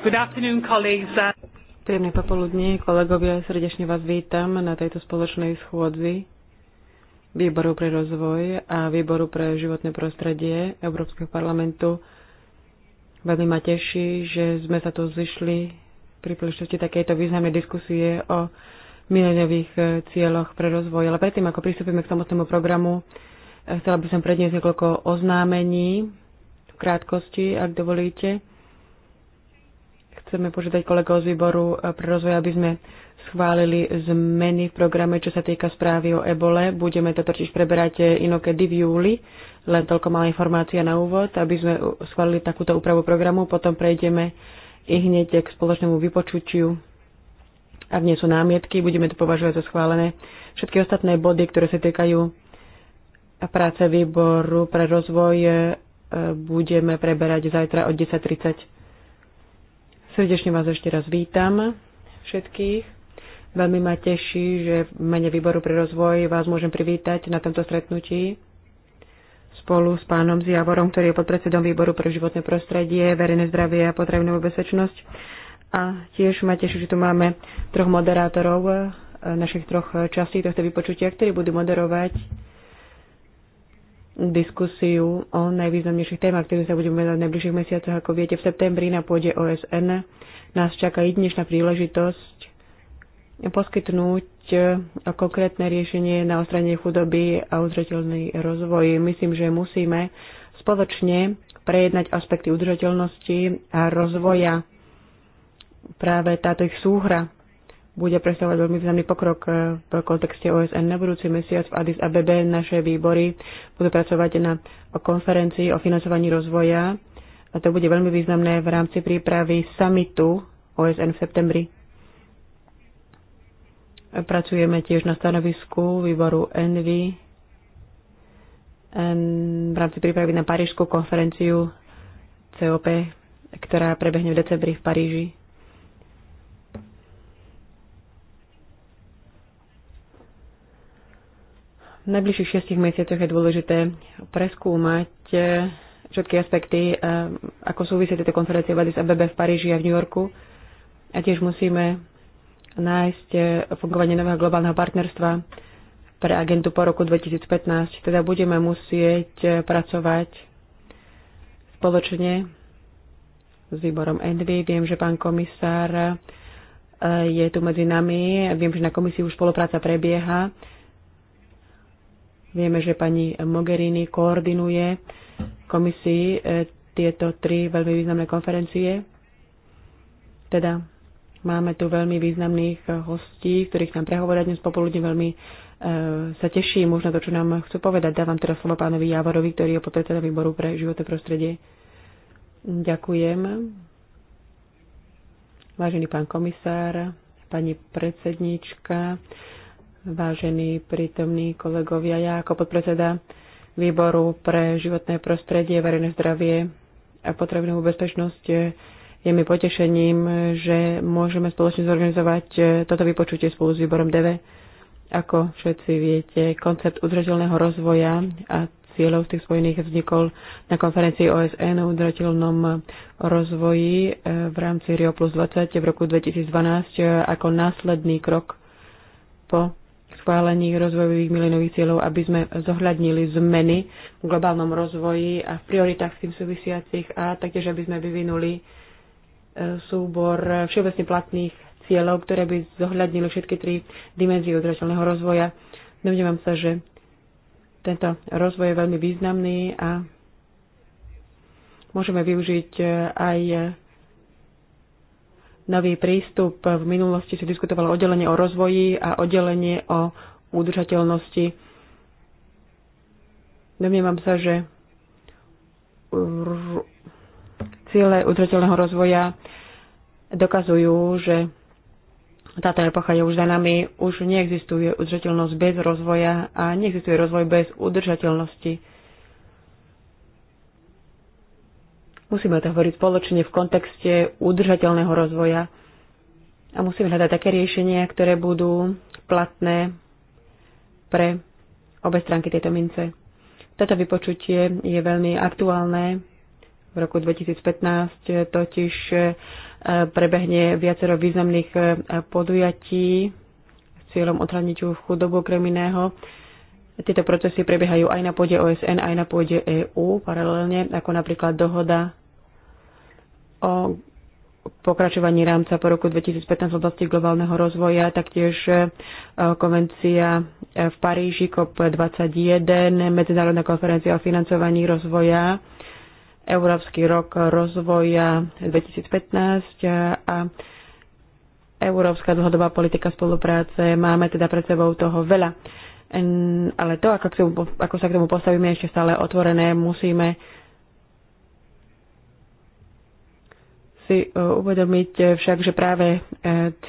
Good popoludní, Príjemné kolegovia, srdečne vás vítam na tejto spoločnej schôdzi Výboru pre rozvoj a Výboru pre životné prostredie Európskeho parlamentu. Veľmi ma teší, že sme sa tu zišli pri príležitosti takejto významnej diskusie o mileniových eh, cieľoch pre rozvoj. Ale predtým, ako pristúpime k samotnému programu, eh, chcela by som predniesť niekoľko oznámení v krátkosti, ak dovolíte chceme požiadať kolegov z výboru eh, pre rozvoj, aby sme schválili zmeny v programe, čo sa týka správy o ebole. Budeme to totiž preberať eh, inokedy v júli. Len toľko malá informácia na úvod, aby sme eh, schválili takúto úpravu programu. Potom prejdeme i hneď k spoločnému vypočutiu. Ak nie sú námietky, budeme to považovať za schválené. Všetky ostatné body, ktoré sa týkajú práce výboru pre rozvoj, budeme preberať zajtra od 10.30. Srdečne vás ešte raz vítam všetkých. Veľmi ma teší, že v mene Výboru pre rozvoj vás môžem privítať na tomto stretnutí spolu s pánom Zjavorom, ktorý je podpredsedom Výboru pre životné prostredie, verejné zdravie a potravinovú bezpečnosť. A tiež ma teší, že tu máme troch moderátorov eh, našich troch eh, častí tohto vypočutia, ktorí budú moderovať diskusiu o najvýznamnejších témach, ktorým sa budeme venovať v najbližších mesiacoch. Ako viete, v septembri na pôde OSN nás čaká jedinečná príležitosť poskytnúť eh, konkrétne riešenie na ostranie chudoby a udržateľný rozvoj. Myslím, že musíme spoločne prejednať aspekty udržateľnosti a rozvoja práve táto ich súhra bude predstavovať veľmi významný pokrok eh, v kontexte OSN na budúci mesiac v Addis ABB. Naše výbory budú pracovať na konferencii o financovaní rozvoja a to bude veľmi významné v rámci prípravy summitu OSN v septembri. Pracujeme tiež na stanovisku výboru ENVY v rámci prípravy na Parížskú konferenciu COP, ktorá prebehne v decembri v Paríži. najbližších šiestich mesiacoch je dôležité preskúmať eh, všetky aspekty, eh, ako súvisia tieto konferencie v Addis Abebe v Paríži a v New Yorku. A tiež musíme nájsť eh, fungovanie nového globálneho partnerstva pre agentu po roku 2015. Teda budeme musieť pracovať spoločne s výborom Envy. Viem, že pán komisár je tu medzi nami. Viem, že na komisii už spolupráca prebieha Vieme, že pani Mogherini koordinuje komisii e, tieto tri veľmi významné konferencie. Teda máme tu veľmi významných e, hostí, ktorých nám prehovoria dnes popoludne veľmi e, sa teším možno to, čo nám chcú povedať. Dávam teraz slovo pánovi Javorovi, ktorý je teda výboru pre životné prostredie. Ďakujem. Vážený pán komisár, pani predsednička, vážení prítomní kolegovia. Ja ako podpredseda výboru pre životné prostredie, verejné zdravie a potrebnú bezpečnosť je mi potešením, že môžeme spoločne zorganizovať eh, toto vypočutie spolu s výborom DV. Ako všetci viete, koncept udržateľného rozvoja a cieľov z tých spojených vznikol na konferencii OSN o udržateľnom rozvoji eh, v rámci Rio plus 20 v roku 2012 eh, ako následný krok po schválení rozvojových milenových cieľov, aby sme zohľadnili zmeny v globálnom rozvoji a v prioritách s tým súvisiacich a taktiež, aby sme vyvinuli e, súbor všeobecne platných cieľov, ktoré by zohľadnili všetky tri dimenzie udržateľného rozvoja. Domnievam sa, že tento rozvoj je veľmi významný a môžeme využiť e, aj nový prístup. V minulosti sa diskutovalo oddelenie o rozvoji a oddelenie o udržateľnosti. Domnievam sa, že ciele udržateľného rozvoja dokazujú, že táto epocha je už za nami, už neexistuje udržateľnosť bez rozvoja a neexistuje rozvoj bez udržateľnosti. Musíme to hovoriť spoločne v kontexte udržateľného rozvoja a musíme hľadať také riešenia, ktoré budú platné pre obe stránky tejto mince. Toto vypočutie je veľmi aktuálne. V roku 2015 totiž e, prebehne viacero významných e, podujatí s cieľom odhľadniť chudobu okrem iného. Tieto procesy prebiehajú aj na pôde OSN, aj na pôde EÚ paralelne, ako napríklad dohoda o pokračovaní rámca po roku 2015 v oblasti globálneho rozvoja, taktiež e, konvencia e, v Paríži COP21, Medzinárodná konferencia o financovaní rozvoja, Európsky rok rozvoja 2015 e, a Európska dlhodobá politika spolupráce. Máme teda pred sebou toho veľa. Ale to, ako, sa k tomu postavíme, je ešte stále otvorené. Musíme si e, uvedomiť však, že práve e,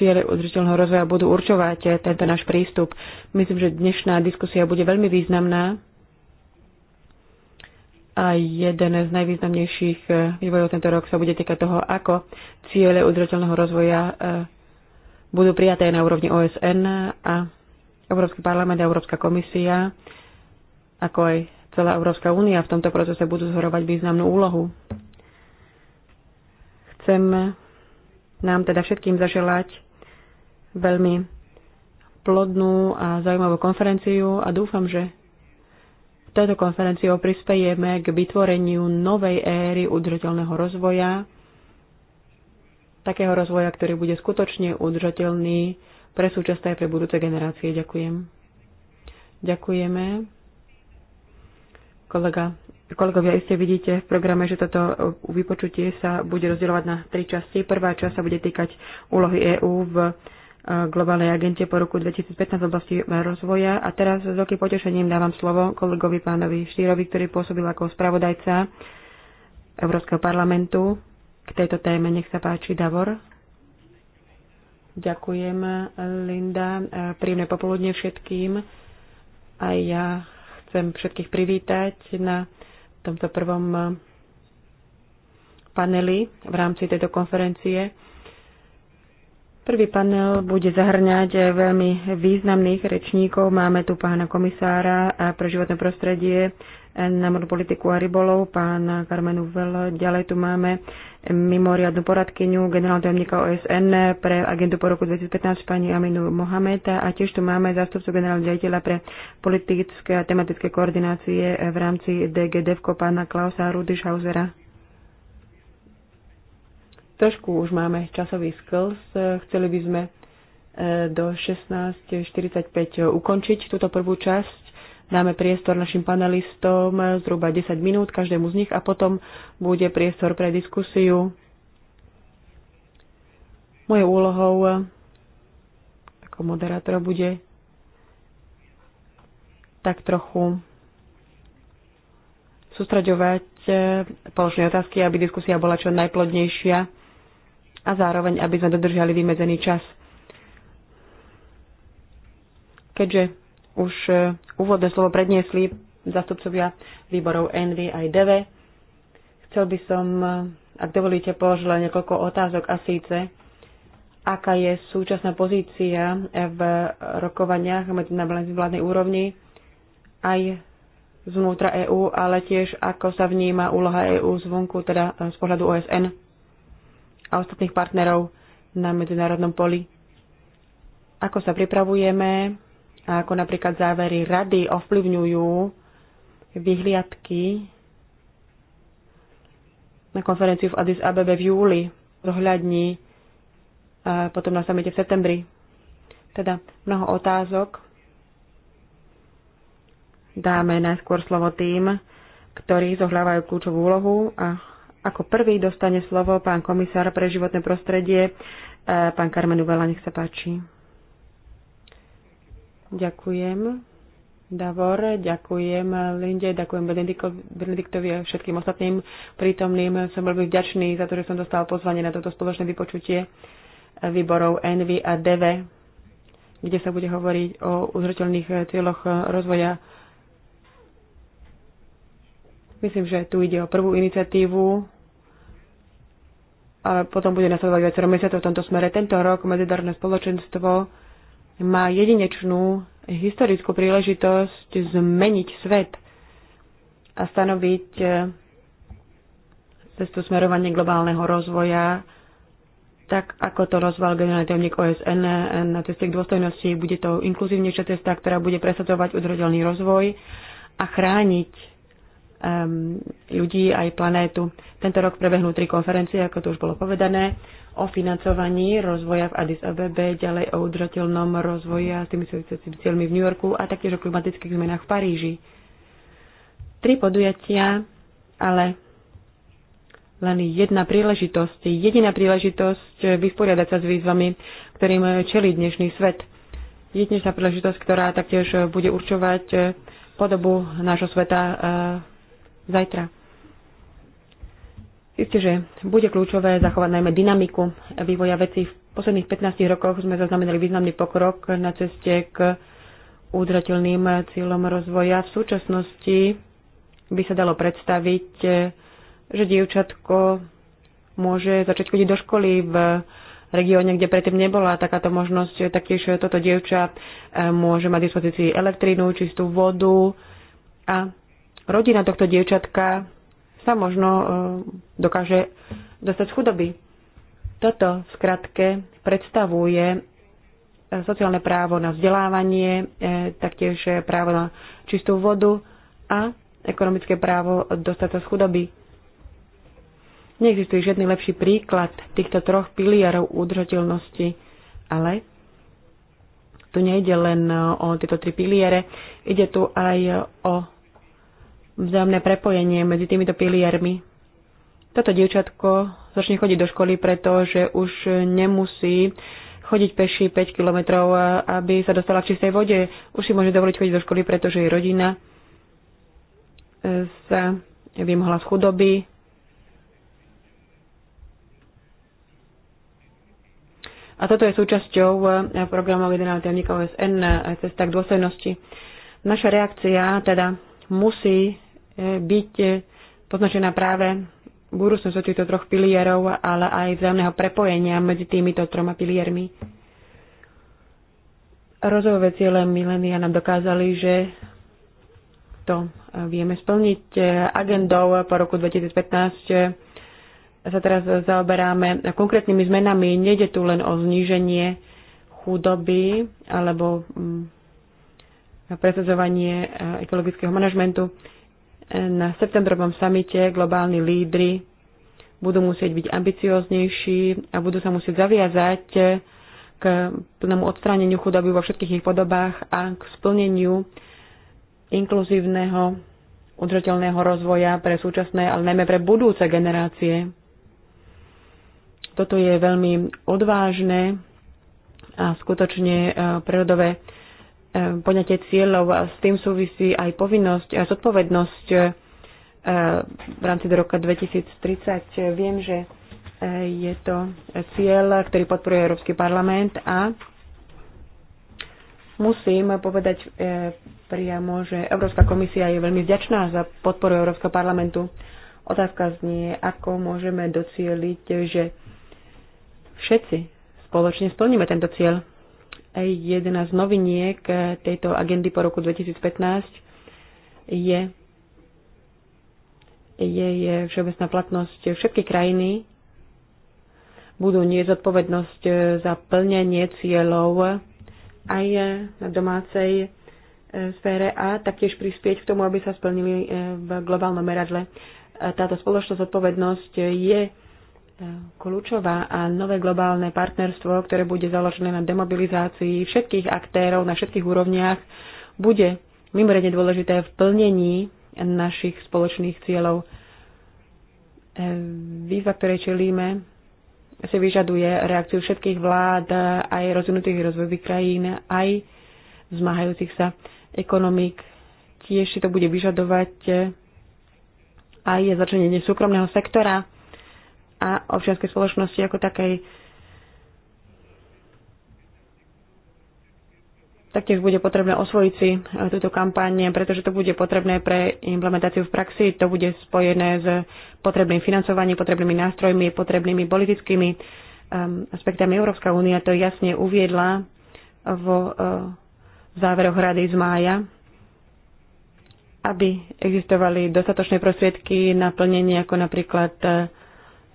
ciele udržiteľného rozvoja budú určovať e, tento náš prístup. Myslím, že dnešná diskusia bude veľmi významná a jeden z najvýznamnejších vývojov tento rok sa bude týkať toho, ako ciele udržateľného rozvoja budú prijaté na úrovni OSN a Európsky parlament a Európska komisia, ako aj celá Európska únia v tomto procese budú zhorovať významnú úlohu. Chcem nám teda všetkým zaželať veľmi plodnú a zaujímavú konferenciu a dúfam, že touto konferenciou prispejeme k vytvoreniu novej éry udržateľného rozvoja, takého rozvoja, ktorý bude skutočne udržateľný pre súčasné aj pre budúce generácie. Ďakujem. Ďakujeme. Kolega Kolegovia, iste vidíte v programe, že toto e, vypočutie sa bude rozdielovať na tri časti. Prvá časť sa bude týkať úlohy EÚ v e, globálnej agente po roku 2015 v oblasti rozvoja. A teraz s veľkým potešením dávam slovo kolegovi pánovi Štírovi, ktorý pôsobil ako spravodajca Európskeho parlamentu k tejto téme. Nech sa páči, Davor. Ďakujem, Linda. E, príjemné popoludne všetkým. aj ja chcem všetkých privítať na tomto prvom eh, paneli v rámci tejto konferencie. Prvý panel bude zahrňať eh, veľmi významných rečníkov. Máme tu pána komisára eh, pre životné prostredie na politiku a rybolov, pán Karmenu Vel. Ďalej tu máme mimoriadnu poradkyňu generálneho tajomníka OSN pre agentu po roku 2015 pani Aminu Mohameda a tiež tu máme zástupcu generálneho riaditeľa pre politické a tematické koordinácie v rámci DGDFko pána Klausa Rudyšhausera. Trošku už máme časový skills. Chceli by sme eh, do 16.45 ukončiť túto prvú časť Dáme priestor našim panelistom eh, zhruba 10 minút každému z nich a potom bude priestor pre diskusiu. Mojou úlohou eh, ako moderátora bude tak trochu sústraďovať eh, položné otázky, aby diskusia bola čo najplodnejšia a zároveň, aby sme dodržali vymedzený čas. Keďže už e, úvodné slovo predniesli zastupcovia výborov NV aj DV. Chcel by som, e, ak dovolíte, položila niekoľko otázok a síce, aká je súčasná pozícia v rokovaniach na vládnej úrovni aj zvnútra EÚ, ale tiež ako sa vníma úloha EÚ zvonku, teda e, z pohľadu OSN a ostatných partnerov na medzinárodnom poli. Ako sa pripravujeme a ako napríklad závery rady ovplyvňujú vyhliadky na konferenciu v Addis Abebe v júli, dohľadní a potom na samite v septembri. Teda mnoho otázok. Dáme najskôr slovo tým, ktorí zohľávajú kľúčovú úlohu a ako prvý dostane slovo pán komisár pre životné prostredie, e, pán Karmenu Vela, nech sa páči. Ďakujem. Davor, ďakujem Linde, ďakujem Benediktovi a všetkým ostatným prítomným. Som veľmi vďačný za to, že som dostal pozvanie na toto spoločné vypočutie výborov NV a DV, kde sa bude hovoriť o uzrateľných cieľoch rozvoja. Myslím, že tu ide o prvú iniciatívu, ale potom bude nasledovať viacero mesiacov v tomto smere. Tento rok medzidárne spoločenstvo má jedinečnú historickú príležitosť zmeniť svet a stanoviť eh, cestu smerovanie globálneho rozvoja, tak ako to rozval generálny tajomník OSN eh, na ceste k dôstojnosti. Bude to inkluzívnejšia cesta, ktorá bude presadzovať udržateľný rozvoj a chrániť um, ľudí aj planétu. Tento rok prebehnú tri konferencie, ako to už bolo povedané o financovaní rozvoja v Addis Abebe, ďalej o udržateľnom rozvoji a s tými súvisiacimi cieľmi v New Yorku a taktiež o klimatických zmenách v Paríži. Tri podujatia, ale len jedna príležitosť, jediná príležitosť vysporiadať sa s výzvami, ktorým čelí dnešný svet. Jedinečná príležitosť, ktorá taktiež bude určovať podobu nášho sveta eh, zajtra. Isté, že bude kľúčové zachovať najmä dynamiku vývoja vecí. V posledných 15 rokoch sme zaznamenali významný pokrok na ceste k udržateľným cieľom rozvoja. V súčasnosti by sa dalo predstaviť, že dievčatko môže začať chodiť do školy v regióne, kde predtým nebola takáto možnosť. Taktiež toto dievča e, môže mať dispozícii elektrínu, čistú vodu a rodina tohto dievčatka sa možno e, dokáže dostať z chudoby. Toto v skratke predstavuje e, sociálne právo na vzdelávanie, e, taktiež právo na čistú vodu a ekonomické právo dostať sa z chudoby. Neexistuje žiadny lepší príklad týchto troch pilierov udržateľnosti, ale tu nejde len o tieto tri piliere, ide tu aj o vzájomné prepojenie medzi týmito piliermi. Toto dievčatko začne chodiť do školy, pretože už nemusí chodiť peši 5 kilometrov, aby sa dostala v čistej vode. Už si môže dovoliť chodiť do školy, pretože jej rodina e, sa vymohla z chudoby. A toto je súčasťou programov 11. OSN Cesta k dôstojnosti. Naša reakcia teda musí E, byť e, poznačená práve od týchto troch pilierov, ale aj vzájomného prepojenia medzi týmito troma piliermi. Rozvojové ciele milénia nám dokázali, že to e, vieme splniť. Agendou po roku 2015 sa teraz zaoberáme konkrétnymi zmenami. Nejde tu len o zníženie chudoby alebo mm, presadzovanie ekologického manažmentu. Na septembrovom samite globálni lídry budú musieť byť ambicioznejší a budú sa musieť zaviazať k plnému odstráneniu chudoby vo všetkých ich podobách a k splneniu inkluzívneho udržateľného rozvoja pre súčasné, ale najmä pre budúce generácie. Toto je veľmi odvážne a skutočne e, prírodové Ehm, poňatie cieľov a s tým súvisí aj povinnosť a zodpovednosť ehm, v rámci do roka 2030. Viem, že ehm, je to cieľ, ktorý podporuje Európsky parlament a musím povedať priamo, že Európska komisia je veľmi vďačná za podporu Európskeho parlamentu. Otázka znie, ako môžeme docieliť, že všetci spoločne splníme tento cieľ. Jedna z noviniek eh, tejto agendy po roku 2015 je, je, je všeobecná platnosť všetky krajiny budú nieť zodpovednosť eh, za plnenie cieľov aj eh, na domácej sfére a taktiež prispieť k tomu, aby sa splnili v globálnom meradle. Táto spoločná zodpovednosť je kľúčová a nové globálne partnerstvo, ktoré bude založené na demobilizácii všetkých aktérov na všetkých úrovniach, bude mimoriadne dôležité v plnení našich spoločných cieľov. E, výzva, ktorej čelíme, si vyžaduje reakciu všetkých vlád, aj rozvinutých rozvojových krajín, aj zmáhajúcich sa ekonomík. Tiež si to bude vyžadovať e, aj začlenenie súkromného sektora, a občianskej spoločnosti ako takej. Taktiež bude potrebné osvojiť si e, túto kampaň, pretože to bude potrebné pre implementáciu v praxi. To bude spojené s potrebným financovaním, potrebnými nástrojmi, potrebnými politickými um, aspektami. Európska únia to jasne uviedla vo uh, záveroch rady z mája, aby existovali dostatočné prostriedky na plnenie, ako napríklad uh,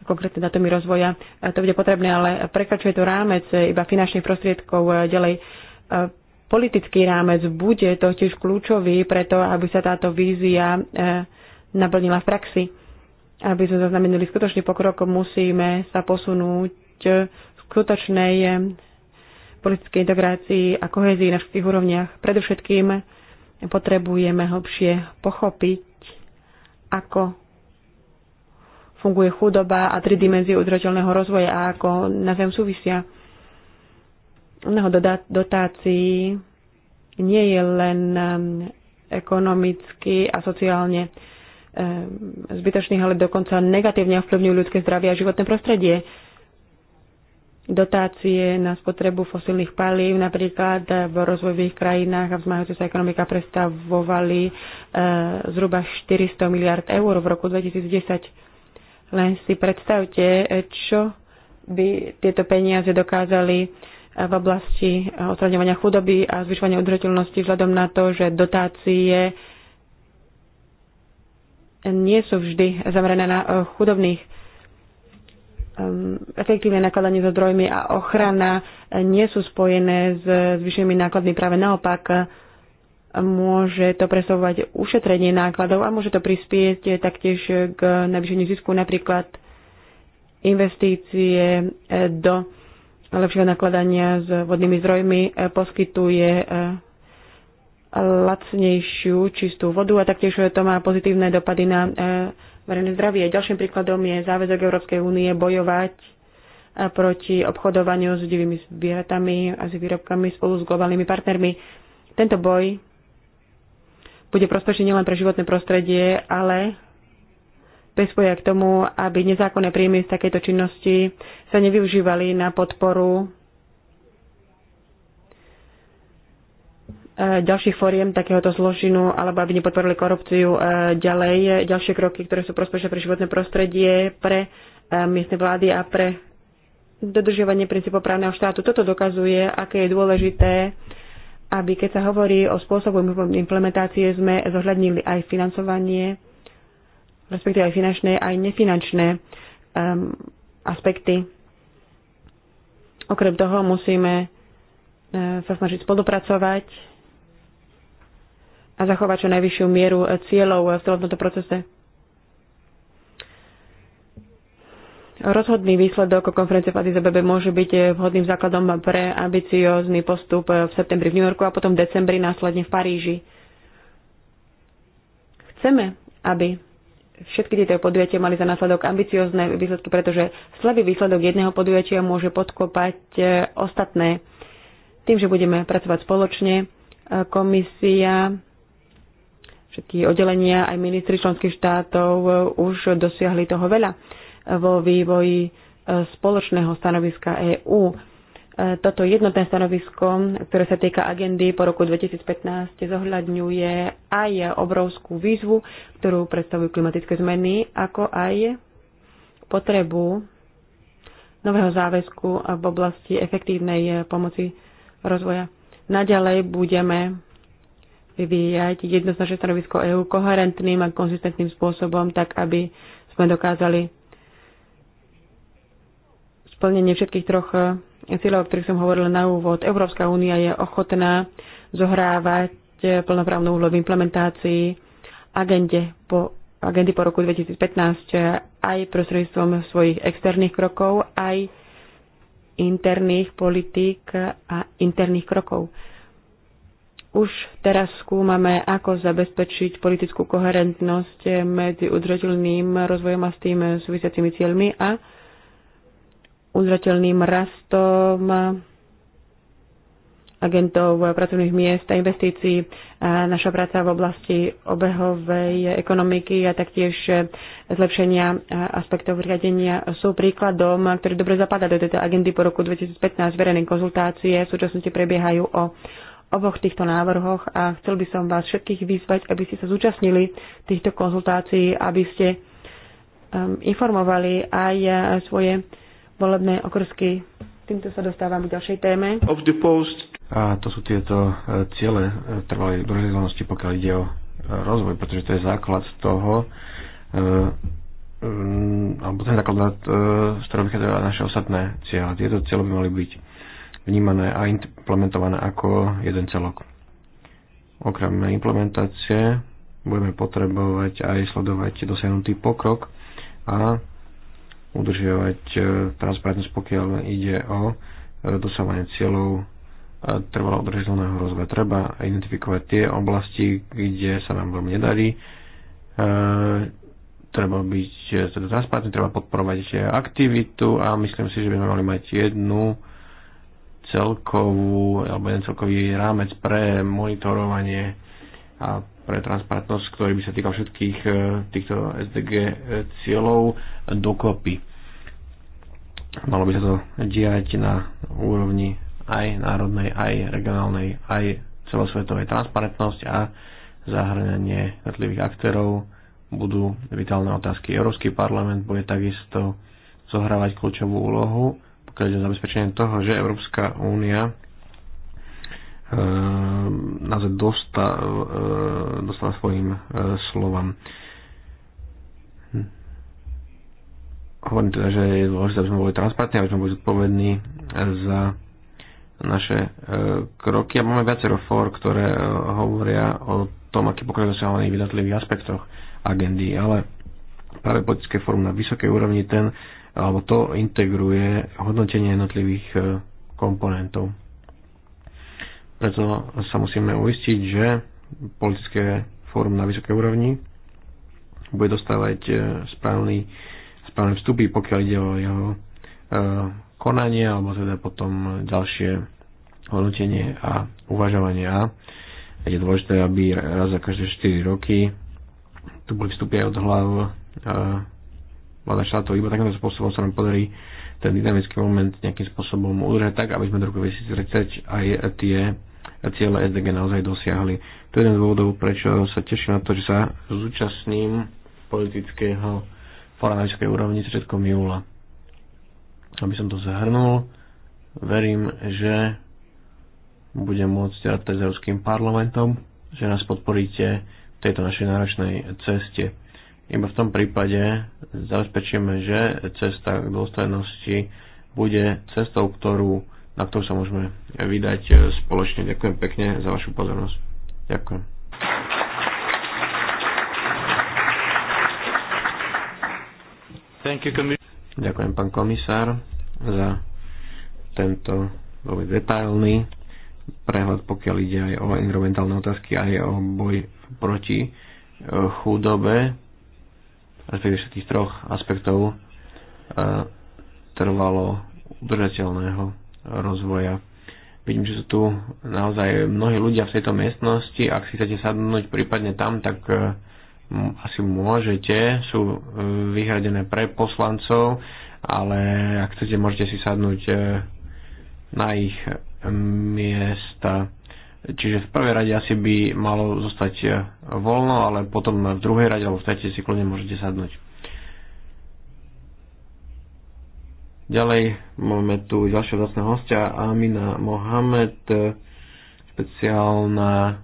konkrétne datumy rozvoja. E, to bude potrebné, ale prekračuje to rámec e, iba finančných prostriedkov e, ďalej. Politický rámec bude totiž kľúčový preto, aby sa táto vízia naplnila v praxi. Aby sme zaznamenili skutočný pokrok, musíme sa posunúť v skutočnej politickej integrácii a kohezii na všetkých úrovniach. Predovšetkým potrebujeme hlbšie pochopiť, ako funguje chudoba a tri dimenzie udržateľného rozvoja a ako na zem súvisia. Mnoho dotácií nie je len um, ekonomicky a sociálne um, zbytočných, ale dokonca negatívne ovplyvňujú ľudské zdravie a životné prostredie. Dotácie na spotrebu fosilných palív napríklad v rozvojových krajinách a vzmáhajúca sa ekonomika predstavovali uh, zhruba 400 miliard eur v roku 2010 len si predstavte, čo by tieto peniaze dokázali v oblasti odstraňovania chudoby a zvyšovania udržateľnosti vzhľadom na to, že dotácie nie sú vždy zamerané na chudobných. Ehm, efektívne nakladanie so zdrojmi a ochrana nie sú spojené s zvyšenými nákladmi. Práve naopak, môže to presovať ušetrenie nákladov a môže to prispieť taktiež k navýšeniu zisku napríklad investície do lepšieho nakladania s vodnými zdrojmi poskytuje eh, lacnejšiu čistú vodu a taktiež to má pozitívne dopady na eh, verejné zdravie. Ďalším príkladom je záväzok Európskej únie bojovať eh, proti obchodovaniu s divými zvieratami a s výrobkami spolu s globálnymi partnermi. Tento boj bude prospešný nielen pre životné prostredie, ale prispoja k tomu, aby nezákonné príjmy z takejto činnosti sa nevyužívali na podporu e, ďalších fóriem takéhoto zložinu, alebo aby nepodporili korupciu e, ďalej. Ďalšie kroky, ktoré sú prospešné pre životné prostredie, pre e, miestne vlády a pre dodržiavanie princípov právneho štátu. Toto dokazuje, aké je dôležité aby keď sa hovorí o spôsobu implementácie, sme zohľadnili aj financovanie, respektíve aj finančné, aj nefinančné um, aspekty. Okrem toho musíme uh, sa snažiť spolupracovať a zachovať čo najvyššiu mieru uh, cieľov uh, v celom tomto procese. Rozhodný výsledok konferencie v Addis Abebe môže byť eh, vhodným základom pre ambiciózny postup eh, v septembri v New Yorku a potom v decembri následne v Paríži. Chceme, aby všetky tieto podujatia mali za následok ambiciózne výsledky, pretože slabý výsledok jedného podujatia môže podkopať eh, ostatné. Tým, že budeme pracovať spoločne, komisia, všetky oddelenia, aj ministri členských štátov už dosiahli toho veľa vo vývoji e, spoločného stanoviska EÚ. E, toto jednotné stanovisko, ktoré sa týka agendy po roku 2015, zohľadňuje aj obrovskú výzvu, ktorú predstavujú klimatické zmeny, ako aj potrebu nového záväzku v oblasti efektívnej pomoci rozvoja. Naďalej budeme vyvíjať jednoznačné stanovisko EÚ koherentným a konzistentným spôsobom, tak aby sme dokázali splnenie všetkých troch eh, cieľov, o ktorých som hovorila na úvod. Európska únia je ochotná zohrávať eh, plnoprávnu úlohu v implementácii agende po, agendy po roku 2015 eh, aj prostredníctvom svojich externých krokov, aj interných politík a interných krokov. Už teraz skúmame, ako zabezpečiť politickú koherentnosť medzi udržateľným rozvojom a s tým súvisiacimi cieľmi a uzrateľným rastom agentov pracovných miest a investícií. A naša práca v oblasti obehovej ekonomiky a taktiež zlepšenia aspektov riadenia sú príkladom, ktorý dobre zapadá do tejto agendy po roku 2015. Verejné konzultácie v súčasnosti prebiehajú o oboch týchto návrhoch a chcel by som vás všetkých vyzvať, aby ste sa zúčastnili týchto konzultácií, aby ste um, informovali aj eh, svoje volebné okrsky. Týmto sa dostávam k ďalšej téme. Of the post. A to sú tieto e, ciele e, trvalej udržateľnosti, pokiaľ ide o e, rozvoj, pretože to je základ toho, alebo ten základ, z ktorého vychádzajú naše ostatné cieľa. Tieto ciele by mali byť vnímané a implementované ako jeden celok. Okrem implementácie budeme potrebovať aj sledovať dosiahnutý pokrok a udržiavať e, transparentnosť, pokiaľ ide o e, dosávanie cieľov e, trvalo udržateľného rozvoja. Treba identifikovať tie oblasti, kde sa nám veľmi nedarí. E, treba byť teda transparentný, treba podporovať aktivitu a myslím si, že by sme mali mať jednu celkovú alebo jeden celkový rámec pre monitorovanie a pre transparentnosť, ktorý by sa týkal všetkých e, týchto SDG e, cieľov dokopy. Malo by sa to diať na úrovni aj národnej, aj regionálnej, aj celosvetovej transparentnosť a zahrňanie jednotlivých aktérov budú vitálne otázky. Európsky parlament bude takisto zohrávať kľúčovú úlohu, pokiaľ ide o zabezpečenie toho, že Európska únia Ehm, naozaj dostal, ehm, dostal svojim ehm, slovám. Hm. Hovorím teda, že je dôležité, aby sme boli transparentní, aby sme boli zodpovední za naše kroky. A máme viacero fór, ktoré hovoria o tom, aký pokrok dosahovaný v jednotlivých aspektoch agendy, ale práve politické fórum na vysokej úrovni ten, alebo to integruje hodnotenie jednotlivých komponentov. Preto sa musíme uistiť, že politické fórum na vysokej úrovni bude dostávať e, správny, správne vstupy, pokiaľ ide o jeho e, konanie, alebo teda potom ďalšie hodnotenie a uvažovanie. A je dôležité, aby raz za každé 4 roky tu boli vstupy aj od hlav e, vláda štátov. Iba takýmto spôsobom sa nám podarí ten dynamický moment nejakým spôsobom udržať tak, aby sme do roku 2030 aj tie cieľe SDG naozaj dosiahli. To je jeden z dôvodov, prečo sa teším na to, že sa zúčastním politického fóra na vysokej úrovni začiatkom júla. Aby som to zahrnul, verím, že budem môcť rátať s Európskym parlamentom, že nás podporíte v tejto našej náročnej ceste. Iba v tom prípade zabezpečíme, že cesta k dôstojnosti bude cestou, ktorú na tom sa môžeme vydať e, spoločne. Ďakujem pekne za vašu pozornosť. Ďakujem. Thank you, Ďakujem pán komisár za tento veľmi detailný prehľad, pokiaľ ide aj o environmentálne otázky, aj o boj proti e, chudobe, respektíve všetkých troch aspektov e, trvalo udržateľného rozvoja. Vidím, že sú tu naozaj mnohí ľudia v tejto miestnosti. Ak si chcete sadnúť prípadne tam, tak eh, asi môžete. Sú eh, vyhradené pre poslancov, ale ak chcete, môžete si sadnúť eh, na ich miesta. Čiže v prvej rade asi by malo zostať voľno, ale potom v druhej rade alebo v tretej si kľudne môžete sadnúť. Ďalej máme tu ďalšieho vlastného hostia Amina Mohamed, e, špeciálna e,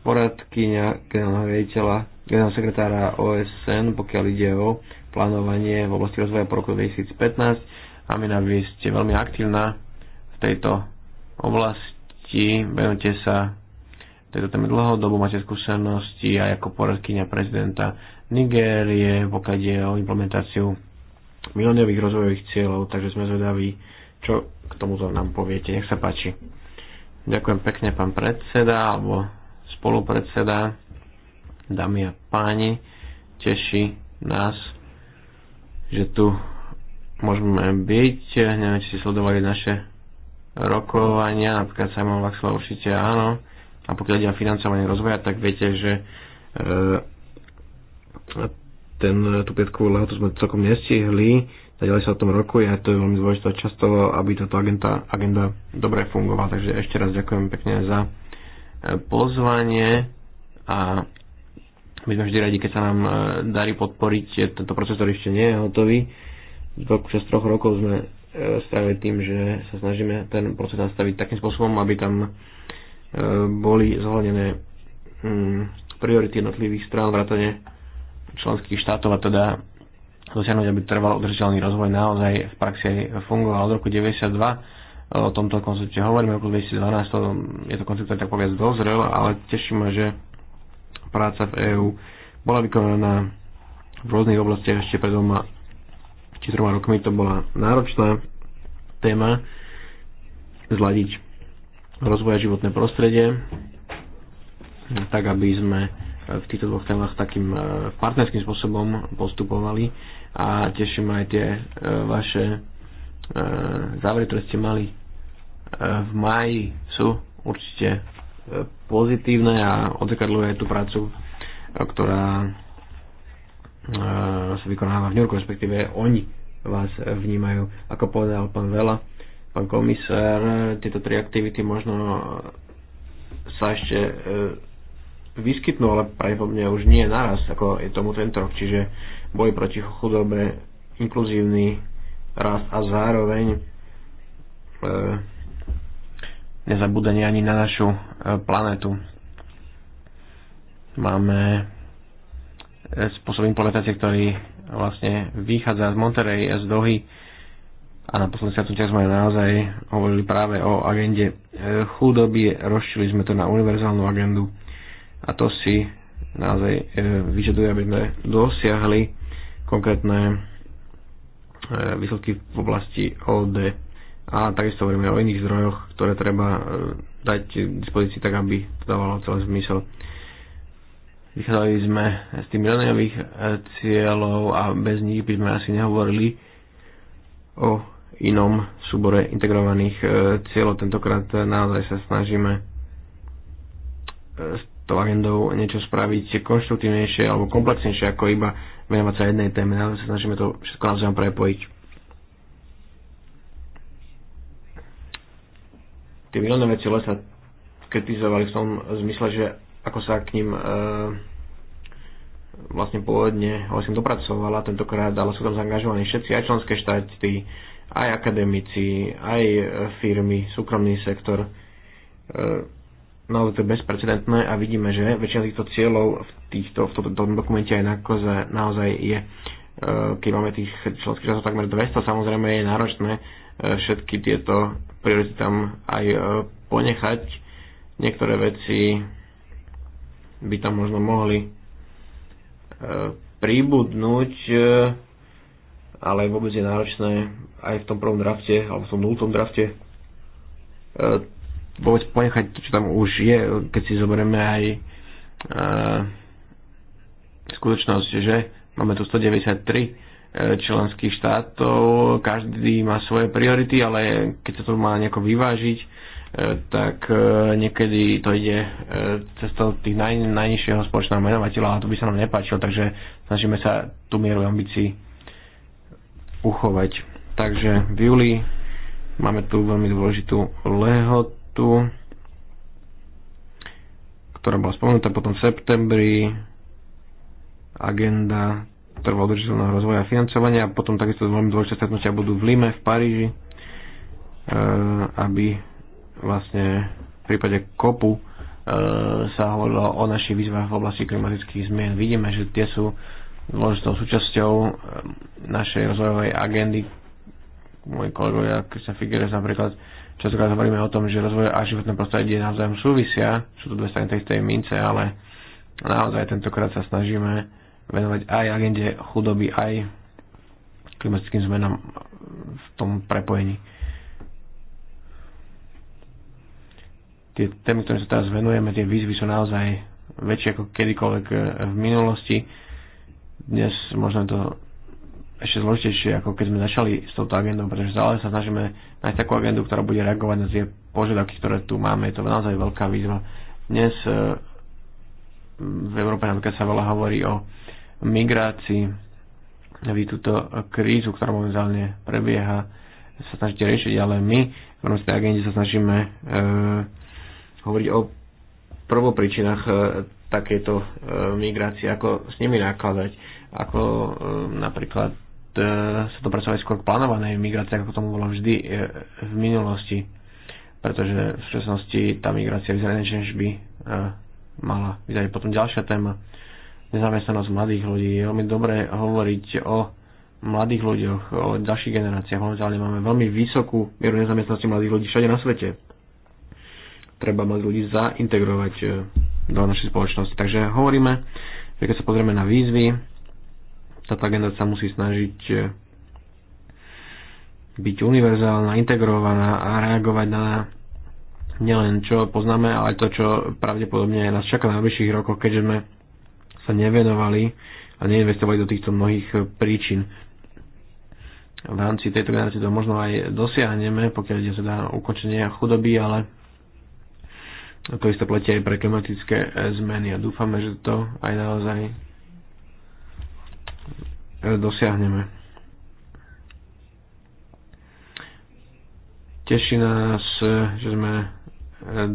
poradkyňa generálneho riaditeľa, generálneho sekretára OSN, pokiaľ ide o plánovanie v oblasti rozvoja po roku 2015. Amina, vy ste veľmi aktívna v tejto oblasti, venujete sa tejto téme dlhodobo, máte skúsenosti aj ako poradkyňa prezidenta Nigérie, pokiaľ ide o implementáciu mileniových rozvojových cieľov, takže sme zvedaví, čo k tomuto nám poviete. Nech sa páči. Ďakujem pekne, pán predseda, alebo spolupredseda, dámy a páni. Teší nás, že tu môžeme byť. Neviem, či ste sledovali naše rokovania, napríklad Simon Vaxla určite áno. A pokiaľ ide o financovanie rozvoja, tak viete, že e, ten, tú piatkovú lehotu sme celkom nestihli, ďalej sa o tom roku, a to je veľmi dôležité často, aby táto agenda, agenda dobre fungovala. Takže ešte raz ďakujem pekne za e, pozvanie a my sme vždy radi, keď sa nám e, darí podporiť e, tento proces, ktorý ešte nie je hotový. roku, z troch rokov sme strávili tým, že sa snažíme ten proces nastaviť takým spôsobom, aby tam boli zohľadené mm, priority jednotlivých strán, vrátane členských štátov a teda dosiahnuť, aby trval udržateľný rozvoj naozaj v praxi fungoval. Od roku 1992, e, o tomto koncepte hovoríme, roku 2012 to, je to koncept, ktorý tak povedz dozrel, ale teším ma, že práca v EÚ bola vykonaná v rôznych oblastiach ešte pred dvoma či troma rokmi. To bola náročná téma zladiť rozvoja životné prostredie, tak aby sme v týchto dvoch témach takým e, partnerským spôsobom postupovali a teším aj tie e, vaše e, závery, ktoré ste mali v maji, sú určite pozitívne a odzrkadľuje aj tú prácu, ktorá sa vykonáva v New Yorku, respektíve oni vás vnímajú. Ako povedal pán Vela, pán komisár, tieto tri aktivity možno sa ešte vyskytnú, ale pravdepodobne už nie naraz, ako je tomu tento rok. Čiže boj proti chudobe, inkluzívny rast a zároveň e, nezabúdanie ani na našu e, planetu. Máme e, spôsob implementácie, ktorý vlastne vychádza z Monterey, z Dohy a na posledný stretnutia sme naozaj hovorili práve o agende e, chudoby, rozšili sme to na univerzálnu agendu a to si naozaj e, vyžaduje, aby sme dosiahli konkrétne e, výsledky v oblasti OD a takisto hovoríme o iných zdrojoch, ktoré treba e, dať k dispozícii tak, aby to dávalo celý zmysel. Vychádzali sme z tých mileniových cieľov a bez nich by sme asi nehovorili o inom súbore integrovaných cieľov. Tentokrát naozaj sa snažíme tou agendou niečo spraviť konštruktívnejšie alebo komplexnejšie ako iba venovať sa jednej téme. ale sa snažíme to všetko navzájom prepojiť. Tie milné veci lesa kritizovali v tom zmysle, že ako sa k ním e, vlastne pôvodne vlastne dopracovala tentokrát, ale sú tam zaangažovaní všetci, aj členské štáty, aj akademici, aj firmy, súkromný sektor. E, naozaj to je bezprecedentné a vidíme, že väčšina týchto cieľov v, týchto, v tomto dokumente aj nakoze, naozaj je. Eh, keď máme tých členských časov takmer 200, samozrejme je náročné eh, všetky tieto priority tam aj eh, ponechať. Niektoré veci by tam možno mohli príbudnúť, ale vôbec je náročné aj v tom prvom drafte, alebo v tom nultom drafte vôbec ponechať to, čo tam už je, keď si zoberieme aj uh, skutočnosť, že máme tu 193 e, členských štátov, každý má svoje priority, ale keď sa to má nejako vyvážiť, e, tak niekedy to ide cestou tých naj, najnižšieho spoločného menovateľa a to by sa nám nepáčilo, takže snažíme sa tú mieru ambícií uchovať. Takže v júli máme tu veľmi dôležitú lehotu, tu, ktorá bola spomenutá potom v septembri, agenda trvalo rozvoja a financovania a potom takisto veľmi dôležité stretnutia budú v Lime, v Paríži, e, aby vlastne v prípade kopu e, sa hovorilo o našich výzvach v oblasti klimatických zmien. Vidíme, že tie sú dôležitou súčasťou e, našej rozvojovej agendy. Moji kolegovia Krista Figueres napríklad Častokrát hovoríme o tom, že rozvoj a životné prostredie navzájom súvisia, sú to dve strany tej istej mince, ale naozaj tentokrát sa snažíme venovať aj agende chudoby, aj klimatickým zmenám v tom prepojení. Tie témy, ktoré sa teraz venujeme, tie výzvy sú naozaj väčšie ako kedykoľvek v minulosti. Dnes možno to ešte zložitejšie, ako keď sme začali s touto agendou, pretože stále sa snažíme nájsť takú agendu, ktorá bude reagovať na tie požiadavky, ktoré tu máme. Je to naozaj veľká výzva. Dnes e, v Európe napríklad sa veľa hovorí o migrácii. Vy túto krízu, ktorá momentálne prebieha, sa snažíte riešiť, ale my v rámci tej agende sa snažíme e, hovoriť o prvopríčinách e, takéto e, migrácie, ako s nimi nakladať, ako e, napríklad E, sa dopracovať skôr k plánovanej migrácii, ako tomu bolo vždy e, v minulosti, pretože v súčasnosti tá migrácia vyzerá niečo, než by e, mala vyzerať. Potom ďalšia téma, nezamestnanosť mladých ľudí. Je veľmi dobré hovoriť o mladých ľuďoch, o ďalších generáciách. Momentálne máme veľmi vysokú mieru nezamestnanosti mladých ľudí všade na svete. Treba mladých ľudí zaintegrovať do našej spoločnosti. Takže hovoríme, že keď sa pozrieme na výzvy, táto agenda sa musí snažiť e, byť univerzálna, integrovaná a reagovať na nielen čo poznáme, ale aj to, čo pravdepodobne nás čaká na najbližších rokoch, keďže sme sa nevenovali a neinvestovali do týchto mnohých e, príčin. V rámci tejto generácie to možno aj dosiahneme, pokiaľ ide teda ukončenie chudoby, ale to isté platí aj pre klimatické e, zmeny a dúfame, že to aj naozaj dosiahneme. Teší nás, že sme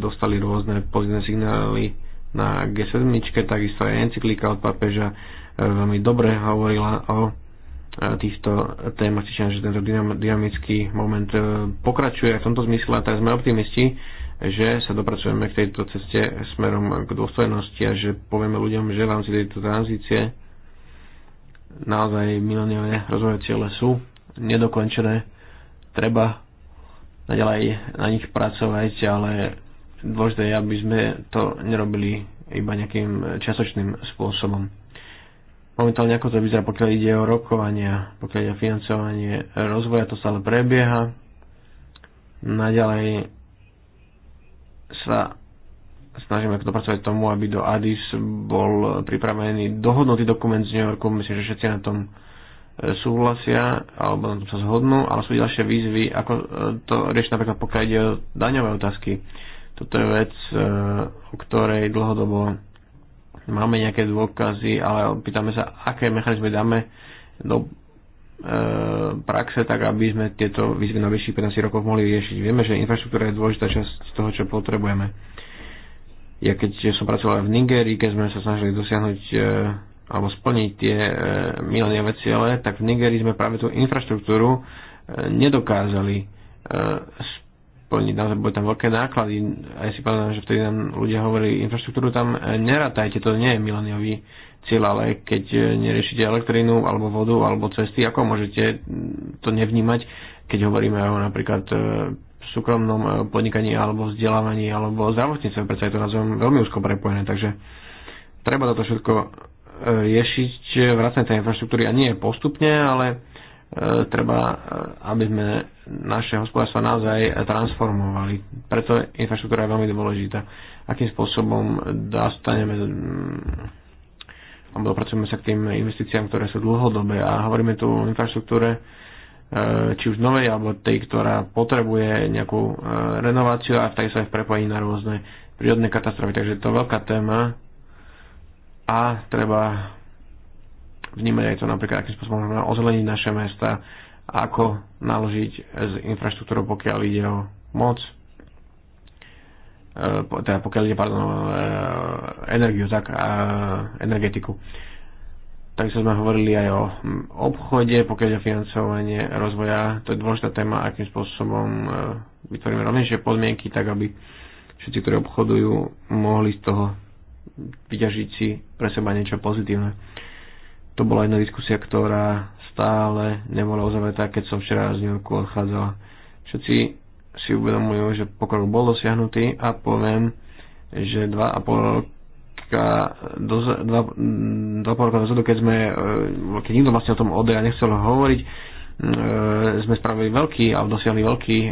dostali rôzne pozitívne signály na G7, takisto aj encyklika od papeža e, veľmi dobre hovorila o e, týchto témach, čiže že tento dynamický moment e, pokračuje v tomto zmysle a teraz sme optimisti, že sa dopracujeme k tejto ceste smerom k dôstojnosti a že povieme ľuďom, že v rámci tejto tranzície naozaj mileniové rozvoje cieľe sú nedokončené. Treba naďalej na nich pracovať, ale dôležité je, aby sme to nerobili iba nejakým časočným spôsobom. Momentálne ako to vyzerá, pokiaľ ide o rokovania, pokiaľ ide o financovanie rozvoja, to stále prebieha. Naďalej sa snažíme dopracovať tomu, aby do Addis bol pripravený dohodnutý dokument z New Yorku. Myslím, že všetci na tom e, súhlasia alebo na tom sa zhodnú, ale sú ďalšie výzvy, ako e, to riešiť napríklad pokiaľ ide o daňové otázky. Toto je vec, e, o ktorej dlhodobo máme nejaké dôkazy, ale pýtame sa, aké mechanizmy dáme do praxe, tak aby sme tieto výzvy na vyšších 15 rokov mohli riešiť. Vieme, že infraštruktúra je dôležitá časť toho, čo potrebujeme ja keď som pracoval v Nigerii, keď sme sa snažili dosiahnuť e, alebo splniť tie e, mileniové ciele, tak v Nigerii sme práve tú infraštruktúru e, nedokázali e, splniť. Naozaj boli tam veľké náklady. A ja si pamätám, že vtedy nám ľudia hovorili, infraštruktúru tam e, nerátajte, to nie je mileniový cieľ, ale keď e, neriešite elektrínu alebo vodu alebo cesty, ako môžete to nevnímať, keď hovoríme o napríklad e, súkromnom e, podnikaní alebo vzdelávaní alebo zdravotníctve, predsa je to názvom veľmi úzko prepojené, takže treba toto všetko e, riešiť e, vracanie tej infraštruktúry a nie postupne, ale treba, aby sme naše hospodárstva naozaj transformovali. Preto infraštruktúra je veľmi dôležitá. Akým spôsobom dostaneme alebo dopracujeme sa k tým investíciám, ktoré sú dlhodobé a hovoríme tu o infraštruktúre, E, či už novej alebo tej, ktorá potrebuje nejakú e, renováciu a vtedy sa aj prepojí na rôzne prírodné katastrofy. Takže to je veľká téma a treba vnímať aj to napríklad, akým spôsobom môžeme ozeleniť naše mesta, ako naložiť z infraštruktúrou, pokiaľ ide o moc, e, teda pokiaľ ide, pardon, energiu, tak, energetiku. Takisto sme hovorili aj o mm, obchode, pokiaľ o financovanie rozvoja. To je dôležitá téma, akým spôsobom e, vytvoríme rovnejšie podmienky, tak aby všetci, ktorí obchodujú, mohli z toho vyťažiť si pre seba niečo pozitívne. To bola jedna diskusia, ktorá stále nebola uzavretá, keď som včera z New Yorku odchádzala. Všetci si uvedomujú, že pokrok bol dosiahnutý a poviem, že 2,5 troška do, dva, mm, dva pol roka dozadu, keď sme, e, keď nikto vlastne o tom a nechcel hovoriť, mm, e, sme spravili veľký, a dosiahli veľký e,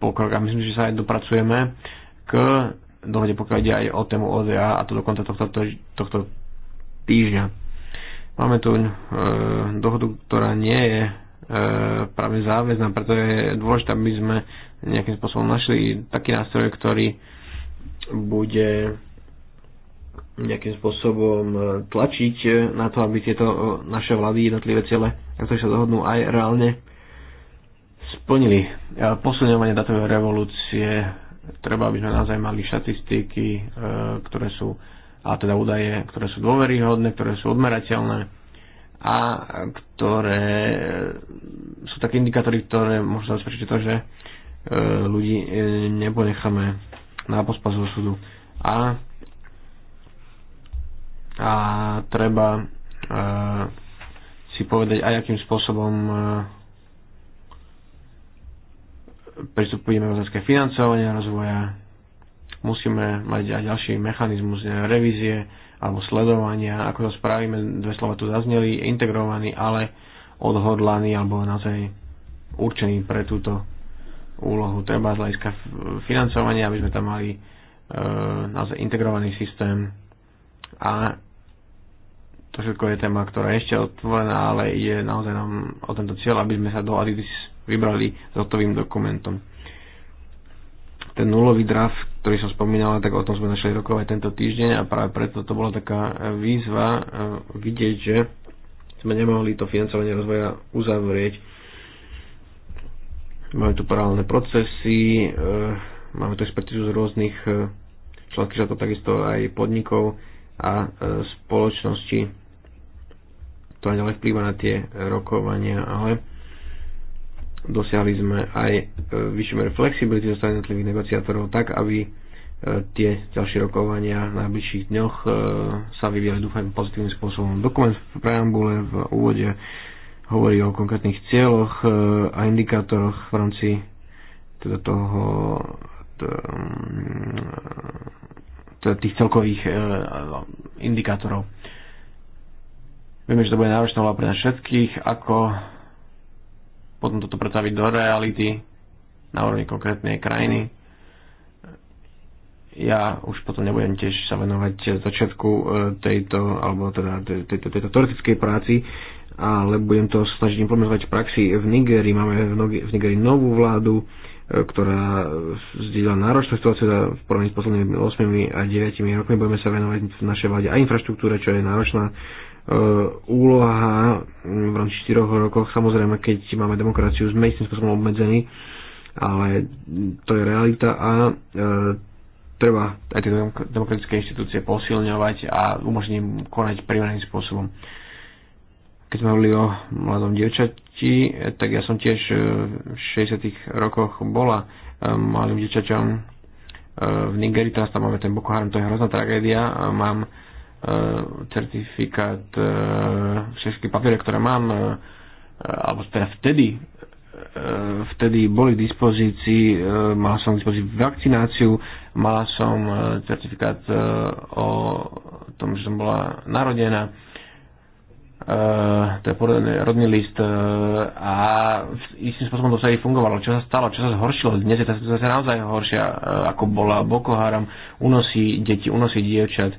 pokrok a myslím, že sa aj dopracujeme k dohode, pokiaľ ide aj o tému ODA a to dokonca tohto, tohto týždňa. Máme tu e, dohodu, ktorá nie je e, práve záväzná, preto je dôležité, aby sme nejakým spôsobom našli taký nástroj, ktorý bude nejakým spôsobom e, tlačiť e, na to, aby tieto e, naše vlády jednotlivé ciele, na ktoré sa dohodnú, aj reálne splnili. Posledňovanie datovej revolúcie, treba, aby sme naozaj mali štatistiky, ktoré sú, a teda údaje, ktoré sú dôveryhodné, ktoré sú odmerateľné a ktoré sú také indikátory, ktoré môžu zabezpečiť to, že ľudí neponecháme na pospas súdu. A a treba e, si povedať aj akým spôsobom e, pristupujeme k otázke financovania rozvoja. Musíme mať aj ďalší mechanizmus e, revízie alebo sledovania, ako to spravíme, dve slova tu zazneli, integrovaný, ale odhodlaný alebo naozaj určený pre túto úlohu. Treba z hľadiska financovania, aby sme tam mali e, naozaj integrovaný systém a to všetko je téma, ktorá je ešte otvorená, ale je naozaj nám o tento cieľ, aby sme sa do Adidas vybrali s hotovým dokumentom. Ten nulový draft, ktorý som spomínala, tak o tom sme našli rokovať tento týždeň a práve preto to bola taká e, výzva e, vidieť, že sme nemohli to financovanie rozvoja uzavrieť. Máme tu paralelné procesy, e, máme tu expertizu z rôznych členských štátov, takisto aj podnikov a spoločnosti to ďalej vplýva na tie rokovania, ale dosiahli sme aj e, vyššiu mieru flexibility zo strany jednotlivých negociátorov tak, aby e, tie ďalšie rokovania v najbližších dňoch e, sa vyvíjali dúfam pozitívnym spôsobom. Dokument v preambule v úvode hovorí o konkrétnych cieľoch a indikátoroch v rámci teda toho teda tých celkových indikátorov Vieme, že to bude náročná úloha pre nás všetkých, ako potom toto pretaviť do reality na úrovni konkrétnej krajiny. Ja už potom nebudem tiež sa venovať začiatku e, tejto, alebo teda tejto, tejto teoretickej práci, ale budem to snažiť implementovať v praxi. V Nigerii máme v Nigerii novú vládu, e, ktorá zdieľa náročnú situáciu v porovnaní s poslednými 8 a 9 rokmi. Budeme sa venovať v našej vláde aj infraštruktúre, čo je náročná E, úloha mm, v rámci 4 rokoch, samozrejme, keď máme demokraciu, sme istým spôsobom obmedzení, ale to je realita a e, treba aj tie demokratické inštitúcie posilňovať a umožniť im konať primeraným spôsobom. Keď sme hovorili o mladom dievčati, tak ja som tiež e, v 60. rokoch bola e, malým dievčaťom v Nigeri, teraz tam máme ten Boko Haram, to je hrozná tragédia. Mám E, certifikát, e, všetky papiere, ktoré mám, e, alebo teda vtedy vtedy boli k dispozícii, mal som k dispozícii vakcináciu, mala som certifikát o tom, že som bola narodená, to je porodný, rodný list a istým spôsobom to sa aj fungovalo. Čo sa stalo, čo sa zhoršilo? Dnes je to zase naozaj horšia, ako bola Boko Haram, unosí deti, unosí dievčat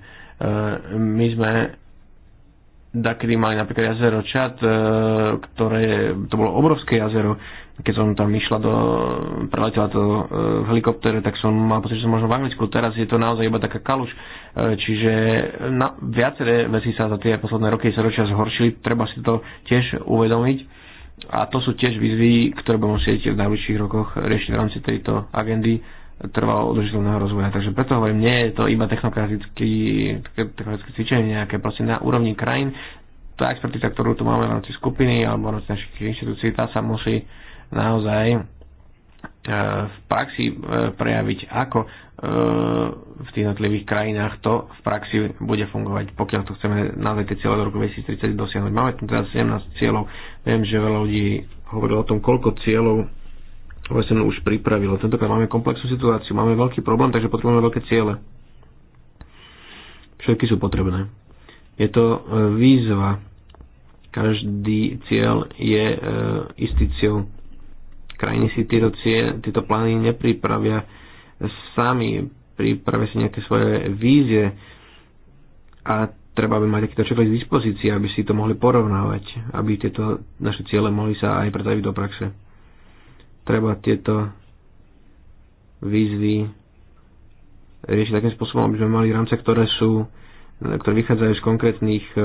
my sme takedy mali napríklad jazero Čad, e, ktoré, to bolo obrovské jazero, keď som tam išla do, preletela to e, v helikoptere, tak som mal pocit, že som možno v Anglicku, teraz je to naozaj iba taká kaluž, e, čiže na, viaceré veci sa za tie posledné roky sa ročia zhoršili, treba si to tiež uvedomiť a to sú tiež výzvy, ktoré budeme musieť v najbližších rokoch riešiť v rámci tejto agendy trvalo udržiteľného rozvoja. Takže preto hovorím, nie je to iba technokratické cvičenie nejaké proste na úrovni krajín. Tá expertita, ktorú tu máme v rámci skupiny alebo v rámci našich inštitúcií, tá sa musí naozaj e, v praxi e, prejaviť, ako e, v tých jednotlivých krajinách to v praxi bude fungovať, pokiaľ to chceme naozaj tie cieľe do roku 2030 dosiahnuť. Máme tam teraz 17 cieľov. Viem, že veľa ľudí hovorilo o tom, koľko cieľov OSN už pripravilo. Tentokrát máme komplexnú situáciu, máme veľký problém, takže potrebujeme veľké ciele. Všetky sú potrebné. Je to e, výzva. Každý cieľ je e, istý cieľ. Krajiny si tieto, cie, tieto plány nepripravia sami, pripravia si nejaké svoje vízie a treba by mať takýto z dispozícii, aby si to mohli porovnávať, aby tieto naše ciele mohli sa aj pretaviť do praxe treba tieto výzvy riešiť takým spôsobom, aby sme mali rámce, ktoré sú, ktoré vychádzajú z konkrétnych e,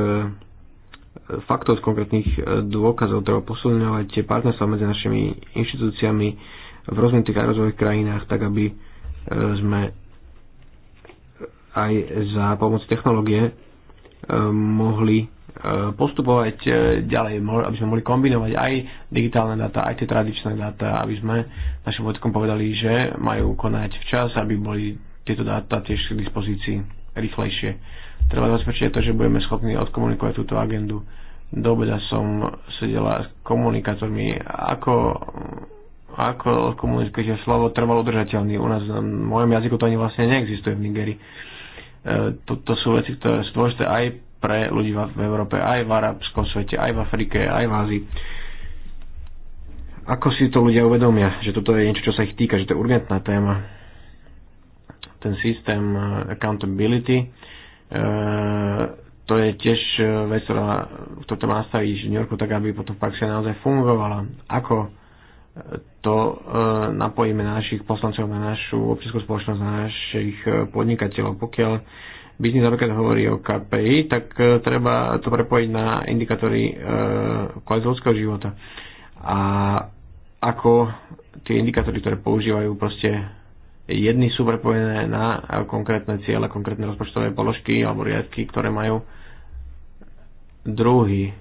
faktov, z konkrétnych e, dôkazov. Treba posilňovať tie partnerstva medzi našimi inštitúciami v rozvinutých a rozvojových krajinách, tak aby e, sme aj za pomoc technológie mohli E, postupovať e, ďalej, aby sme mohli kombinovať aj digitálne dáta, aj tie tradičné dáta, aby sme našim vojskom povedali, že majú konať včas, aby boli tieto dáta tiež k dispozícii rýchlejšie. Treba zabezpečiť to, že budeme schopní odkomunikovať túto agendu. Do obeda som sedela s komunikátormi, ako, ako komunikujete slovo trvalo udržateľný. U nás na mojom jazyku to ani vlastne neexistuje v Nigerii. E, toto sú veci, ktoré sú dôležité aj pre ľudí v Európe, aj v arabskom svete, aj v Afrike, aj v Ázii. Ako si to ľudia uvedomia, že toto je niečo, čo sa ich týka, že to je urgentná téma. Ten systém eh, accountability, eh, to je tiež eh, vec, ktorá, ktorá má nastaviť v New Yorku tak, aby potom v praxi naozaj fungovala. Ako to napojíme na našich poslancov, na našu občianskú spoločnosť, na našich podnikateľov. Pokiaľ biznis napríklad hovorí o KPI, tak e, treba to prepojiť na indikátory e, kvality ľudského života. A ako tie indikátory, ktoré používajú, proste jedny sú prepojené na konkrétne cieľe, konkrétne rozpočtové položky alebo riadky, ktoré majú druhý.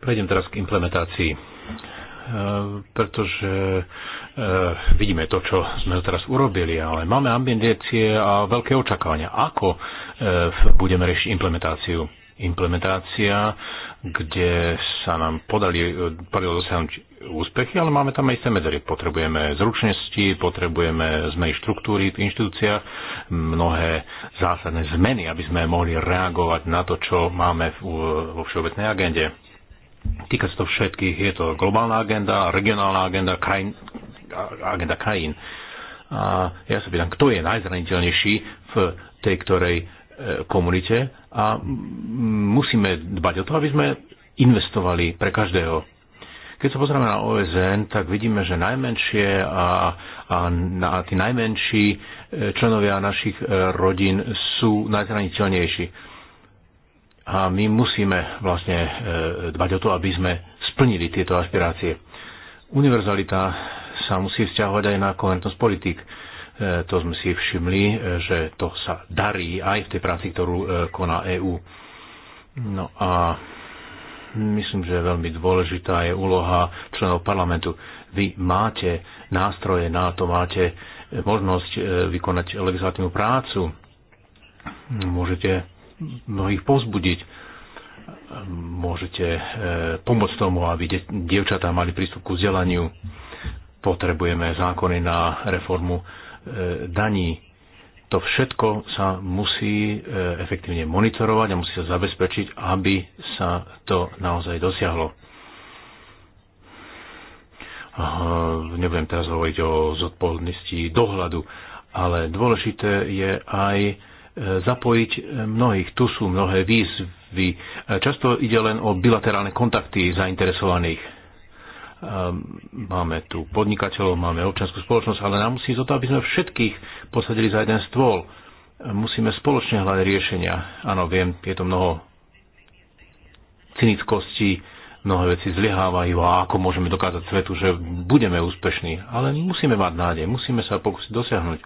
Prejdem teraz k implementácii. Eh, pretože eh, vidíme to, čo sme teraz urobili, ale máme ambície a veľké očakávania. Ako eh, budeme riešiť implementáciu? Implementácia, kde sa nám podali, podali dosiahnuť úspechy, ale máme tam aj isté medzery. Potrebujeme zručnosti, potrebujeme zmeny štruktúry v inštitúciách, mnohé zásadné zmeny, aby sme mohli reagovať na to, čo máme vo všeobecnej agende Týka sa to všetkých. Je to globálna agenda, regionálna agenda, krajín, agenda krajín. A ja sa pýtam, kto je najzraniteľnejší v tej ktorej e, komunite a musíme dbať o to, aby sme investovali pre každého. Keď sa pozrieme na OSN, tak vidíme, že najmenšie a, a, a tí najmenší e, členovia našich e, rodín sú najzraniteľnejší a my musíme vlastne e, dbať o to, aby sme splnili tieto aspirácie. Univerzalita sa musí vzťahovať aj na koherentnosť politik. E, to sme si všimli, e, že to sa darí aj v tej práci, ktorú koná EÚ. No a myslím, že veľmi dôležitá je úloha členov parlamentu. Vy máte nástroje na to, máte možnosť vykonať legislatívnu prácu. Môžete mnohých povzbudiť. Môžete e, pomôcť tomu, aby dievčatá mali prístup k vzdelaniu. Potrebujeme zákony na reformu e, daní. To všetko sa musí e, efektívne monitorovať a musí sa zabezpečiť, aby sa to naozaj dosiahlo. Nebudem teraz hovoriť o zodpovednosti dohľadu, ale dôležité je aj zapojiť mnohých. Tu sú mnohé výzvy. Často ide len o bilaterálne kontakty zainteresovaných. Ehm, máme tu podnikateľov, máme občanskú spoločnosť, ale nám musí to, aby sme všetkých posadili za jeden stôl. Musíme spoločne hľadať riešenia. Áno, viem, je to mnoho cynickosti, mnohé veci zlyhávajú a ako môžeme dokázať svetu, že budeme úspešní. Ale musíme mať nádej, musíme sa pokúsiť dosiahnuť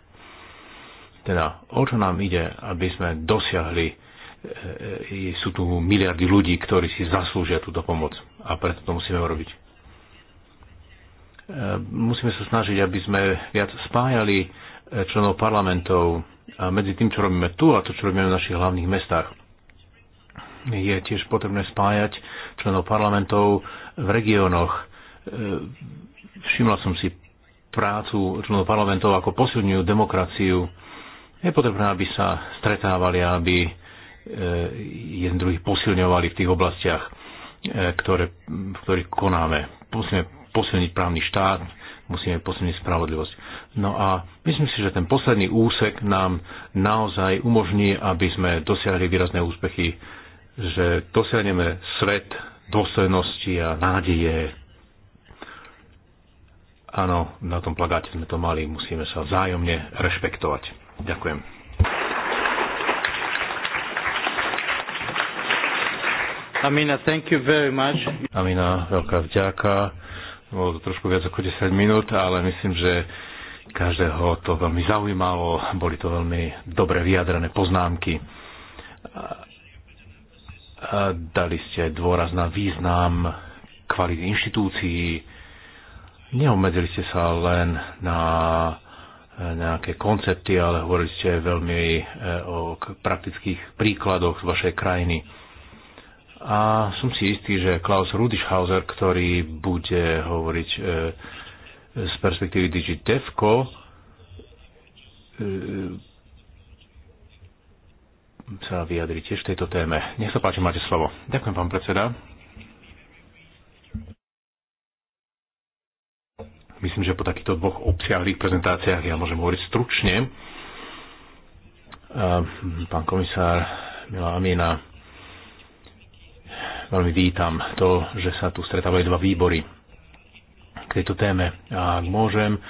teda o čo nám ide, aby sme dosiahli, e, e sú tu miliardy ľudí, ktorí si zaslúžia túto pomoc a preto to musíme urobiť. E, musíme sa snažiť, aby sme viac spájali e, členov parlamentov a medzi tým, čo robíme tu a to, čo robíme v našich hlavných mestách. Je tiež potrebné spájať členov parlamentov v regiónoch. E, všimla som si prácu členov parlamentov, ako posilňujú demokraciu je potrebné, aby sa stretávali a aby e, jeden druhý posilňovali v tých oblastiach, e, ktoré, v ktorých konáme. Musíme posilniť právny štát, musíme posilniť spravodlivosť. No a myslím si, že ten posledný úsek nám naozaj umožní, aby sme dosiahli výrazné úspechy, že dosiahneme svet dôslednosti a nádeje. Áno, na tom plagáte sme to mali, musíme sa vzájomne rešpektovať. Ďakujem. Amina, thank you very much. Amina, veľká vďaka. Bolo to trošku viac ako 10 minút, ale myslím, že každého to veľmi zaujímalo. Boli to veľmi dobre vyjadrené poznámky. A dali ste aj dôraz na význam kvality inštitúcií. Neobmedzili ste sa len na nejaké koncepty, ale hovorili ste veľmi e, o praktických príkladoch z vašej krajiny. A som si istý, že Klaus Rudischhauser, ktorý bude hovoriť e, z perspektívy DigiDevco, e, sa vyjadri tiež v tejto téme. Nech sa páči, máte slovo. Ďakujem, pán predseda. Myslím, že po takýchto dvoch obsiahlých prezentáciách ja môžem hovoriť stručne. E, pán komisár, milá Amina, veľmi vítam to, že sa tu stretávajú dva výbory k tejto téme. A ak môžem, e,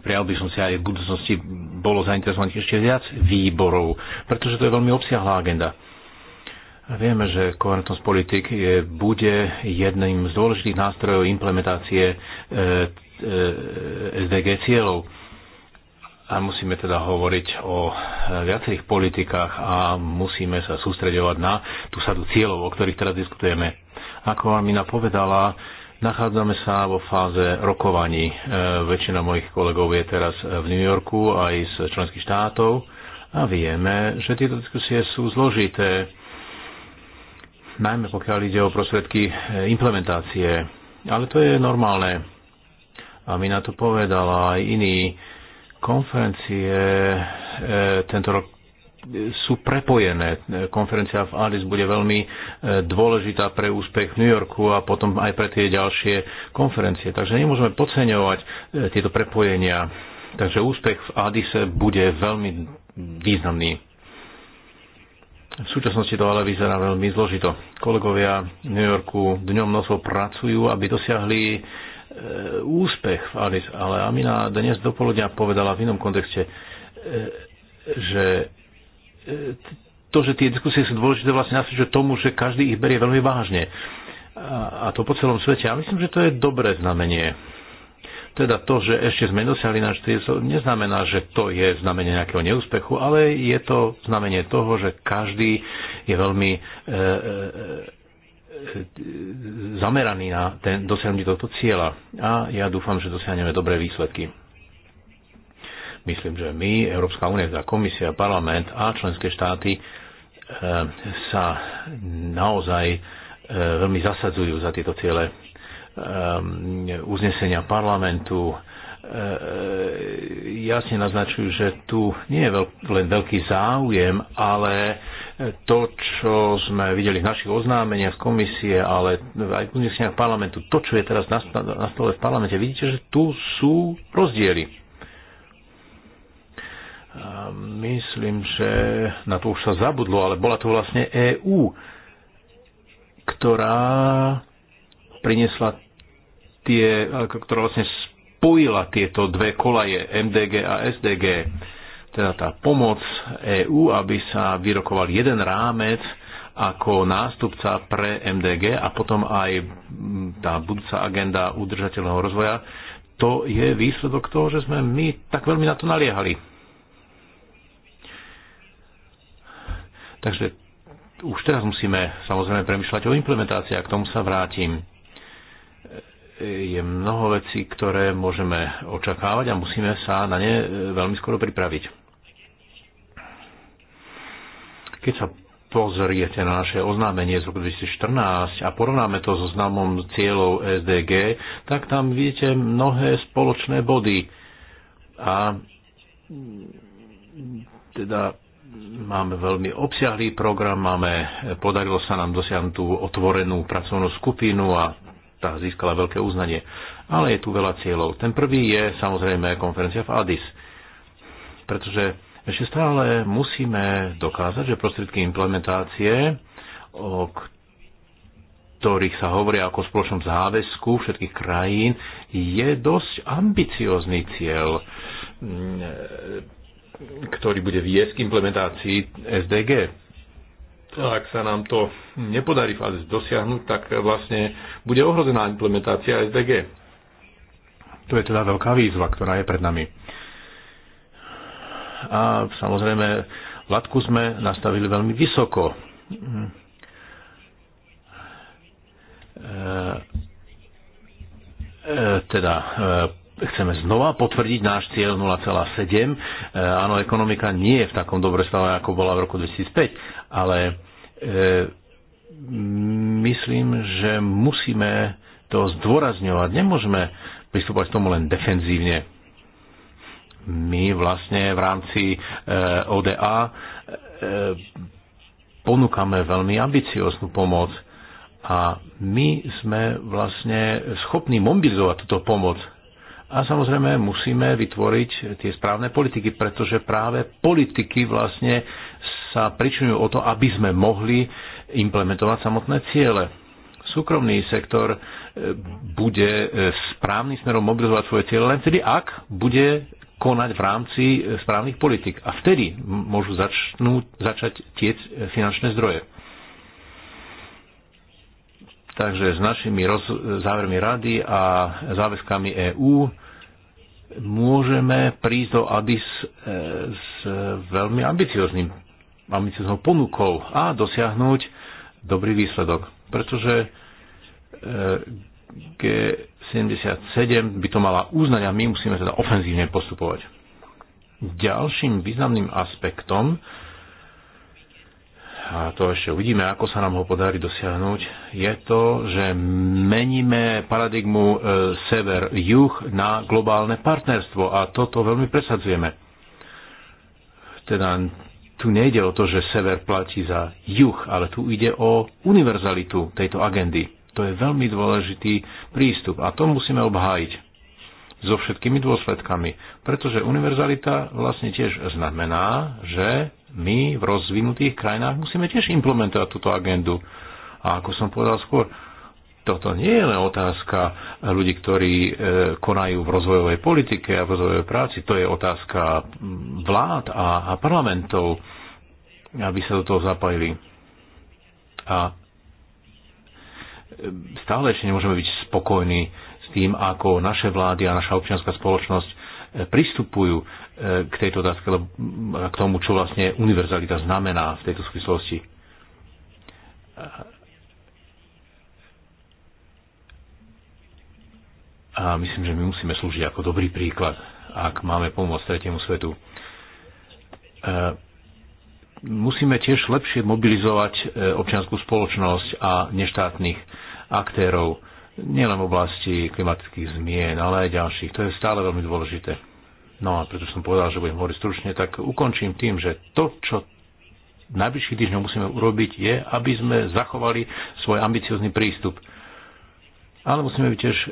prijal by som si aj v budúcnosti bolo zainteresovaných ešte viac výborov, pretože to je veľmi obsiahla agenda. Vieme, že koherentnosť politik je, bude jedným z dôležitých nástrojov implementácie e, e, SDG cieľov. A musíme teda hovoriť o e, viacerých politikách a musíme sa sústredovať na tú sadu cieľov, o ktorých teraz diskutujeme. Ako vám Mina povedala, nachádzame sa vo fáze rokovaní. E, väčšina mojich kolegov je teraz v New Yorku aj z členských štátov a vieme, že tieto diskusie sú zložité najmä pokiaľ ide o prosvedky e, implementácie. Ale to je normálne. A mi na to povedala aj iní. Konferencie e, tento rok e, sú prepojené. E, konferencia v Addis bude veľmi dôležitá pre úspech v New Yorku a potom aj pre tie ďalšie konferencie. Takže nemôžeme podceňovať tieto prepojenia. Takže úspech v Addise bude veľmi významný. V súčasnosti to ale vyzerá veľmi zložito. Kolegovia v New Yorku dňom nosov pracujú, aby dosiahli e, úspech v Alice, ale Amina dnes dopoludňa povedala v inom kontexte, e, že e, to, že tie diskusie sú dôležité, vlastne nasvedčuje tomu, že každý ich berie veľmi vážne. A, a to po celom svete. A myslím, že to je dobré znamenie teda to, že ešte sme dosiahli náš cieľ, neznamená, že to je znamenie nejakého neúspechu, ale je to znamenie toho, že každý je veľmi e, e, e, zameraný na ten, dosiahnutie tohto cieľa. A ja dúfam, že dosiahneme dobré výsledky. Myslím, že my, Európska únia, teda komisia, parlament a členské štáty e, sa naozaj e, veľmi zasadzujú za tieto ciele Ehm, uznesenia parlamentu ehm, e, jasne naznačujú, že tu nie je len veľký záujem, ale to, čo sme videli v našich oznámeniach z komisie, ale aj v uzneseniach parlamentu, to, čo je teraz na stole v parlamente, vidíte, že tu sú rozdiely. Ehm, myslím, že na to už sa zabudlo, ale bola to vlastne EÚ, ktorá priniesla tie, ktorá vlastne spojila tieto dve kolaje MDG a SDG, teda tá pomoc EÚ, aby sa vyrokoval jeden rámec ako nástupca pre MDG a potom aj tá budúca agenda udržateľného rozvoja, to je výsledok toho, že sme my tak veľmi na to naliehali. Takže už teraz musíme samozrejme premyšľať o implementácii a k tomu sa vrátim je mnoho vecí, ktoré môžeme očakávať a musíme sa na ne e, veľmi skoro pripraviť. Keď sa pozriete na naše oznámenie z roku 2014 a porovnáme to so známom cieľov SDG, tak tam vidíte mnohé spoločné body. A teda máme veľmi obsiahlý program, máme, podarilo sa nám dosiahnuť tú otvorenú pracovnú skupinu a sa získala veľké uznanie. Ale je tu veľa cieľov. Ten prvý je samozrejme konferencia v Addis, pretože ešte stále musíme dokázať, že prostriedky implementácie, o ktorých sa hovoria ako o spoločnom záväzku všetkých krajín, je dosť ambiciózny cieľ mm, ktorý bude viesť k implementácii SDG ak sa nám to nepodarí v ADES dosiahnuť, tak vlastne bude ohrozená implementácia SDG. To je teda veľká výzva, ktorá je pred nami. A samozrejme, latku sme nastavili veľmi vysoko. E, e, teda e, chceme znova potvrdiť náš cieľ 0,7. áno, ekonomika nie je v takom dobre stave, ako bola v roku 2005, ale E, myslím, že musíme to zdôrazňovať. Nemôžeme pristúpať k tomu len defenzívne. My vlastne v rámci e, ODA e, ponúkame veľmi ambicióznu pomoc a my sme vlastne schopní mobilizovať túto pomoc. A samozrejme musíme vytvoriť tie správne politiky, pretože práve politiky vlastne sa pričujú o to, aby sme mohli implementovať samotné ciele. Súkromný sektor e, bude e, správnym smerom mobilizovať svoje ciele len vtedy, ak bude konať v rámci e, správnych politik. A vtedy môžu začnú, začať tieť finančné zdroje. Takže s našimi roz- závermi rady a záväzkami EÚ môžeme prísť do Addis s veľmi ambiciozným ambicioznou ponukou a dosiahnuť dobrý výsledok. Pretože e, G77 by to mala uznať a my musíme teda ofenzívne postupovať. Ďalším významným aspektom, a to ešte uvidíme, ako sa nám ho podarí dosiahnuť, je to, že meníme paradigmu e, sever-juh na globálne partnerstvo a toto veľmi presadzujeme. Teda tu nejde o to, že sever platí za juh, ale tu ide o univerzalitu tejto agendy. To je veľmi dôležitý prístup a to musíme obhájiť so všetkými dôsledkami. Pretože univerzalita vlastne tiež znamená, že my v rozvinutých krajinách musíme tiež implementovať túto agendu. A ako som povedal skôr, toto nie je len otázka ľudí, ktorí e, konajú v rozvojovej politike a v rozvojovej práci, to je otázka mm, vlád a, a parlamentov, aby sa do toho zapojili. A e, stále ešte nemôžeme byť spokojní s tým, ako naše vlády a naša občianská spoločnosť e, pristupujú k tejto otázke, lebo mm, k tomu, čo vlastne univerzalita znamená v tejto súvislosti A myslím, že my musíme slúžiť ako dobrý príklad, ak máme pomôcť tretiemu svetu. E, musíme tiež lepšie mobilizovať e, občianskú spoločnosť a neštátnych aktérov, nielen v oblasti klimatických zmien, ale aj ďalších. To je stále veľmi dôležité. No a preto som povedal, že budem hovoriť stručne, tak ukončím tým, že to, čo najbližší týždňov musíme urobiť, je, aby sme zachovali svoj ambiciózny prístup. Ale musíme byť tiež e,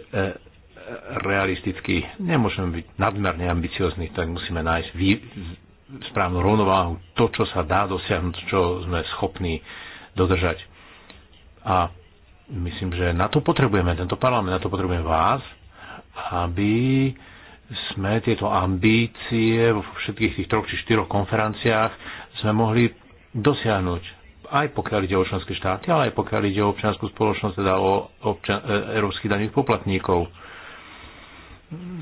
realisticky, Nemôžeme byť nadmerne ambiciozní, tak musíme nájsť vý, správnu rovnováhu, to, čo sa dá dosiahnuť, čo sme schopní dodržať. A myslím, že na to potrebujeme, tento parlament, na to potrebujeme vás, aby sme tieto ambície vo všetkých tých troch či štyroch konferenciách sme mohli dosiahnuť aj pokiaľ ide o členské štáty, ale aj pokiaľ ide o občianskú spoločnosť, teda o občan, e, európskych daných poplatníkov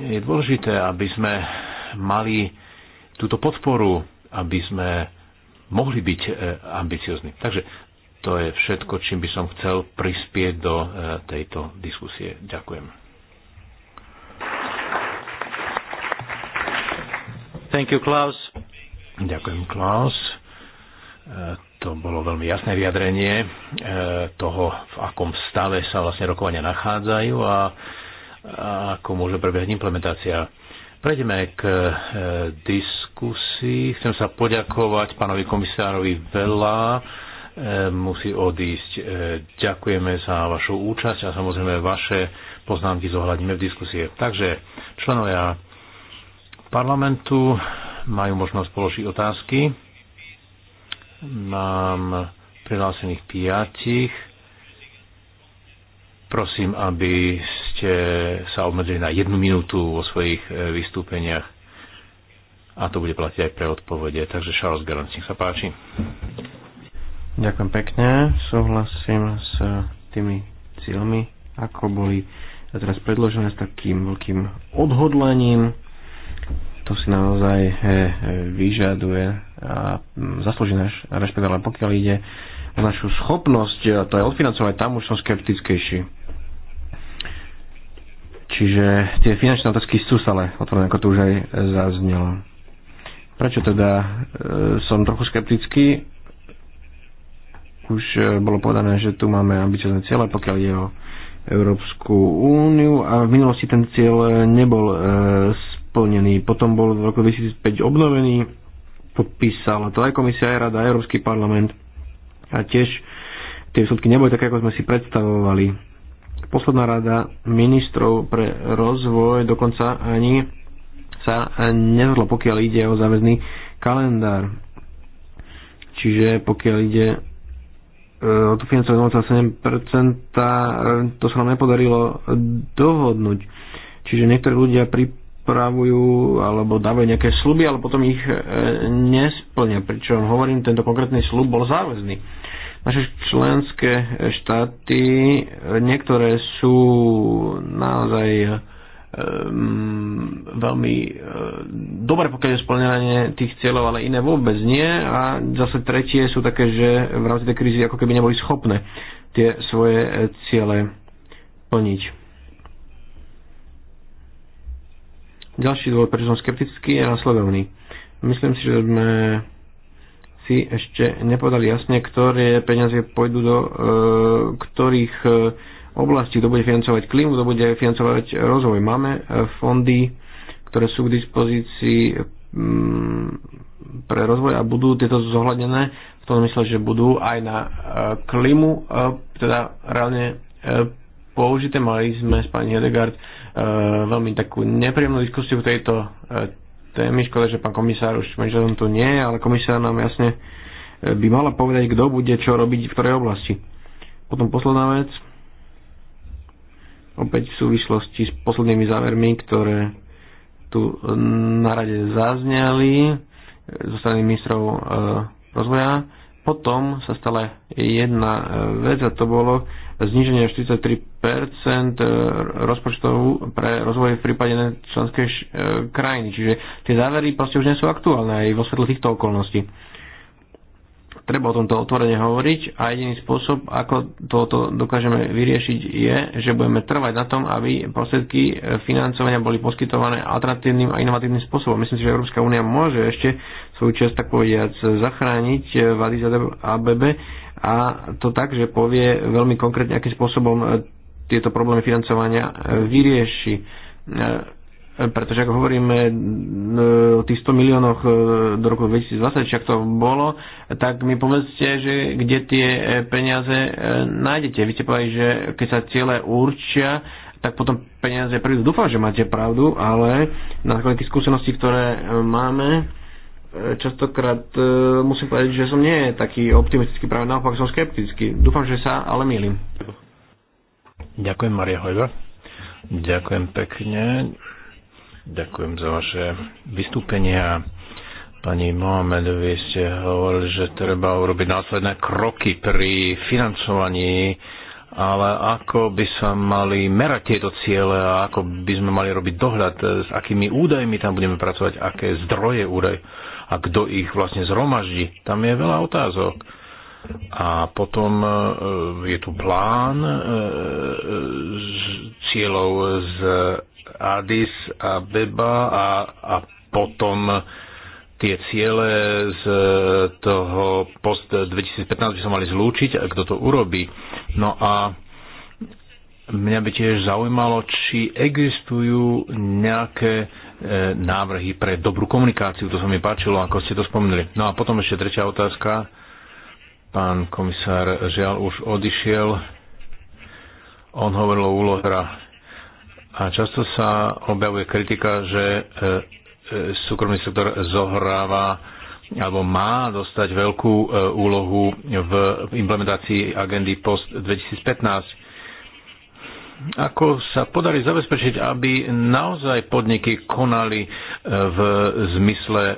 je dôležité, aby sme mali túto podporu, aby sme mohli byť e, ambiciozni. Takže to je všetko, čím by som chcel prispieť do e, tejto diskusie. Ďakujem. Thank you, Klaus. Ďakujem, Klaus. E, to bolo veľmi jasné vyjadrenie toho, v akom stave sa vlastne rokovania nachádzajú a ako môže prebiehať implementácia. Prejdeme k e, diskusii. Chcem sa poďakovať pánovi komisárovi Vela. E, musí odísť. E, ďakujeme za vašu účasť a samozrejme vaše poznámky zohľadíme v diskusie. Takže členovia parlamentu majú možnosť položiť otázky. Mám prihlásených piatich. Prosím, aby ste sa obmedzili na jednu minútu vo svojich e, vystúpeniach a to bude platiť aj pre odpovede. Takže Charles Garant, nech sa páči. Ďakujem pekne. Súhlasím s tými cieľmi, ako boli teraz predložené s takým veľkým odhodlaním. To si naozaj e, e, vyžaduje a mm, zaslúži náš rešpekt, ale pokiaľ ide o našu schopnosť, to je odfinancovať, tam už som skeptickejší Čiže tie finančné otázky sú stále otvorené, ako to už aj zaznelo. Prečo teda e, som trochu skeptický? Už e, bolo povedané, že tu máme ambiciozne cieľe, pokiaľ je o Európsku úniu a v minulosti ten cieľ nebol e, splnený. Potom bol v roku 2005 obnovený, podpísala to aj komisia, aj rada, aj Európsky parlament a tiež tie výsledky neboli také, ako sme si predstavovali posledná rada ministrov pre rozvoj dokonca ani sa nezhodla, pokiaľ ide o záväzný kalendár. Čiže pokiaľ ide e, o to financovanie 0,7%, e, to sa nám nepodarilo dohodnúť. Čiže niektorí ľudia pripravujú alebo dávajú nejaké sluby, ale potom ich e, nesplňa. Pričom hovorím, tento konkrétny slub bol záväzný. Naše členské štáty, niektoré sú naozaj um, veľmi uh, dobre, pokiaľ je splnenie tých cieľov, ale iné vôbec nie. A zase tretie sú také, že v rámci tej krízy ako keby neboli schopné tie svoje e, ciele plniť. Ďalší dôvod, prečo som skeptický, je nasledovný. Myslím si, že sme si ešte nepovedali jasne, ktoré peniaze pôjdu do e, ktorých e, oblastí, kto bude financovať klímu, kto bude financovať rozvoj. Máme e, fondy, ktoré sú k dispozícii m, mm, pre rozvoj a budú tieto zohľadené v tom mysle, že budú aj na e, klímu, e, teda reálne e, použité. Mali sme s pani Hedegard e, veľmi takú nepríjemnú diskusiu v tejto e, to je mi Škoda, že pán komisár už on tu nie, ale komisár nám jasne e, by mala povedať, kto bude čo robiť v ktorej oblasti. Potom posledná vec, opäť v súvislosti s poslednými závermi, ktoré tu na rade zazneli zo strany ministrov e, rozvoja potom sa stala jedna e, vec a to bolo zníženie 43% e, rozpočtov pre rozvoj v prípade členskej e, krajiny. Čiže tie závery proste už nie sú aktuálne aj vo svetle týchto okolností. Treba o tomto otvorene hovoriť a jediný spôsob, ako toto dokážeme vyriešiť, je, že budeme trvať na tom, aby prostriedky financovania boli poskytované alternatívnym a inovatívnym spôsobom. Myslím si, že Európska únia môže ešte svoju časť, tak povediac, zachrániť eh, v Addis ABB a to tak, že povie veľmi konkrétne, akým spôsobom eh, tieto problémy financovania eh, vyrieši. Pretože ako hovoríme o tých 100 miliónoch do roku 2020, však to bolo, tak mi povedzte, že kde tie peniaze nájdete. Vy ste povedali, že keď sa ciele určia, tak potom peniaze prídu. Dúfam, že máte pravdu, ale na základe tých skúseností, ktoré máme, E, častokrát e, musím povedať, že som nie taký optimistický, práve naopak som skeptický. Dúfam, že sa ale milím. Ďakujem, Maria Hojva. Ďakujem pekne. Ďakujem za vaše vystúpenie a pani Mohamedovi ste hovorili, že treba urobiť následné kroky pri financovaní, ale ako by sa mali merať tieto ciele a ako by sme mali robiť dohľad, s akými údajmi tam budeme pracovať, aké zdroje údaj a kto ich vlastne zhromaždí. Tam je veľa otázok. A potom e, e, je tu plán e, cieľov z Addis a Beba a, a potom tie ciele z toho post 2015 by sa mali zlúčiť a kto to urobí. No a mňa by tiež zaujímalo, či existujú nejaké E, návrhy pre dobrú komunikáciu. To sa mi páčilo, ako ste to spomínali. No a potom ešte tretia otázka. Pán komisár žiaľ už odišiel. On hovoril o úlohra. a často sa objavuje kritika, že e, e, súkromný sektor zohráva alebo má dostať veľkú úlohu v implementácii agendy post 2015 ako sa podarí zabezpečiť, aby naozaj podniky konali e, v zmysle e,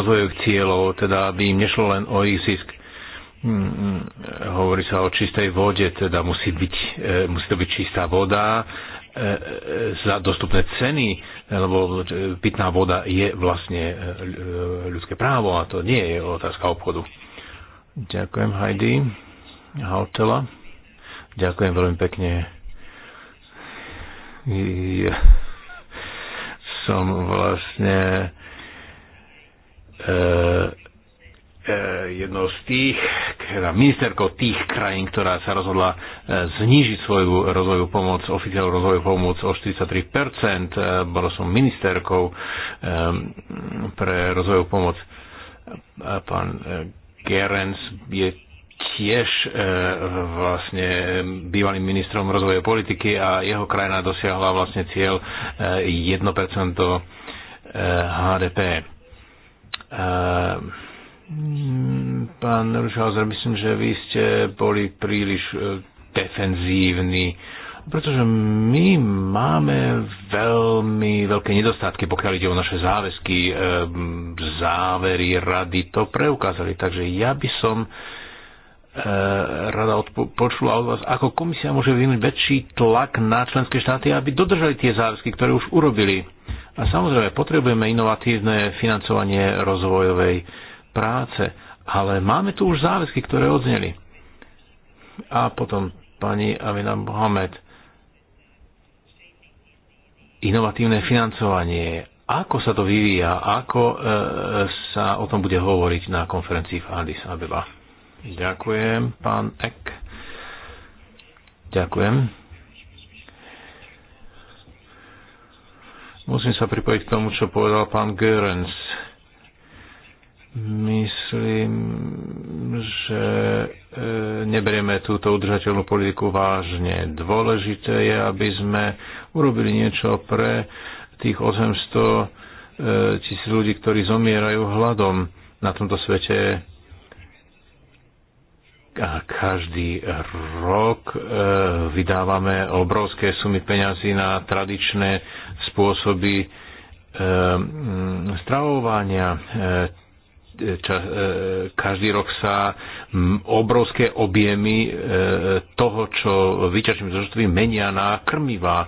rozvojových cieľov, teda aby im nešlo len o ich zisk. Mm, mm, hovorí sa o čistej vode, teda musí, byť, e, musí to byť čistá voda za dostupné ceny, lebo pitná voda je vlastne ľudské právo a to nie je otázka obchodu. Ďakujem Heidi Hautela. Ďakujem veľmi pekne ja som vlastne e, e, jednou z tých, teda ministerkou tých krajín, ktorá sa rozhodla e, znížiť svoju rozvojovú pomoc, oficiálnu rozvojovú pomoc o 43%. E, bola som ministerkou e, pre rozvojovú pomoc. A pán e, Gerens je tiež e, vlastne bývalým ministrom rozvoja politiky a jeho krajina dosiahla vlastne cieľ e, 1% e, HDP. E, pán Rušhauser, myslím, že vy ste boli príliš e, defenzívni, pretože my máme veľmi veľké nedostatky, pokiaľ ide o naše záväzky. E, závery rady to preukázali, takže ja by som e, Eh, rada počula od vás, ako komisia môže vyvinúť väčší tlak na členské štáty, aby dodržali tie záväzky, ktoré už urobili. A samozrejme, potrebujeme inovatívne financovanie rozvojovej práce, ale máme tu už záväzky, ktoré odzneli. A potom pani Amina Mohamed. Inovatívne financovanie. Ako sa to vyvíja? Ako e, sa o tom bude hovoriť na konferencii v Addis Abeba? Ďakujem, pán Ek. Ďakujem. Musím sa pripojiť k tomu, čo povedal pán Görens. Myslím, že e, neberieme túto udržateľnú politiku vážne. Dôležité je, aby sme urobili niečo pre tých 800 e, tisíc ľudí, ktorí zomierajú hladom na tomto svete každý rok e, vydávame obrovské sumy peňazí na tradičné spôsoby e, stravovania. E, každý rok sa obrovské objemy toho, čo vyťažíme zo menia na krmivá.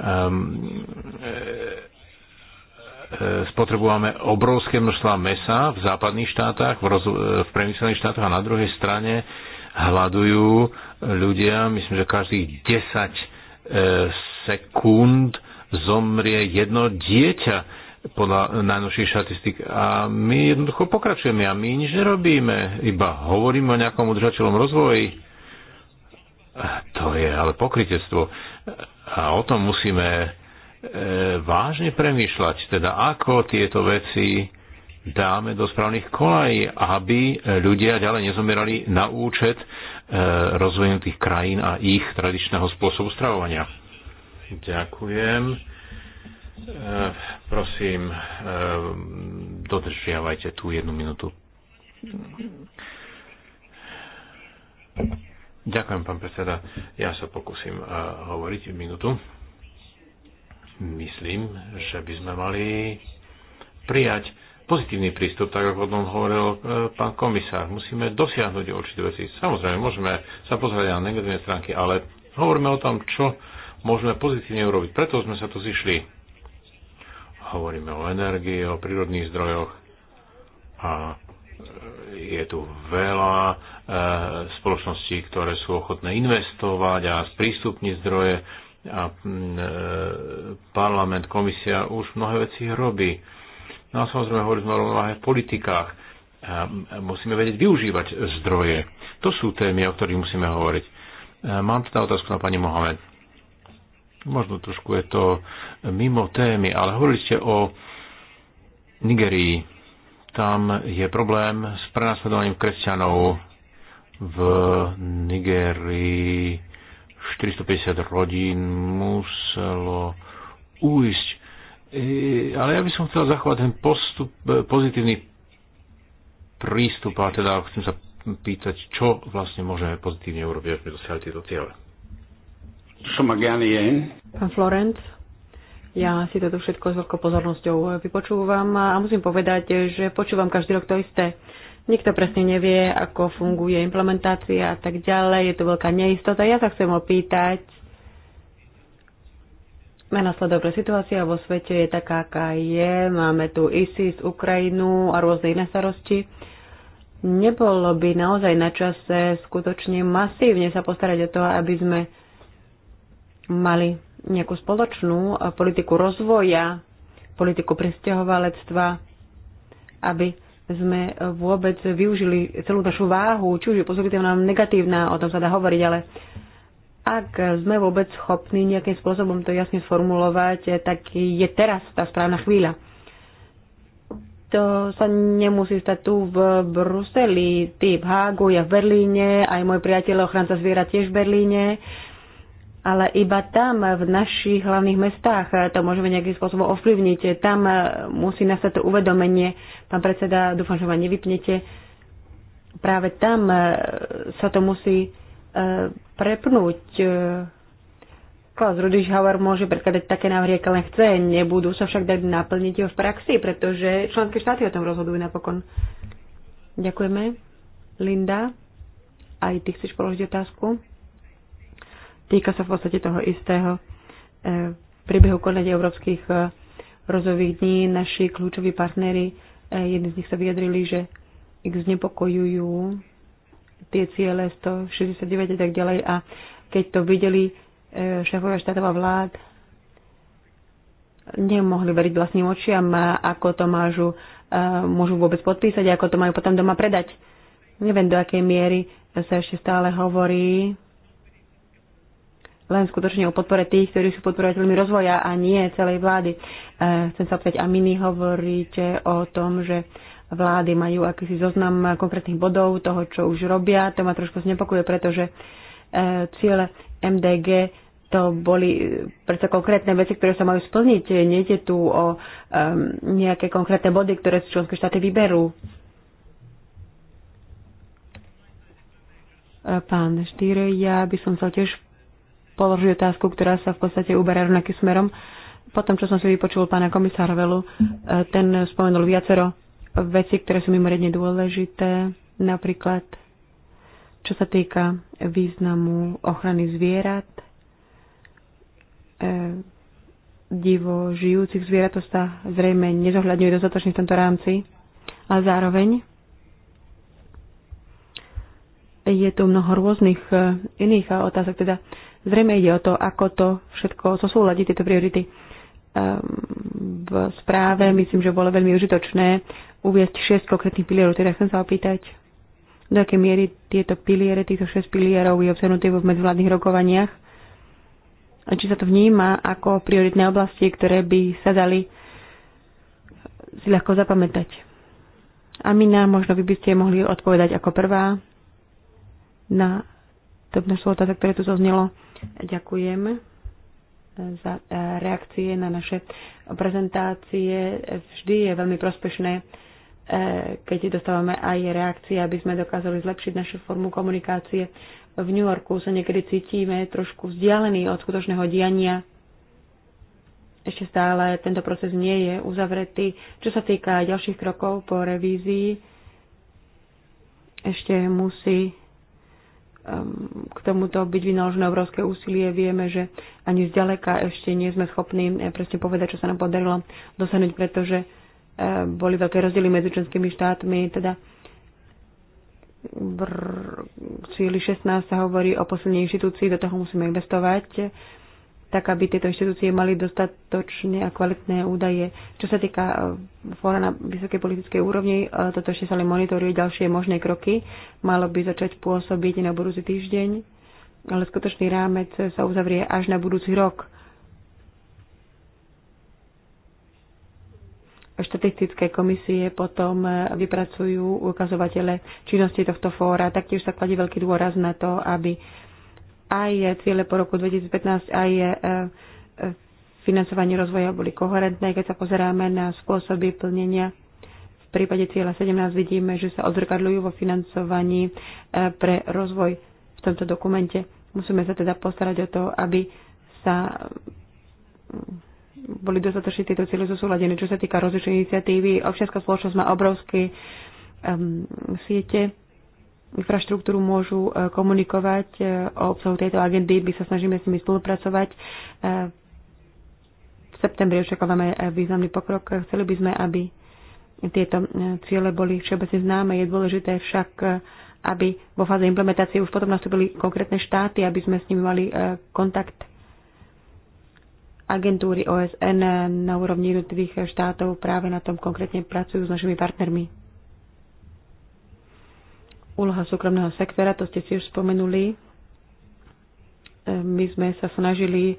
Ehm, E, spotrebujeme obrovské množstva mesa v západných štátach, v, roz- e, v priemyselných štátoch a na druhej strane hľadujú ľudia, myslím, že každých 10 e, sekúnd zomrie jedno dieťa podľa najnovších štatistik. A my jednoducho pokračujeme a my nič nerobíme, iba hovoríme o nejakom udržateľom rozvoji. To je ale pokritectvo. A o tom musíme E, vážne premýšľať, teda ako tieto veci dáme do správnych kolají, aby ľudia ďalej nezomierali na účet e, rozvojených krajín a ich tradičného spôsobu stravovania. Ďakujem e, prosím, dodržiavajte tú jednu minútu. Ďakujem, pán predseda. Ja sa pokúsim hovoriť minútu. Myslím, že by sme mali prijať pozitívny prístup, tak ako o tom hovoril e, pán komisár. Musíme dosiahnuť určité veci. Samozrejme, môžeme sa pozrieť na negatívne stránky, ale hovoríme o tom, čo môžeme pozitívne urobiť. Preto sme sa tu zišli. Hovoríme o energii, o prírodných zdrojoch a e, je tu veľa e, spoločností, ktoré sú ochotné investovať a sprístupniť zdroje a mm, e, parlament, komisia už mnohé veci robí. No a samozrejme hovoríme o rovnováhe v politikách. A musíme vedieť využívať zdroje. To sú témy, o ktorých musíme hovoriť. Mám teda otázku na pani Mohamed. Možno trošku je to mimo témy, ale hovorili ste o Nigerii. Tam je problém s prenasledovaním kresťanov v Nigerii 450 rodín muselo újsť. E, ale ja by som chcel zachovať ten postup, e, pozitívny prístup a teda chcem sa pýtať, čo vlastne môžeme pozitívne urobiť, aby sme dosiahli tieto ciele. Pán Florent, ja si toto všetko s veľkou pozornosťou vypočúvam a musím povedať, že počúvam každý rok to isté. Nikto presne nevie, ako funguje implementácia a tak ďalej. Je tu veľká neistota. Ja sa chcem opýtať na nasledovné situácia vo svete je taká, aká je. Máme tu ISIS, Ukrajinu a rôzne iné starosti. Nebolo by naozaj na čase skutočne masívne sa postarať o to, aby sme mali nejakú spoločnú politiku rozvoja, politiku presťahovalectva, aby sme vôbec využili celú našu váhu, či už je pozitívna, negatívna, o tom sa dá hovoriť, ale ak sme vôbec schopní nejakým spôsobom to jasne sformulovať, tak je teraz tá správna chvíľa. To sa nemusí stať tu v Bruseli, ty v Hágu, ja v Berlíne, aj môj priateľ ochranca zviera tiež v Berlíne ale iba tam, v našich hlavných mestách, to môžeme nejakým spôsobom ovplyvniť. Tam eh, musí nastať to uvedomenie. Pán predseda, dúfam, že ma nevypnete. Práve tam eh, sa to musí eh, prepnúť. Klaus Hauer môže predkladať také návrhy, aké len chce. Nebudú sa však dať naplniť v praxi, pretože členské štáty o tom rozhodujú napokon. Ďakujeme. Linda, aj ty chceš položiť otázku? Týka sa v podstate toho istého. E, v priebehu konania európskych e, rozových dní naši kľúčoví partnery, e, jedni z nich sa vyjadrili, že ich znepokojujú tie ciele 169 a tak ďalej a keď to videli šéfovia štátov a vlád, nemohli veriť vlastným očiam, ako to mážu, môžu vôbec podpísať, ako to majú potom doma predať. Neviem, do akej miery sa ešte stále hovorí len skutočne o podpore tých, ktorí sú podporovateľmi rozvoja a nie celej vlády. E, chcem sa opäť, a my hovoríte o tom, že vlády majú akýsi zoznam konkrétnych bodov toho, čo už robia. To ma trošku znepokuje, pretože e, ciele MDG to boli e, predsa konkrétne veci, ktoré sa majú splniť. Nejde tu o um, nejaké konkrétne body, ktoré členské štáty vyberú. Pán Štýr, ja by som chcel tiež položiť otázku, ktorá sa v podstate uberá rovnakým smerom. Po tom, čo som si vypočul pána komisára Velu, e, ten spomenul viacero veci, ktoré sú mimoriadne dôležité, napríklad čo sa týka významu ochrany zvierat, e, divo žijúcich zvierat, to sa zrejme nezohľadňuje dostatočne v tomto rámci. A zároveň je tu mnoho rôznych e, iných otázok, teda Zrejme ide o to, ako to všetko zosúľadiť, tieto priority. Ehm, v správe myslím, že bolo veľmi užitočné uviezť 6 konkrétnych pilierov. Teda chcem sa opýtať, do akej miery tieto piliere, týchto 6 pilierov je obsahnuté v medzvládnych rokovaniach a či sa to vníma ako prioritné oblasti, ktoré by sa dali si ľahko zapamätať. Amina, možno by by ste mohli odpovedať ako prvá na to množstvo otázok, ktoré tu zoznelo. Ďakujem eh, za eh, reakcie na naše prezentácie. Vždy je veľmi prospešné, eh, keď dostávame aj reakcie, aby sme dokázali zlepšiť našu formu komunikácie. V New Yorku sa niekedy cítime trošku vzdialení od skutočného diania. Ešte stále tento proces nie je uzavretý. Čo sa týka ďalších krokov po revízii, ešte musí Ehm, k tomuto byť vynaložené obrovské úsilie. Vieme, že ani zďaleka ešte nie sme schopní eh, presne povedať, čo sa nám podarilo dosiahnuť, pretože eh, boli veľké rozdiely medzi členskými štátmi. Teda v cíli 16 sa hovorí o poslednej inštitúcii, do toho musíme investovať tak aby tieto inštitúcie mali dostatočné a kvalitné údaje. Čo sa týka e, fóra na vysokej politickej úrovni, e, toto ešte sa len monitoruje ďalšie možné kroky. Malo by začať pôsobiť na budúci týždeň, ale skutočný rámec sa uzavrie až na budúci rok. Štatistické komisie potom e, vypracujú ukazovatele činnosti tohto fóra. Taktiež sa kladie veľký dôraz na to, aby aj ciele po roku 2015, aj e, e, financovanie rozvoja boli koherentné. Keď sa pozeráme na spôsoby plnenia v prípade cieľa 17, vidíme, že sa odzrkadľujú vo financovaní e, pre rozvoj v tomto dokumente. Musíme sa teda postarať o to, aby sa mm, boli dostatočne tieto cieľe zosúladené. Čo sa týka rozličnej iniciatívy, občianská spoločnosť má obrovské um, siete infraštruktúru môžu e, komunikovať e, o obsahu tejto agendy. My sa snažíme s nimi spolupracovať. E, v septembri očakávame významný pokrok. Chceli by sme, aby tieto ciele boli všeobecne známe. Je dôležité však, aby vo fáze implementácie už potom nastúpili konkrétne štáty, aby sme s nimi mali kontakt agentúry OSN na úrovni jednotlivých štátov práve na tom konkrétne pracujú s našimi partnermi. Úloha súkromného sektora, to ste si už spomenuli. E, my sme sa snažili e,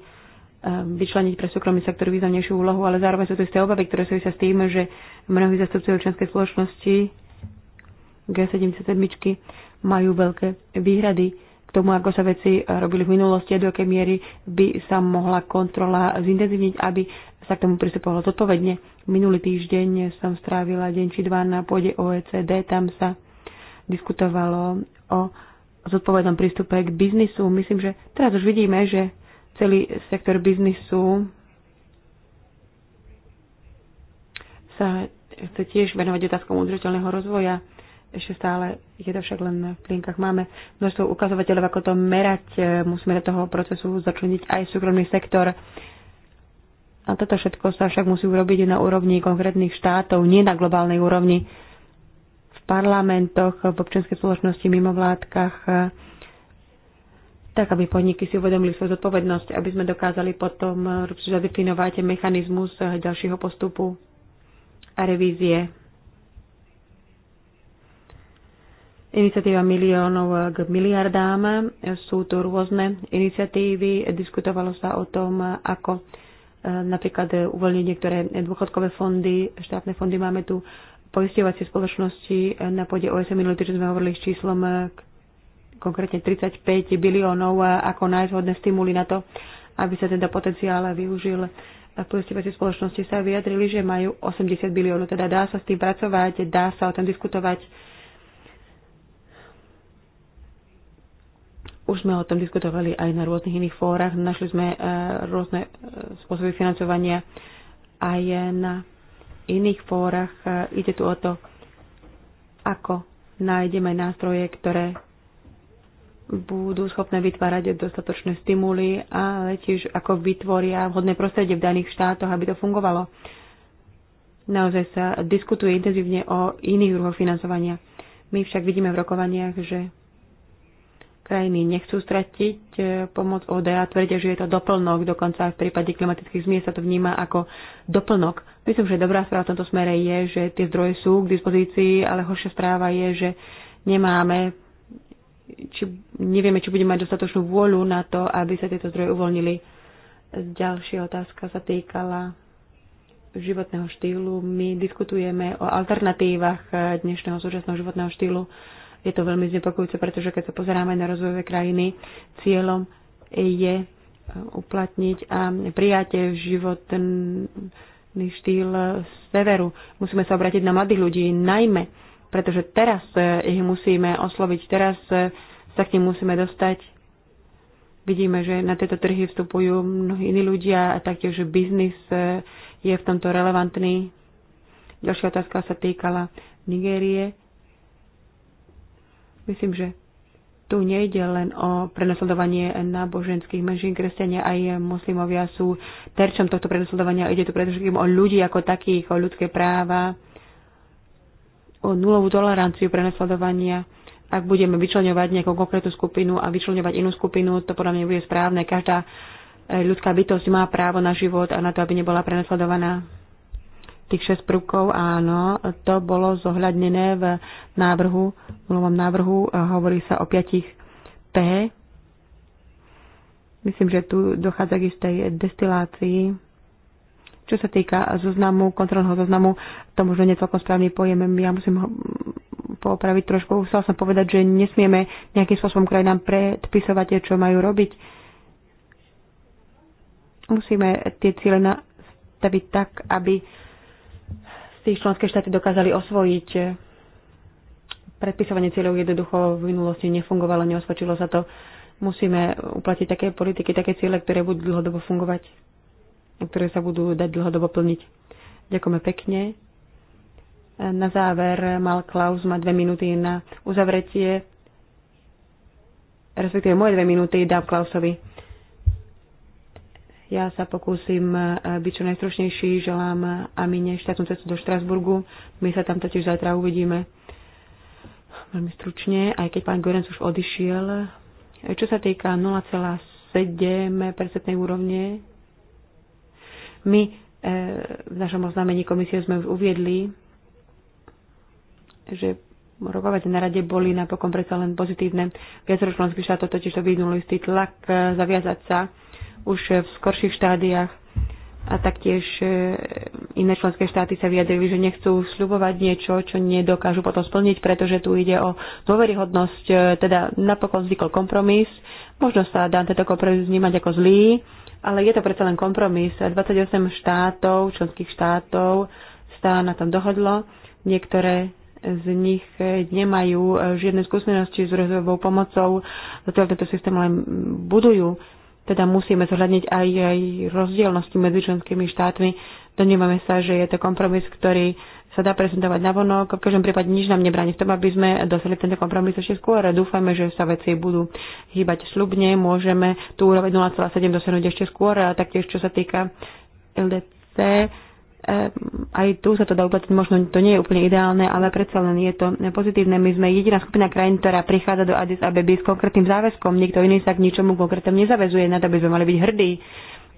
vyčleniť pre súkromný sektor významnejšiu úlohu, ale zároveň sú tu isté obavy, ktoré súvisia s tým, že mnohí zastupcovia občianskej spoločnosti G77 majú veľké výhrady k tomu, ako sa veci robili v minulosti a do akej miery by sa mohla kontrola zintenzívniť, aby sa k tomu pristupovalo zodpovedne. Minulý týždeň som strávila deň či dva na pôde OECD, tam sa diskutovalo o zodpovednom prístupe k biznisu. Myslím, že teraz už vidíme, že celý sektor biznisu sa chce tiež venovať otázkom udržateľného rozvoja. Ešte stále je to však len v plienkach. Máme množstvo ukazovateľov, ako to merať. Musíme do toho procesu začleniť aj súkromný sektor. A toto všetko sa však musí urobiť na úrovni konkrétnych štátov, nie na globálnej úrovni parlamentoch, v občianskej spoločnosti, vládkach, e, tak aby podniky si uvedomili svoju zodpovednosť, aby sme dokázali potom e, zadefinovať mechanizmus e, ďalšieho postupu a revízie. Iniciatíva miliónov k miliardám. Sú tu rôzne iniciatívy. Diskutovalo sa o tom, ako napríklad uvoľniť niektoré dôchodkové fondy, štátne fondy. Máme tu poisťovacie spoločnosti na pôde OSM minulý týždeň sme hovorili s číslom eh, konkrétne 35 biliónov eh, ako najzhodné stimuly na to, aby sa teda potenciál využil. Poisťovacie spoločnosti sa vyjadrili, že majú 80 biliónov, teda dá sa s tým pracovať, dá sa o tom diskutovať. Už sme o tom diskutovali aj na rôznych iných fórach, našli sme eh, rôzne spôsoby financovania aj na iných fórach. E, ide tu o to, ako nájdeme nástroje, ktoré budú schopné vytvárať dostatočné stimuly, ale tiež ako vytvoria vhodné prostredie v daných štátoch, aby to fungovalo. Naozaj sa diskutuje intenzívne o iných druhoch financovania. My však vidíme v rokovaniach, že krajiny nechcú stratiť e, pomoc ODA, tvrdia, že je to doplnok, dokonca aj v prípade klimatických zmien sa to vníma ako doplnok Myslím, že dobrá správa v tomto smere je, že tie zdroje sú k dispozícii, ale horšia správa je, že nemáme, či, nevieme, či budeme mať dostatočnú vôľu na to, aby sa tieto zdroje uvoľnili. Ďalšia otázka sa týkala životného štýlu. My diskutujeme o alternatívach dnešného súčasného životného štýlu. Je to veľmi znepokojúce, pretože keď sa pozeráme na rozvojové krajiny, cieľom je uplatniť a v život štýl severu. Musíme sa obrátiť na mladých ľudí, najmä, pretože teraz eh, ich musíme osloviť, teraz eh, sa k ním musíme dostať. Vidíme, že na tieto trhy vstupujú mnohí iní ľudia a taktiež biznis eh, je v tomto relevantný. Ďalšia otázka sa týkala Nigérie. Myslím, že tu nejde len o prenasledovanie náboženských menšín. Kresťania aj muslimovia sú terčom tohto prenasledovania. Ide tu predovšetkým o ľudí ako takých, o ľudské práva, o nulovú toleranciu prenasledovania. Ak budeme vyčlenovať nejakú konkrétnu skupinu a vyčlenovať inú skupinu, to podľa mňa bude správne. Každá eh, ľudská bytosť má právo na život a na to, aby nebola prenasledovaná. Tých šesť prvkov, áno, to bolo zohľadnené v návrhu, v novom návrhu hovorí sa o piatich P. Myslím, že tu dochádza k istej destilácii. Čo sa týka zoznamu, kontrolného zoznamu, to možno nie celkom správny pojem. Ja musím ho poopraviť trošku. Chcel som povedať, že nesmieme nejakým spôsobom krajinám predpisovať, čo majú robiť. Musíme tie ciele nastaviť tak, aby si členské štáty dokázali osvojiť. Predpisovanie cieľov jednoducho v minulosti nefungovalo, neosvedčilo sa to. Musíme uplatiť také politiky, také ciele, ktoré budú dlhodobo fungovať, ktoré sa budú dať dlhodobo plniť. Ďakujeme pekne. Na záver mal Klaus ma dve minúty na uzavretie, respektíve moje dve minúty dám Klausovi. Ja sa pokúsim e, byť čo najstručnejší. Želám Amine štátnu cestu do Štrasburgu. My sa tam totiž zajtra uvidíme. Veľmi stručne, aj keď pán Gorenc už odišiel. E, čo sa týka 0,7 percentnej úrovne, my e, v našom oznámení komisie sme už uviedli, že rokovať na rade boli napokon predsa len pozitívne. Viacero členských štátov totiž to vyhnulo istý tlak zaviazať sa už v skorších štádiách a taktiež e, iné členské štáty sa vyjadrili, že nechcú sľubovať niečo, čo nedokážu potom splniť, pretože tu ide o dôveryhodnosť, e, teda napokon vznikol kompromis. Možno sa dá tento kompromis vnímať ako zlý, ale je to predsa len kompromis. 28 štátov, členských štátov sa na tom dohodlo. Niektoré z nich e, nemajú žiadne skúsenosti s rozvojovou pomocou, zatiaľ tento systém len budujú teda musíme zohľadniť aj, aj rozdielnosti medzi členskými štátmi. Domnievame sa, že je to kompromis, ktorý sa dá prezentovať na vonok. V každom prípade nič nám nebráni v tom, aby sme dosiahli tento kompromis ešte skôr. Dúfame, že sa veci budú hýbať slubne. Môžeme tú úroveň 0,7 dosiahnuť ešte skôr. A taktiež, čo sa týka LDC, Ehm, aj tu sa to dá uplatiť, možno to nie je úplne ideálne, ale predsa len je to pozitívne. My sme jediná skupina krajín, ktorá prichádza do Addis Abeby s konkrétnym záväzkom. Niekto iný sa k ničomu konkrétnemu nezavezuje, na to by sme mali byť hrdí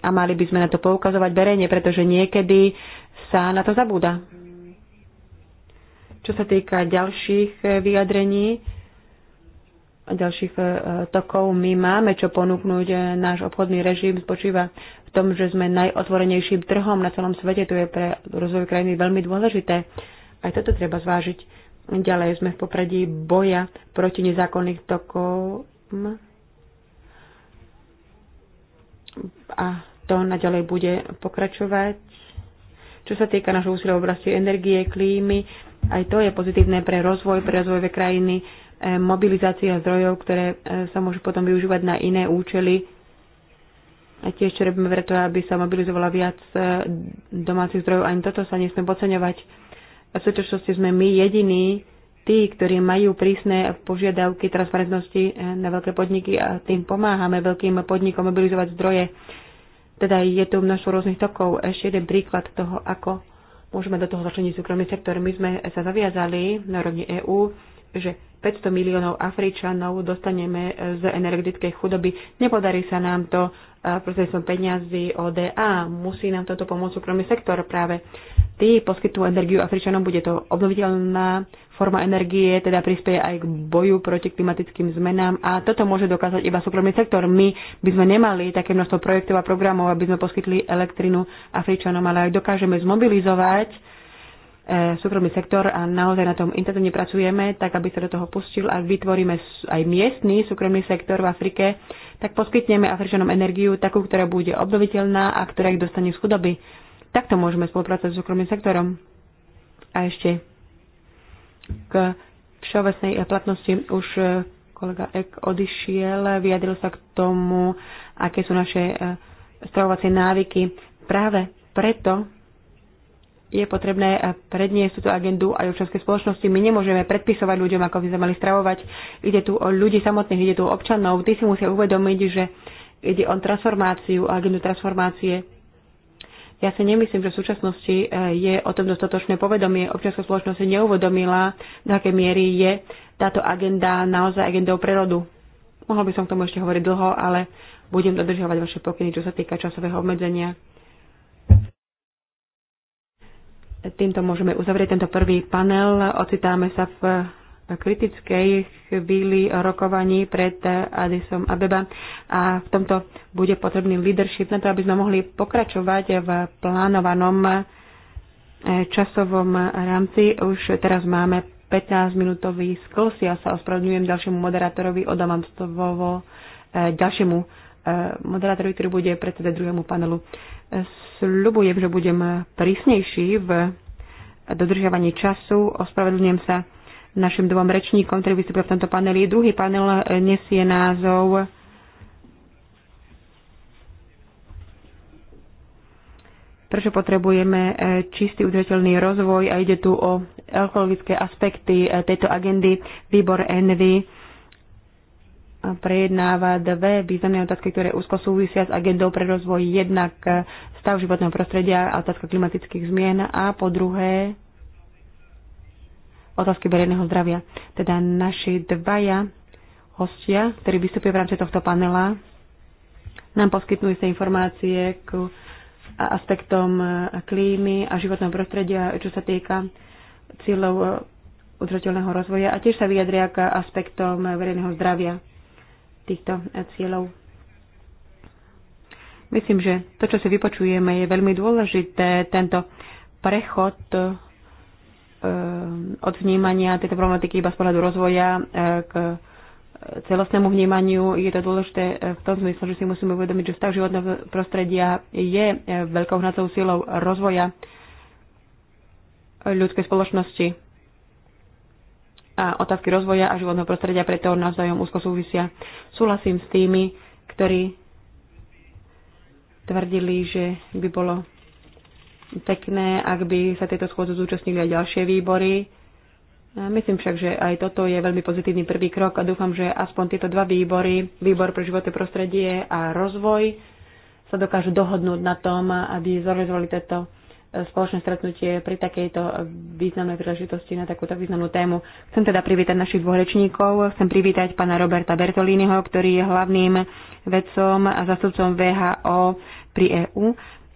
a mali by sme na to poukazovať verejne, pretože niekedy sa na to zabúda. Čo sa týka ďalších eh, vyjadrení a ďalších eh, tokov, my máme čo ponúknuť. Eh, náš obchodný režim spočíva tom, že sme najotvorenejším trhom na celom svete. To je pre rozvoj krajiny veľmi dôležité. Aj toto treba zvážiť. Ďalej sme v popredí boja proti nezákonných tokom a to naďalej bude pokračovať. Čo sa týka našho úsilia v oblasti energie, klímy, aj to je pozitívne pre rozvoj, pre rozvojové krajiny, eh, mobilizácia zdrojov, ktoré eh, sa môžu potom využívať na iné účely a tiež čo robíme preto, aby sa mobilizovala viac e, domácich zdrojov. Ani toto sa nesme podceňovať. A v súčasnosti sme my jediní, tí, ktorí majú prísne požiadavky transparentnosti e, na veľké podniky a tým pomáhame veľkým podnikom mobilizovať zdroje. Teda je tu množstvo rôznych tokov. Ešte jeden príklad toho, ako môžeme do toho začleniť súkromný sektor. My sme sa zaviazali na rovni EÚ, že 500 miliónov Afričanov dostaneme z energetickej chudoby. Nepodarí sa nám to procesom peňazí ODA. Musí nám toto pomôcť súkromný sektor práve. Tí poskytnú energiu Afričanom, bude to obnoviteľná forma energie, teda prispieje aj k boju proti klimatickým zmenám a toto môže dokázať iba súkromný sektor. My by sme nemali také množstvo projektov a programov, aby sme poskytli elektrinu Afričanom, ale aj dokážeme zmobilizovať e, súkromný sektor a naozaj na tom intenzívne pracujeme, tak aby sa do toho pustil a vytvoríme aj miestny súkromný sektor v Afrike, tak poskytneme Afričanom energiu takú, ktorá bude obnoviteľná a ktorá ich dostane z chudoby. Takto môžeme spolupracovať s súkromným sektorom. A ešte k všeobecnej platnosti už e, kolega Ek odišiel, vyjadril sa k tomu, aké sú naše e, stravovacie návyky. Práve preto je potrebné eh, predniesť túto agendu aj občianskej spoločnosti. My nemôžeme predpisovať ľuďom, ako by sme mali stravovať. Ide tu o ľudí samotných, ide tu o občanov. Tí si musia uvedomiť, že ide o transformáciu, agendu transformácie. Ja si nemyslím, že v súčasnosti eh, je o tom dostatočné povedomie. Občianská spoločnosť si neuvedomila, do akej miery je táto agenda naozaj agendou prerodu. Mohol by som k tomu ešte hovoriť dlho, ale budem dodržiavať vaše pokyny, čo sa týka časového obmedzenia. Týmto môžeme uzavrieť tento prvý panel. Ocitáme sa v kritickej chvíli rokovaní pred Addisom Abeba a v tomto bude potrebný leadership na to, aby sme mohli pokračovať v plánovanom eh, časovom rámci. Už teraz máme 15-minútový sklus. Ja sa ospravedlňujem ďalšiemu moderátorovi odávam slovo eh, ďalšiemu eh, moderátorovi, ktorý bude predsedať druhému panelu. Sľubujem, že budem prísnejší v dodržiavaní času. Ospravedlňujem sa našim dvom rečníkom, ktorí vystúpia v tomto paneli. Druhý panel nesie názov prečo potrebujeme e, čistý udržateľný rozvoj a ide tu o ekologické aspekty e, tejto agendy. Výbor Envy prejednáva dve významné otázky, ktoré úzko súvisia s agendou pre rozvoj. Jednak eh, stav životného prostredia a otázka klimatických zmien a po druhé otázky verejného zdravia. Teda naši dvaja hostia, ktorí vystupujú v rámci tohto panela, nám poskytnú sa informácie k aspektom eh, klímy a životného prostredia, čo sa týka cieľov eh, udržateľného rozvoja a tiež sa vyjadria k aspektom verejného zdravia týchto e, cieľov. Myslím, že to, čo si vypočujeme, je veľmi dôležité. Tento prechod e, od vnímania tejto problematiky iba z pohľadu rozvoja e, k celostnému vnímaniu je to dôležité v tom zmysle, že si musíme uvedomiť, že stav životného prostredia je veľkou hnacou silou rozvoja ľudskej spoločnosti a otázky rozvoja a životného prostredia preto navzájom úzko súvisia. Súhlasím s tými, ktorí tvrdili, že by bolo pekné, ak by sa tieto schôdze zúčastnili aj ďalšie výbory. Myslím však, že aj toto je veľmi pozitívny prvý krok a dúfam, že aspoň tieto dva výbory, výbor pre životné prostredie a rozvoj, sa dokážu dohodnúť na tom, aby zorganizovali tieto spoločné stretnutie pri takejto významnej príležitosti na takúto významnú tému. Chcem teda privítať našich dvoch rečníkov. Chcem privítať pána Roberta Bertolínyho, ktorý je hlavným vedcom a zastupcom VHO pri EÚ.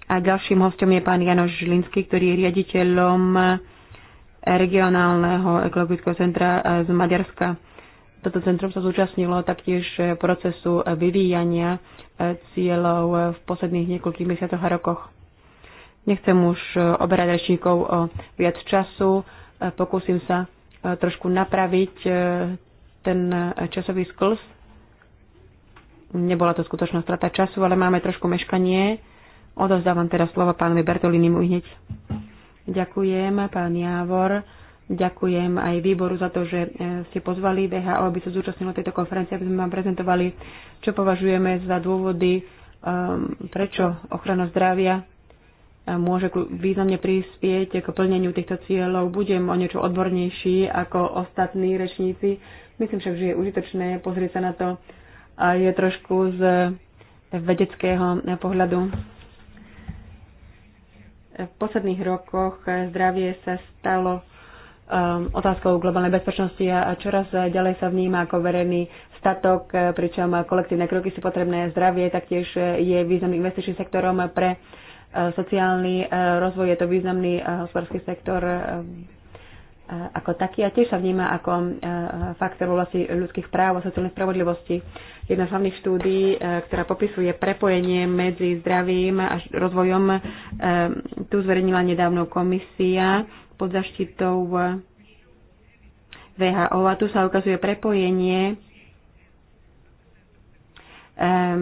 A ďalším hostom je pán Janoš Žilinský, ktorý je riaditeľom regionálneho ekologického centra z Maďarska. Toto centrum sa zúčastnilo taktiež procesu vyvíjania cieľov v posledných niekoľkých mesiacoch a rokoch. Nechcem už e, oberať rečníkov o viac času. E, pokúsim sa e, trošku napraviť ten časový sklz. Nebola to skutočná strata času, ale máme trošku meškanie. Odozdávam teraz slovo pánovi Bertolinimu hneď. Ďakujem, pán Jávor. Ďakujem aj výboru za to, že ste pozvali VHO, aby sa zúčastnilo tejto konferencie, aby sme vám prezentovali, čo považujeme za dôvody, prečo ochrana zdravia môže významne prispieť k plneniu týchto cieľov. Budem o niečo odbornejší ako ostatní rečníci. Myslím však, že je užitočné pozrieť sa na to a je trošku z vedeckého pohľadu. V posledných rokoch zdravie sa stalo um, otázkou globálnej bezpečnosti a čoraz ďalej sa vníma ako verejný statok, pričom kolektívne kroky sú potrebné zdravie, taktiež je významným investičným sektorom pre sociálny e, rozvoj, je to významný e, hospodársky sektor e, ako taký a tiež sa vníma ako faktor v oblasti ľudských práv a sociálnej spravodlivosti. Jedna z hlavných štúdí, ktorá popisuje prepojenie medzi zdravím a rozvojom, tu zverejnila nedávno komisia pod zaštitou VHO a tu sa ukazuje prepojenie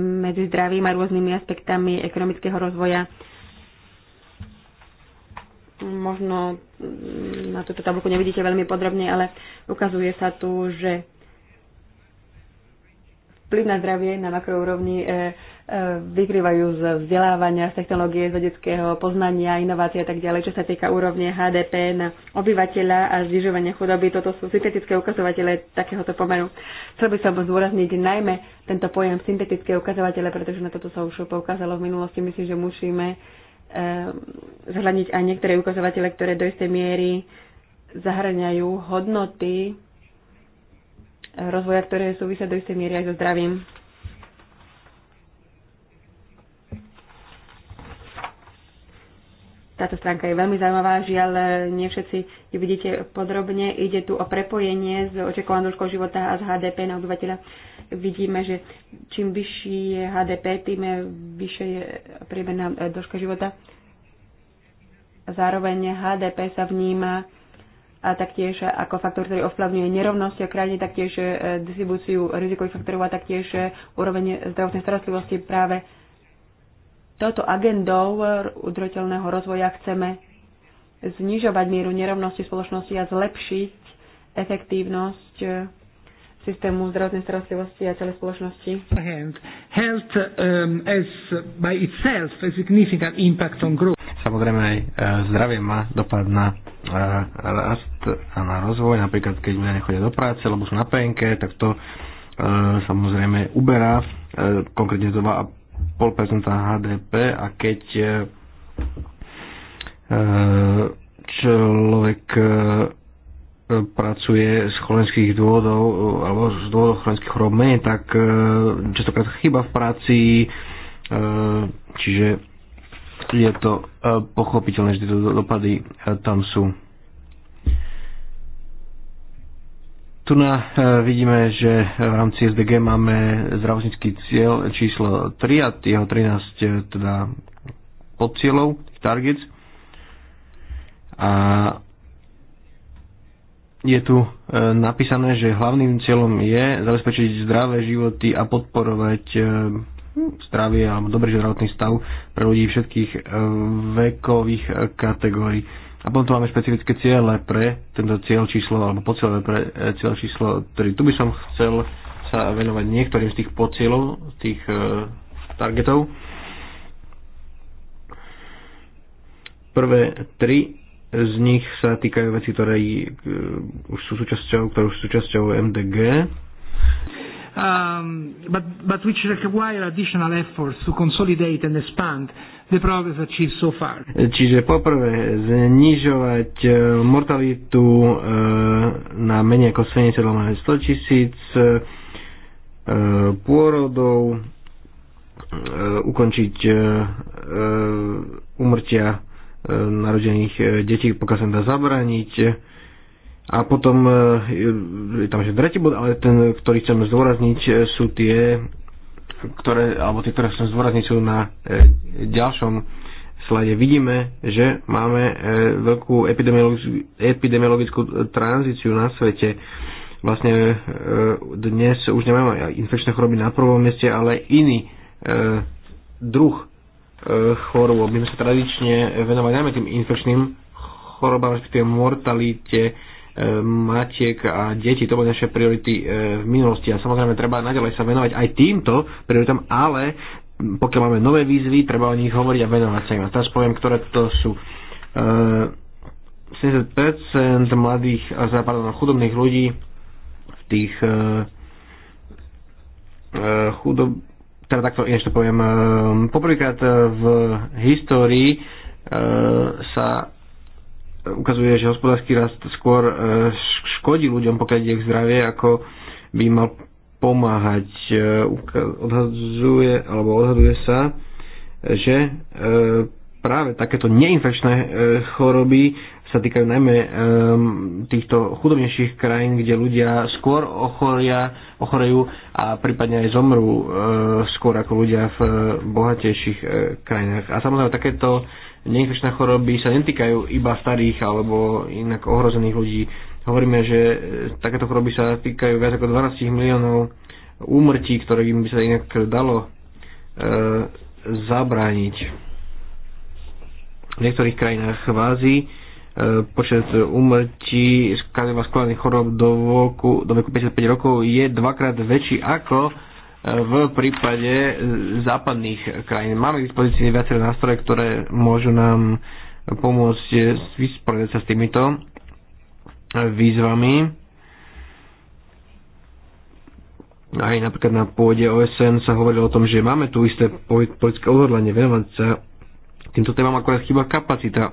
medzi zdravím a rôznymi aspektami ekonomického rozvoja možno mm, na túto tabuľku nevidíte veľmi podrobne, ale ukazuje sa tu, že vplyv na zdravie na makroúrovni e, e, vykrývajú z vzdelávania, z technológie, z vedeckého poznania, inovácie a tak ďalej, čo sa týka úrovne HDP na obyvateľa a znižovania chudoby. Toto sú syntetické ukazovatele takéhoto pomeru. Chcel by som zdôrazniť najmä tento pojem syntetické ukazovatele, pretože na toto sa už poukázalo v minulosti. Myslím, že musíme Ehm, zhľadniť aj niektoré ukazovatele, ktoré do istej miery zahraňajú hodnoty rozvoja, ktoré súvisia do istej miery aj so zdravím. Táto stránka je veľmi zaujímavá, žiaľ nie všetci ju vidíte podrobne. Ide tu o prepojenie s očakovanou dĺžkou života a s HDP na obyvateľa. Vidíme, že čím vyšší je HDP, tým je vyššia je priemerná dĺžka života. Zároveň HDP sa vníma a taktiež ako faktor, ktorý ovplyvňuje nerovnosť a krajine, taktiež distribúciu rizikových faktorov a taktiež úroveň zdravotnej starostlivosti práve touto agendou e, udrotelného rozvoja chceme znižovať mieru nerovnosti spoločnosti a zlepšiť efektívnosť e, systému zdravotnej starostlivosti a celej spoločnosti. Health um, as by itself a significant impact on growth. Samozrejme aj e, zdravie má dopad na rast a na rozvoj. Napríklad, keď ľudia nechodia do práce, lebo sú na penke, tak to samozrejme uberá. konkrétne to 0,5% HDP a keď e, e, človek e, pracuje z cholenských dôvodov alebo z dôvodov cholenských chorób menej, tak častokrát chyba v práci, čiže je to pochopiteľné, že tieto dopady tam sú. Tu na, e, vidíme, že v rámci SDG máme zdravotnícky cieľ číslo 3 a jeho 13 e, teda cieľov, targets. A je tu e, napísané, že hlavným cieľom je zabezpečiť zdravé životy a podporovať e, zdravie alebo dobrý zdravotný stav pre ľudí všetkých e, vekových kategórií. A potom tu máme špecifické ciele pre tento cieľ číslo, alebo pocieľové pre e, cieľ číslo 3. Tu by som chcel sa venovať niektorým z tých pocielov, z tých e, targetov. Prvé tri z nich sa týkajú veci, ktoré e, už sú súčasťou, ktoré už sú súčasťou MDG. Um, but, but which require additional efforts to consolidate and expand the progress achieved so far. Čiže poprvé znižovať uh, mortalitu uh, na menej ako 70 100 tisíc uh, pôrodov, uh, ukončiť uh, uh umrtia uh, narodených uh, detí, pokiaľ sa dá zabraniť, uh, a potom e, je tam ešte tretí bod, ale ten, ktorý chcem zdôrazniť, e, sú tie, ktoré, alebo tie, ktoré chcem zdôrazniť, sú na e, ďalšom slade. Vidíme, že máme veľkú epidemiologickú tranzíciu na svete. Vlastne dnes už nemáme infekčné choroby na prvom mieste, ale iný druh chorôb. My sme sa tradične venovali najmä tým infekčným chorobám, respektíve mortalite, matiek a deti, To boli naše priority e, v minulosti a samozrejme treba naďalej sa venovať aj týmto prioritám, ale pokiaľ máme nové výzvy, treba o nich hovoriť a venovať sa im. A teraz poviem, ktoré to sú. 70% e, mladých, pardon, chudobných ľudí v tých e, chudob, teda takto ešte poviem, poprvýkrát v histórii sa ukazuje, že hospodársky rast skôr e, škodí ľuďom, pokiaľ ide ich zdravie, ako by mal pomáhať. E, odhaduje alebo odhaduje sa, že e, práve takéto neinfekčné choroby sa týkajú najmä týchto chudobnejších krajín, kde ľudia skôr ochoria, ochorejú a prípadne aj zomrú skôr ako ľudia v bohatejších krajinách. A samozrejme takéto neinfekčné choroby sa netýkajú iba starých alebo inak ohrozených ľudí. Hovoríme, že takéto choroby sa týkajú viac ako 12 miliónov úmrtí, ktorým by sa inak dalo e, zabrániť. V niektorých krajinách v Ázii e, počet úmrtí z kardiovaskulárnych chorób do, voku, do veku 55 rokov je dvakrát väčší ako v prípade e, západných krajín. Máme k dispozícii viaceré nástroje, ktoré môžu nám pomôcť e, vysporiadať sa s týmito výzvami. Aj napríklad na pôde OSN sa hovorilo o tom, že máme tu isté politické odhodlanie venovať sa týmto témam akorát chyba kapacita e,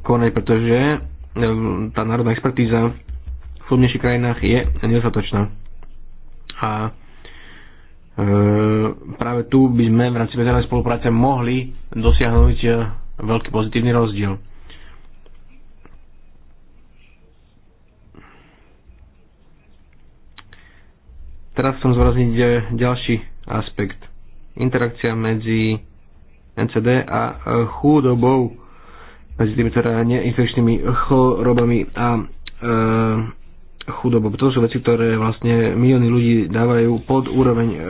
Konej, pretože tá národná expertíza v chudnejších krajinách je nedostatočná a e, práve tu by sme v rámci medzinárodnej spolupráce mohli dosiahnuť e, veľký pozitívny rozdiel. Teraz chcem zvorazniť e, ďalší aspekt. Interakcia medzi NCD a chudobou medzi tými teda neinfekčnými chorobami a e, chudobu. To sú veci, ktoré vlastne milióny ľudí dávajú pod úroveň e,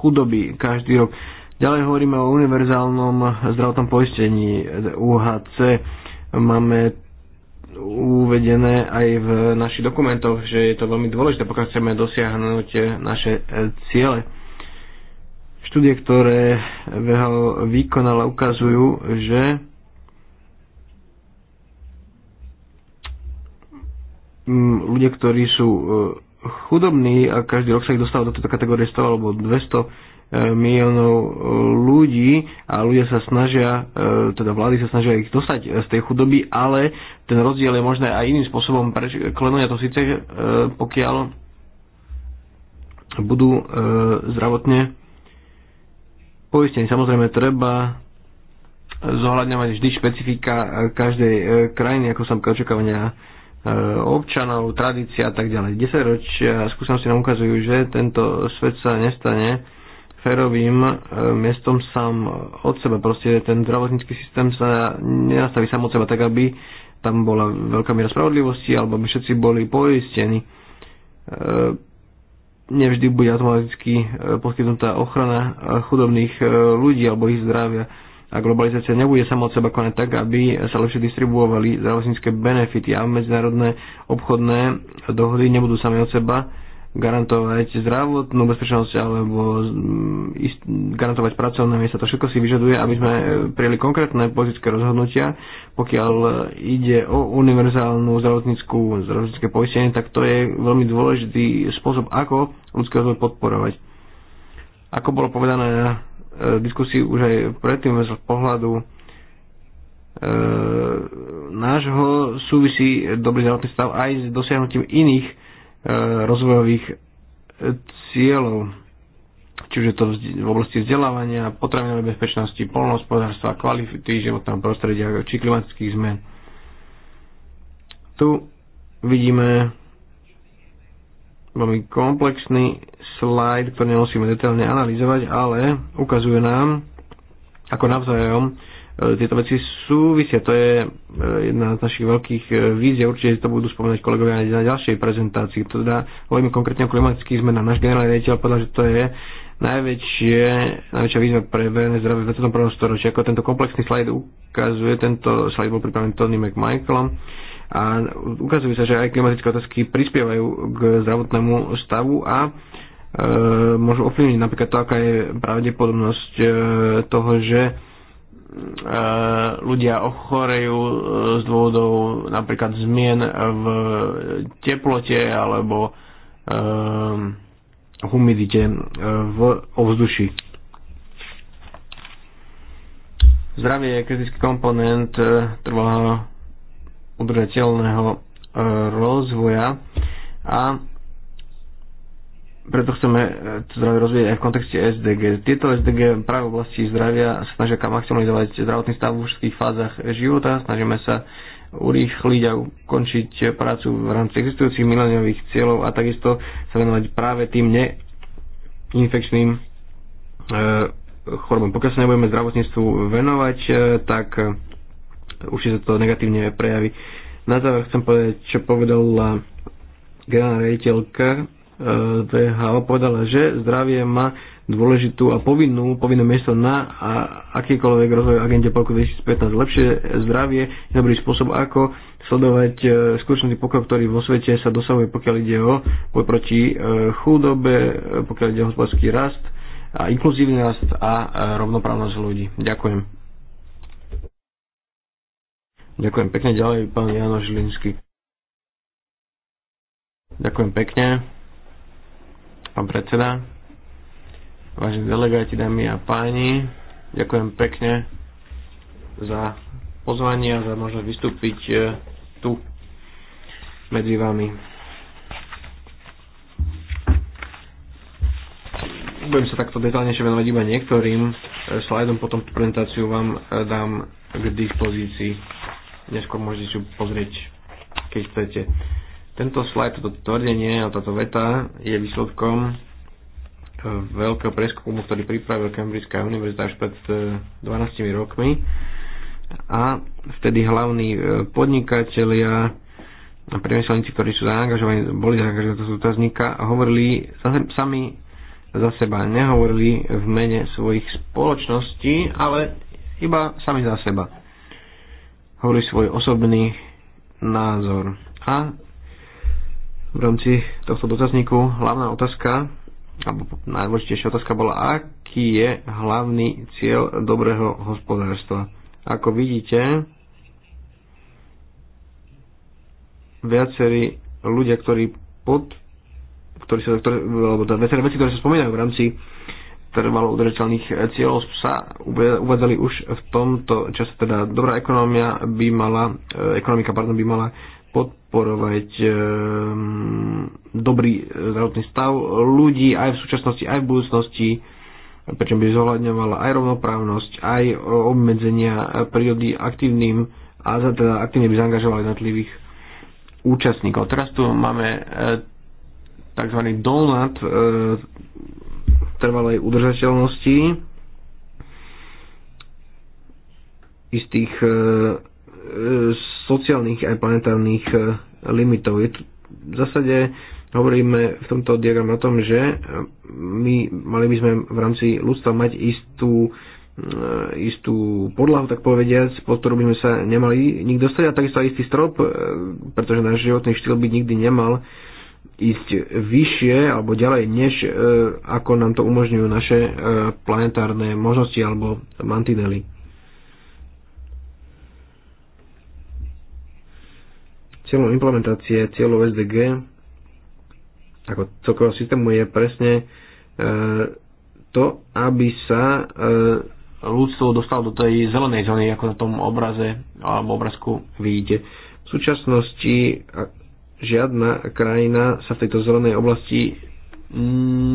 chudoby každý rok. Ďalej hovoríme o univerzálnom zdravotnom poistení UHC. Máme uvedené aj v našich dokumentoch, že je to veľmi dôležité, pokiaľ chceme dosiahnuť naše e, ciele. Štúdie, ktoré VHO vykonala, ukazujú, že ľudia, ktorí sú e, chudobní a každý rok sa ich dostáva do tejto kategórie 100 alebo 200 e, miliónov e, ľudí a ľudia sa snažia, teda vlády sa snažia ich dostať z tej chudoby, ale ten rozdiel je možné aj iným spôsobom preklenúť a to síce pokiaľ budú zdravotne poistení. Samozrejme treba zohľadňovať vždy špecifika každej krajiny, ako sa očakávania E, občanov, tradícia a tak ďalej. 10 ročia skúsenosti nám ukazujú, že tento svet sa nestane férovým e, miestom sám od seba. Proste ten zdravotnícky systém sa nenastaví sám od seba tak, aby tam bola veľká miera spravodlivosti alebo aby všetci boli poistení. E, nevždy bude automaticky poskytnutá ochrana chudobných ľudí alebo ich zdravia a globalizácia nebude sama od seba konať tak, aby sa lepšie distribuovali zdravotnícke benefity a medzinárodné obchodné dohody nebudú sami od seba garantovať zdravotnú bezpečnosť alebo mm, ist, garantovať pracovné miesta. To všetko si vyžaduje, aby sme prijeli konkrétne politické rozhodnutia. Pokiaľ ide o univerzálnu zdravotníckú zdravotnícke poistenie, tak to je veľmi dôležitý spôsob, ako ľudský rozvoj podporovať. Ako bolo povedané E, diskusii už aj predtým z pohľadu e, nášho súvisí dobrý zdravotný stav aj s dosiahnutím iných e, rozvojových e, cieľov. Čiže to v oblasti vzdelávania, potravinovej bezpečnosti, polnohospodárstva, kvality životného prostredia či klimatických zmen. Tu vidíme veľmi komplexný slide, ktorý nemusíme detailne analyzovať, ale ukazuje nám, ako navzájom e, tieto veci súvisia. To je e, jedna z našich veľkých e, vízie, určite to budú spomínať kolegovia aj na ďalšej prezentácii. Teda hovoríme konkrétne o klimatických zmenách. Náš generálny rejiteľ povedal, že to je najväčšie, najväčšia výzva pre verejné zdravie v 21. storočí. Ako tento komplexný slide ukazuje, tento slide bol pripravený Tony McMichaelom a ukazuje sa, že aj klimatické otázky prispievajú k zdravotnému stavu a e, môžu ovplyvniť napríklad to, aká je pravdepodobnosť e, toho, že e, ľudia ochorejú e, z dôvodov napríklad zmien v teplote alebo e, humidite e, v ovzduší. Zdravie je kritický komponent e, trvalého udržateľného e, rozvoja a preto chceme e, to zdravie rozvíjať aj v kontexte SDG. Tieto SDG práve v oblasti zdravia snažia maximalizovať zdravotný stav v všetkých fázach života, snažíme sa urýchliť a ukončiť prácu v rámci existujúcich mileniových cieľov a takisto sa venovať práve tým neinfekčným e, chorobom. Pokiaľ sa nebudeme zdravotníctvu venovať, e, tak určite to negatívne prejaví. Na záver chcem povedať, čo povedala generálna rejiteľka VHO, e, povedala, že zdravie má dôležitú a povinnú, povinné miesto na a akýkoľvek rozvoj agente po roku 2015. Lepšie zdravie je dobrý spôsob, ako sledovať e, skutočný pokrok, ktorý vo svete sa dosahuje, pokiaľ ide o boj proti e, chudobe, e, pokiaľ ide o hospodársky rast a inkluzívny rast a e, rovnoprávnosť ľudí. Ďakujem. Ďakujem pekne. Ďalej pán Jano Žilinský. Ďakujem pekne. Pán predseda, vážení delegáti, dámy a páni, ďakujem pekne za pozvanie a za možnosť vystúpiť e, tu medzi vami. Budem sa takto detálnejšie venovať iba niektorým e, slajdom, potom tú prezentáciu vám e, dám k dispozícii neskôr môžete si pozrieť, keď chcete. Tento slajd, toto tvrdenie a táto veta je výsledkom e, veľkého preskumu, ktorý pripravil Cambridgeská univerzita až pred 12 e, rokmi a vtedy hlavní e, podnikatelia a priemyselníci, ktorí sú zaangažovaní, boli zaangažovaní do otáznika a hovorili sami za seba. Nehovorili v mene svojich spoločností, ale iba sami za seba hovorí svoj osobný názor. A v rámci tohto dotazníku hlavná otázka, alebo najdôležitejšia otázka bola, aký je hlavný cieľ dobrého hospodárstva. Ako vidíte, viacerí ľudia, ktorí pod ktorí sa, ktoré, alebo tá, teda veci, ktoré sa spomínajú v rámci trvalo udržateľných eh, cieľov sa uvedali už v tomto čase. Teda dobrá ekonomia by mala, eh, ekonomika pardon, by mala podporovať e, dobrý eh, zdravotný stav ľudí aj v súčasnosti, aj v budúcnosti, pričom by zohľadňovala aj rovnoprávnosť, aj obmedzenia prírody aktívnym a teda aktívne by zaangažovali jednotlivých účastníkov. Teraz tu máme e, tzv. donut e, trvalej udržateľnosti istých e, sociálnych aj planetárnych e, limitov. Je tu, v zásade hovoríme v tomto diagrame o tom, že my mali by sme v rámci ľudstva mať istú e, istú podlahu, tak povediať, pod ktorú by sme sa nemali nikto dostať a takisto aj istý strop, e, pretože náš životný štýl by nikdy nemal ísť vyššie alebo ďalej, než e, ako nám to umožňujú naše e, planetárne možnosti alebo mantinely. Cieľom implementácie cieľov SDG ako celkového systému je presne e, to, aby sa e, ľudstvo dostalo do tej zelenej zóny, ako na tom obraze alebo obrazku vidíte. V súčasnosti žiadna krajina sa v tejto zelenej oblasti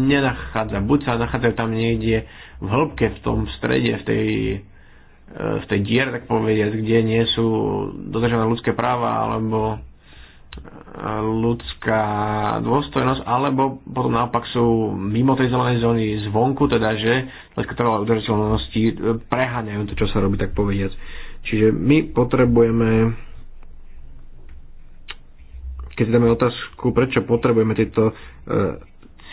nenachádza. Buď sa nachádzajú tam niekde v hĺbke, v tom strede, v tej, e, v tej diere, tak povediať, kde nie sú dodržané ľudské práva alebo e, ľudská dôstojnosť, alebo potom naopak sú mimo tej zelenej zóny zvonku, teda že hľadiska trvalej udržateľnosti preháňajú to, čo sa robí, tak povediať. Čiže my potrebujeme keď si dáme otázku, prečo potrebujeme tieto uh,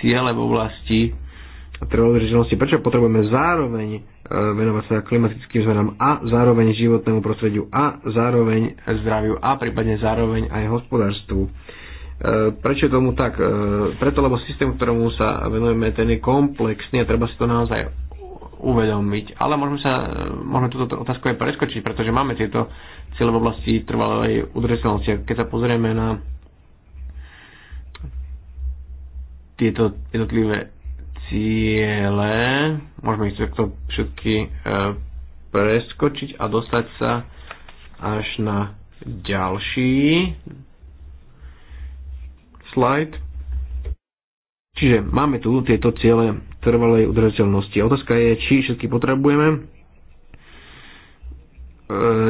ciele v oblasti trvalodržiteľnosti, prečo potrebujeme zároveň uh, venovať sa klimatickým zmenám a zároveň životnému prostrediu a zároveň zdraviu a prípadne zároveň aj hospodárstvu. E, prečo je tomu tak? preto, lebo systém, ktorému sa venujeme, ten je komplexný a treba si to naozaj uvedomiť. Ale môžeme, sa, môžeme túto otázku aj preskočiť, pretože máme tieto cieľe v oblasti trvalej udržiteľnosti. Keď sa pozrieme na tieto jednotlivé ciele, môžeme ich takto všetky e, preskočiť a dostať sa až na ďalší slide. Čiže máme tu tieto ciele trvalej udržateľnosti. Otázka je, či všetky potrebujeme, e,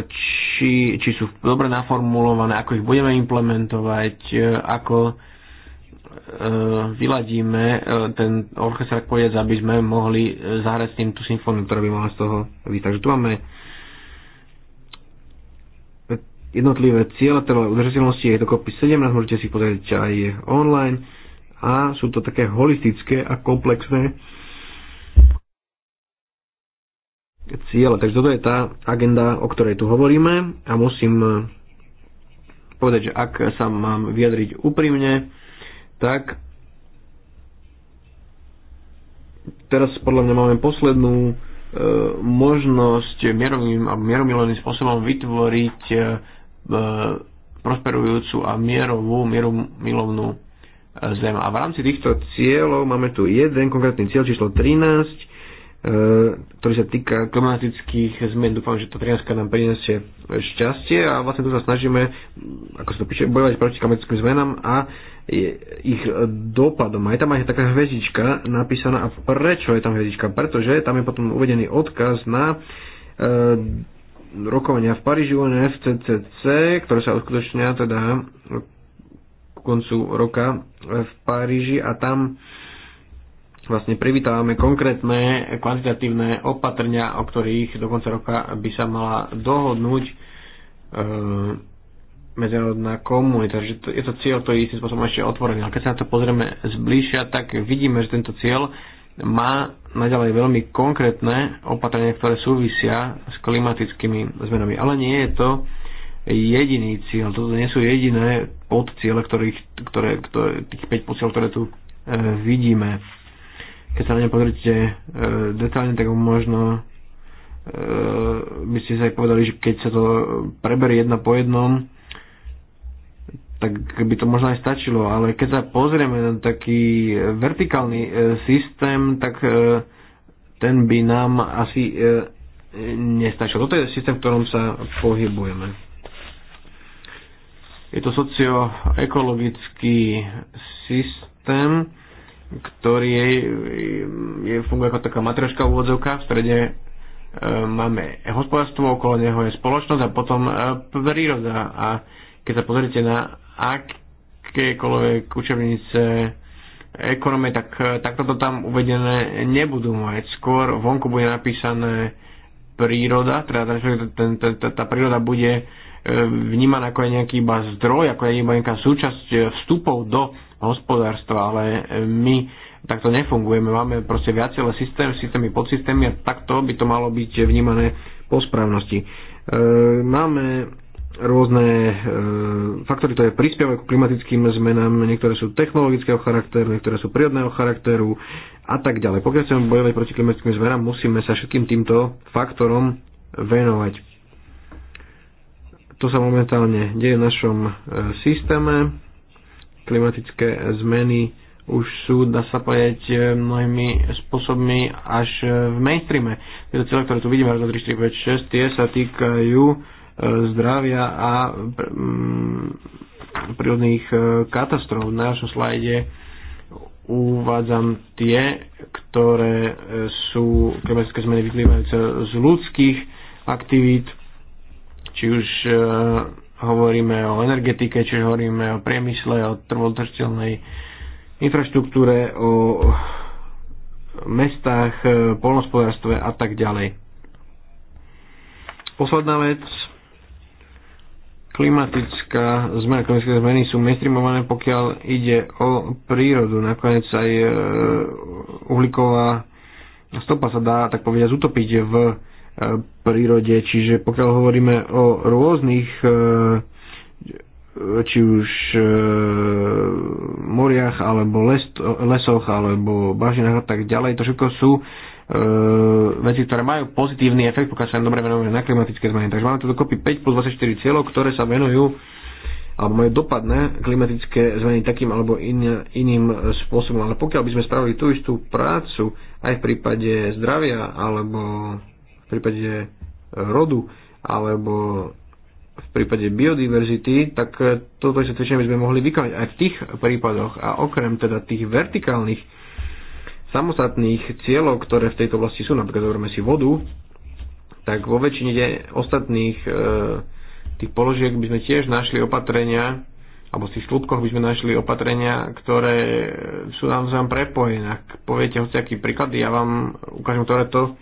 či, či sú dobre naformulované, ako ich budeme implementovať, e, ako E, vyladíme e, ten orchester, pojec, aby sme mohli e, zahrať s tým tú symfóniu, ktorá by mala z toho byť. Takže tu máme jednotlivé cieľa teda trvalej udržateľnosti, je to kopy 17, môžete si pozrieť aj online a sú to také holistické a komplexné cieľa. Takže toto je tá agenda, o ktorej tu hovoríme a musím povedať, že ak sa mám vyjadriť úprimne, tak teraz podľa mňa máme poslednú e, možnosť mierovým a mieromilovným spôsobom vytvoriť e, e prosperujúcu a mierovú, mieromilovnú e, zem. A v rámci týchto cieľov máme tu jeden konkrétny cieľ, číslo 13, e, ktorý sa týka klimatických zmen. Dúfam, že to 13 nám prinesie šťastie a vlastne tu sa snažíme, ako sa to píše, bojovať proti klimatickým zmenám a je, ich dopadom. Aj tam aj taká hviezdička napísaná. A prečo je tam hviezdička? Pretože tam je potom uvedený odkaz na e, rokovania v Paríži UNFCCC, ktoré sa uskutočnia teda k koncu roka v Paríži a tam vlastne privítávame konkrétne kvantitatívne opatrenia, o ktorých do konca roka by sa mala dohodnúť e, medzinárodná komunita. Že to, je to cieľ, ktorý istým spôsobom ešte otvorený. Ale keď sa na to pozrieme zbližšia, tak vidíme, že tento cieľ má naďalej veľmi konkrétne opatrenia, ktoré súvisia s klimatickými zmenami. Ale nie je to jediný cieľ. Toto nie sú jediné podciele, ktorých, ktoré, ktoré, tých 5 podcieľ, ktoré tu e, vidíme. Keď sa na ne pozrite e, detálne, tak možno e, by ste sa aj povedali, že keď sa to preberie jedna po jednom, tak by to možno aj stačilo, ale keď sa pozrieme na taký e, vertikálny e, systém, tak e, ten by nám asi e, nestačil. Toto je systém, v ktorom sa pohybujeme. Je to socioekologický systém, ktorý je, je, funguje ako taká matroška úvodzovka, v strede e, máme hospodárstvo, okolo neho je spoločnosť a potom e, príroda. A keď sa pozrite na akékoľvek učebnice ekonomie, tak takto to tam uvedené nebudú mať. Skôr vonku bude napísané príroda, teda ten, ten, tá príroda bude e, vnímaná ako je nejaký iba zdroj, ako je iba nejaká súčasť vstupov do hospodárstva, ale e, my takto nefungujeme. Máme proste viacele systém, systémy, podsystémy a takto by to malo byť vnímané po správnosti. E, máme rôzne e, faktory, ktoré prispievajú k klimatickým zmenám, niektoré sú technologického charakteru, niektoré sú prírodného charakteru a tak ďalej. Pokiaľ chceme bojovať proti klimatickým zmenám, musíme sa všetkým týmto faktorom venovať. To sa momentálne deje v našom e, systéme. Klimatické zmeny už sú, dá sa povedať, e, mnohými spôsobmi až e, v mainstreame. Tieto cieľe, ktoré tu vidíme, 2, 3, 4, 5, 6, tie sa týkajú zdravia a mm, prírodných e, katastrof. Na našom slajde uvádzam tie, ktoré e, sú klimatické zmeny vyplývajúce z ľudských aktivít, či už e, hovoríme o energetike, či hovoríme o priemysle, o trvodržiteľnej infraštruktúre, o mestách, polnospodárstve a tak ďalej. Posledná vec, klimatická zmena, klimatické zmeny sú mainstreamované, pokiaľ ide o prírodu. Nakoniec aj e, uhlíková stopa sa dá, tak povedať, utopiť v e, prírode. Čiže pokiaľ hovoríme o rôznych e, či už moriach, alebo les, lesoch, alebo bažinách a tak ďalej, to všetko sú E, veci, ktoré majú pozitívny efekt, pokiaľ sa dobre venujú na klimatické zmeny. Takže máme tu dokopy 5 plus 24 cieľov, ktoré sa venujú alebo majú dopadné klimatické zmeny takým alebo in, iným spôsobom. Ale pokiaľ by sme spravili tú istú prácu aj v prípade zdravia alebo v prípade rodu alebo v prípade biodiverzity, tak toto isté cvičenie by sme mohli vykonať aj v tých prípadoch a okrem teda tých vertikálnych samostatných cieľov, ktoré v tejto oblasti sú, napríklad zoberme si vodu, tak vo väčšine ostatných e, tých položiek by sme tiež našli opatrenia, alebo v tých štúbkoch by sme našli opatrenia, ktoré sú navzájom prepojené. Ak poviete hociaký príklad, ja vám ukážem, ktoré to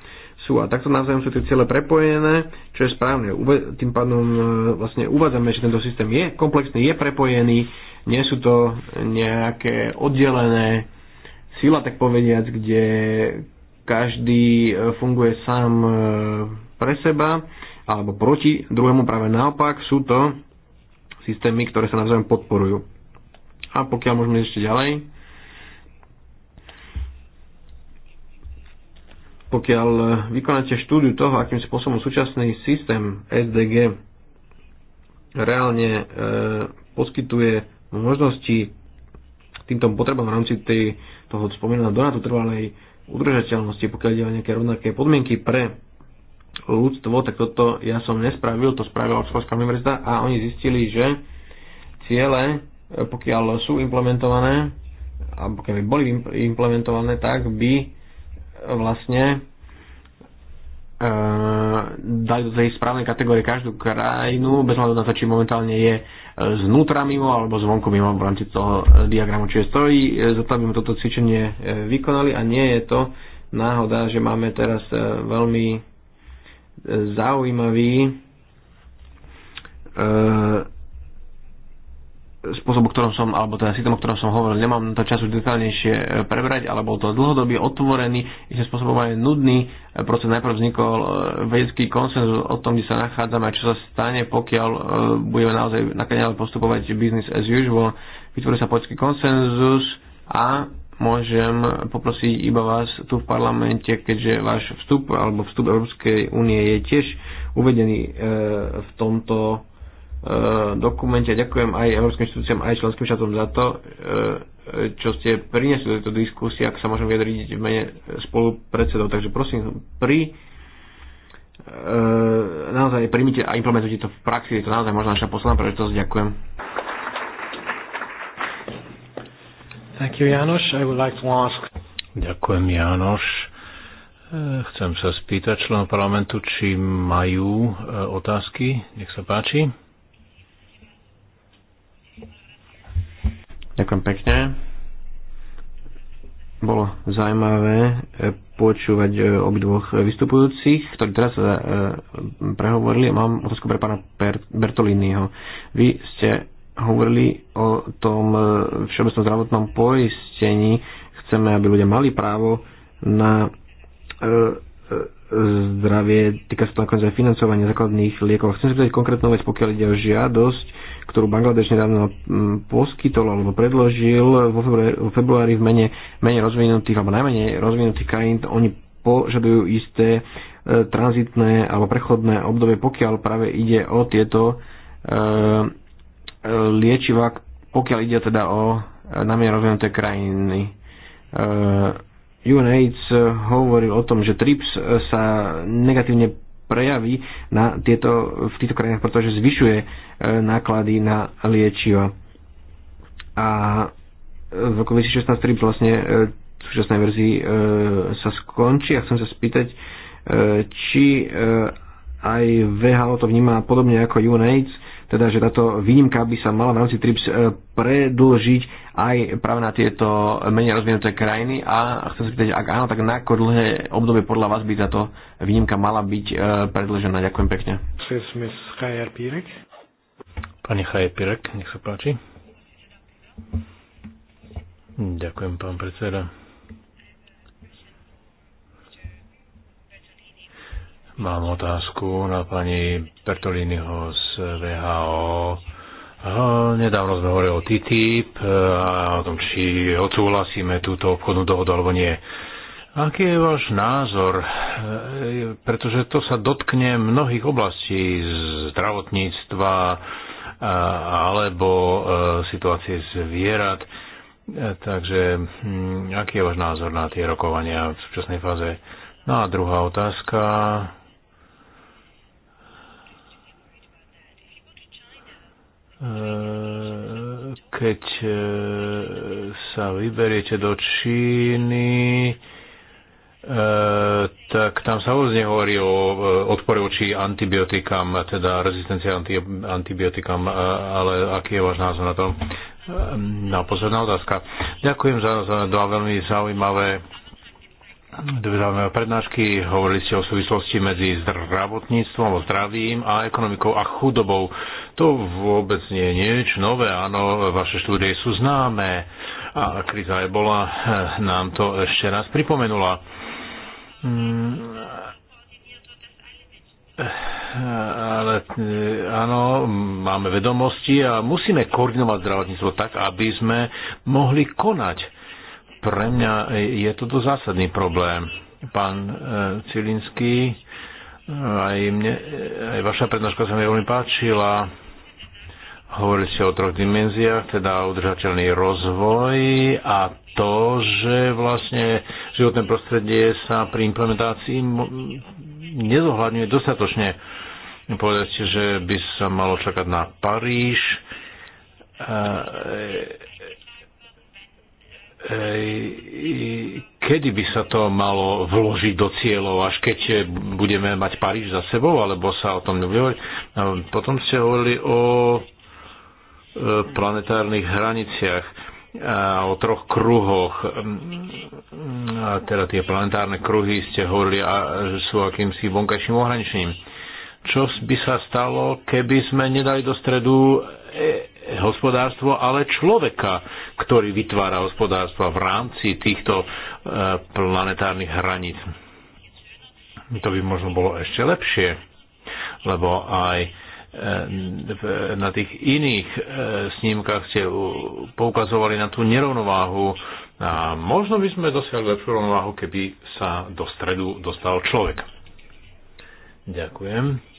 sú. A takto navzájom sú tie ciele prepojené, čo je správne. Uve- tým pádom e, vlastne uvádzame, že tento systém je komplexný, je prepojený, nie sú to nejaké oddelené sila, tak povediac, kde každý e, funguje sám e, pre seba alebo proti druhému, práve naopak sú to systémy, ktoré sa navzájom podporujú. A pokiaľ môžeme ešte ďalej, pokiaľ e, vykonáte štúdiu toho, akým spôsobom súčasný systém SDG reálne e, poskytuje možnosti týmto potrebám v rámci tej toho spomínaného donátu trvalej udržateľnosti, pokiaľ ide o nejaké rovnaké podmienky pre ľudstvo, tak toto ja som nespravil, to spravila Oxfordská univerzita a oni zistili, že ciele, pokiaľ sú implementované, alebo keby boli implementované, tak by vlastne E, dať do tej správnej kategórie každú krajinu, bez hľadu na to, či momentálne je e, znútra mimo alebo zvonku mimo v rámci toho e, diagramu. Čiže stojí za to, aby sme toto cvičenie vykonali a nie je to náhoda, že máme teraz veľmi zaujímavý spôsob, o ktorom som, alebo ten teda systém, o ktorom som hovoril, nemám na to času detaľnejšie e, prebrať, ale bol to dlhodobý, otvorený, istým spôsobom aj nudný e, proces. Najprv vznikol e, vedecký konsenzus o tom, kde sa nachádzame a čo sa stane, pokiaľ budeme naozaj nakoniec postupovať business as usual. Vytvoril sa poľský konsenzus a môžem poprosiť iba vás tu v parlamente, keďže váš vstup alebo vstup Európskej únie je tiež uvedený v tomto Eh, dokumente. Ďakujem aj Európskym inštitúciám, aj členským štátom za to, eh, čo ste priniesli do tejto diskusie, ak sa môžem vyjadriť v mene spolupredsedov. Takže prosím, pri eh, naozaj príjmite a implementujte to v praxi. Je to naozaj možno naša posledná príležitosť. Ďakujem. Thank you, Janoš. I would like to ask... Ďakujem, Janoš. Chcem sa spýtať členov parlamentu, či majú otázky. Nech sa páči. Ďakujem pekne. Bolo zaujímavé e, počúvať e, obidvoch vystupujúcich, ktorí teraz e, prehovorili. Mám otázku pre pána Bertoliniho. Vy ste hovorili o tom všeobecnom zdravotnom poistení. Chceme, aby ľudia mali právo na zdravie, týka sa to nakoniec aj financovania základných liekov. Chcem sa pýtať konkrétnu vec, pokiaľ ide o žiadosť ktorú Bangladeš nedávno mm, poskytol alebo predložil vo februári, vo februári v mene menej rozvinutých alebo najmenej rozvinutých krajín, oni požadujú isté e, tranzitné alebo prechodné obdobie, pokiaľ práve ide o tieto e, e liečiva, pokiaľ ide teda o e, najmenej rozvinuté krajiny. E, UNAIDS hovoril o tom, že TRIPS e, sa negatívne prejaví na tieto, v týchto krajinách, pretože zvyšuje e, náklady na liečiva. A v roku 2016 vlastne e, v súčasnej verzii e, sa skončí a chcem sa spýtať, či aj VHO to vníma podobne ako UNAIDS, teda že táto výnimka by sa mala v rámci TRIPS e, predlžiť aj práve na tieto menej rozvinuté krajiny a chcem sa spýtať, ak áno, tak na ako dlhé obdobie podľa vás by táto výnimka mala byť e, predlžená? Ďakujem pekne. Pani Chajer Pirek, nech sa páči. Ďakujem, pán predseda. Mám otázku na pani Bertoliniho z VHO. Nedávno sme hovorili o TTIP eh, a o tom, či odsúhlasíme túto obchodnú dohodu alebo nie. Aký je váš názor? Eh, pretože to sa dotkne mnohých oblastí zdravotníctva eh, alebo situácie zvierat. Takže hm, aký je váš názor na tie rokovania v súčasnej fáze? No a druhá otázka E, keď e, sa vyberiete do Číny, e, tak tam sa vôbec hovorí o odpore voči antibiotikám, teda rezistencia antibiotikám, ale aký je váš názor na to? Na posledná otázka. Ďakujem za, za dva veľmi zaujímavé dve prednášky. Hovorili ste o súvislosti medzi zdravotníctvom, zdravím a ekonomikou a chudobou. To vôbec nie je nič nové. Áno, vaše štúdie sú známe a kríza ebola nám to ešte raz pripomenula. Mm. Ale áno, máme vedomosti a musíme koordinovať zdravotníctvo tak, aby sme mohli konať pre mňa je toto zásadný problém. Pán e, Cilinský, e, aj, mne, e, aj vaša prednáška sa mi veľmi páčila. Hovorili ste o troch dimenziách, teda udržateľný rozvoj a to, že vlastne životné prostredie sa pri implementácii nezohľadňuje dostatočne. Povedali ste, že by sa malo čakať na Paríž. E kedy by sa to malo vložiť do cieľov, až keď e, budeme mať Paríž za sebou, alebo sa o tom nebude Potom ste hovorili o e, planetárnych hraniciach, a o troch kruhoch. Mm, a teda tie planetárne kruhy ste hovorili, a, že sú akýmsi vonkajším ohraničením. Čo by sa stalo, keby sme nedali do stredu e, hospodárstvo, ale človeka, ktorý vytvára hospodárstva v rámci týchto e, planetárnych hraníc. To by možno bolo ešte lepšie, lebo aj e, na tých iných e, snímkach ste poukazovali na tú nerovnováhu a možno by sme dosiahli lepšiu rovnováhu, keby sa do stredu dostal človek. Ďakujem.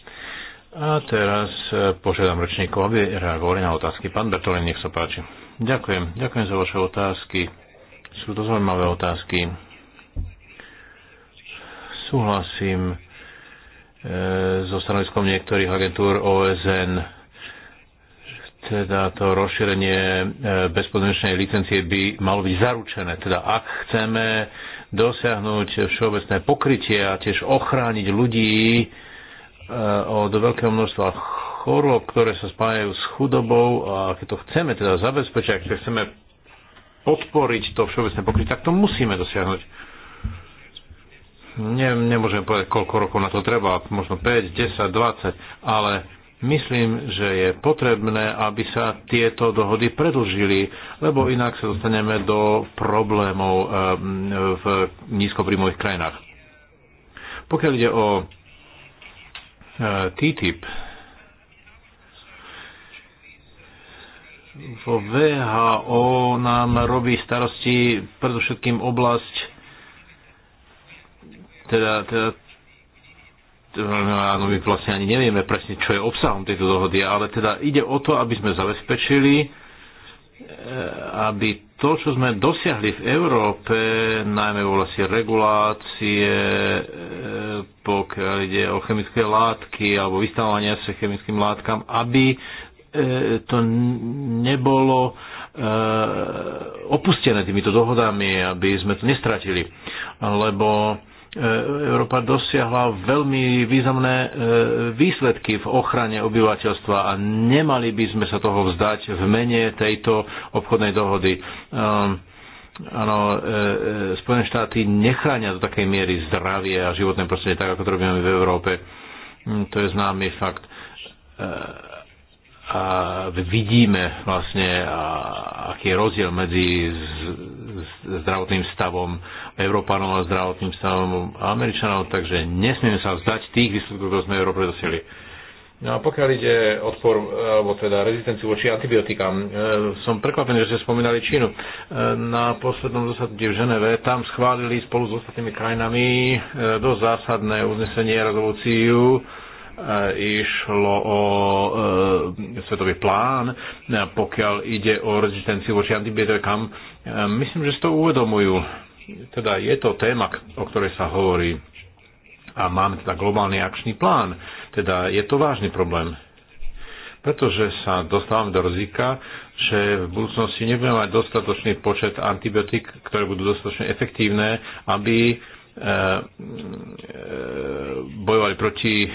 A teraz e, požiadam ročníkov, aby reagovali na otázky. Pán Bertolín, nech sa páči. Ďakujem. Ďakujem za vaše otázky. Sú to zaujímavé otázky. Súhlasím e, so stanoviskom niektorých agentúr OSN teda to rozšírenie e, bezpodmienečnej licencie by malo byť zaručené. Teda ak chceme dosiahnuť všeobecné pokrytie a tiež ochrániť ľudí Eh, od veľkého množstva chorôb, ktoré sa spájajú s chudobou a keď to chceme teda zabezpečiť, ak chceme podporiť to všeobecné pokrytie, tak to musíme dosiahnuť. Ne, nemôžem povedať, koľko rokov na to treba, možno 5, 10, 20, ale myslím, že je potrebné, aby sa tieto dohody predlžili, lebo inak sa dostaneme do problémov eh, v nízkoprímových krajinách. Pokiaľ ide o TTIP vo VHO nám robí starosti predovšetkým oblasť teda, teda áno, my vlastne ani nevieme presne, čo je obsahom tejto dohody, ale teda ide o to, aby sme zabezpečili, eh, aby to, čo sme dosiahli v Európe, najmä v oblasti regulácie, e, pokiaľ ide o chemické látky alebo vystavovania sa chemickým látkam, aby e, to nebolo e, opustené týmito dohodami, aby sme to nestratili. Lebo E, Európa dosiahla veľmi významné e, výsledky v ochrane obyvateľstva a nemali by sme sa toho vzdať v mene tejto obchodnej dohody. E, áno, Spojené štáty nechránia do takej miery zdravie a životné prostredie, tak ako to robíme v Európe. Mm, to je známy fakt a vidíme vlastne, aký je rozdiel medzi zdravotným stavom Európanov a zdravotným stavom Američanov, takže nesmieme sa vzdať tých výsledkov, ktoré sme Európe dosiahli. No a pokiaľ ide odpor, alebo teda rezistenciu voči antibiotikám, e, som prekvapený, že ste spomínali Čínu. E, na poslednom zasadnutí v Ženeve tam schválili spolu s ostatnými krajinami e, dosť zásadné uznesenie rezolúciu Eh, išlo o e, svetový plán, eh, pokiaľ ide o rezistenciu voči antibiotikám. E, myslím, že si to uvedomujú. Teda je to téma, o ktorej sa hovorí a máme teda globálny akčný plán. Teda je to vážny problém. Pretože sa dostávame do rizika, že v budúcnosti nebudeme mať dostatočný počet antibiotík, ktoré budú dostatočne efektívne, aby E, e, bojovali proti e,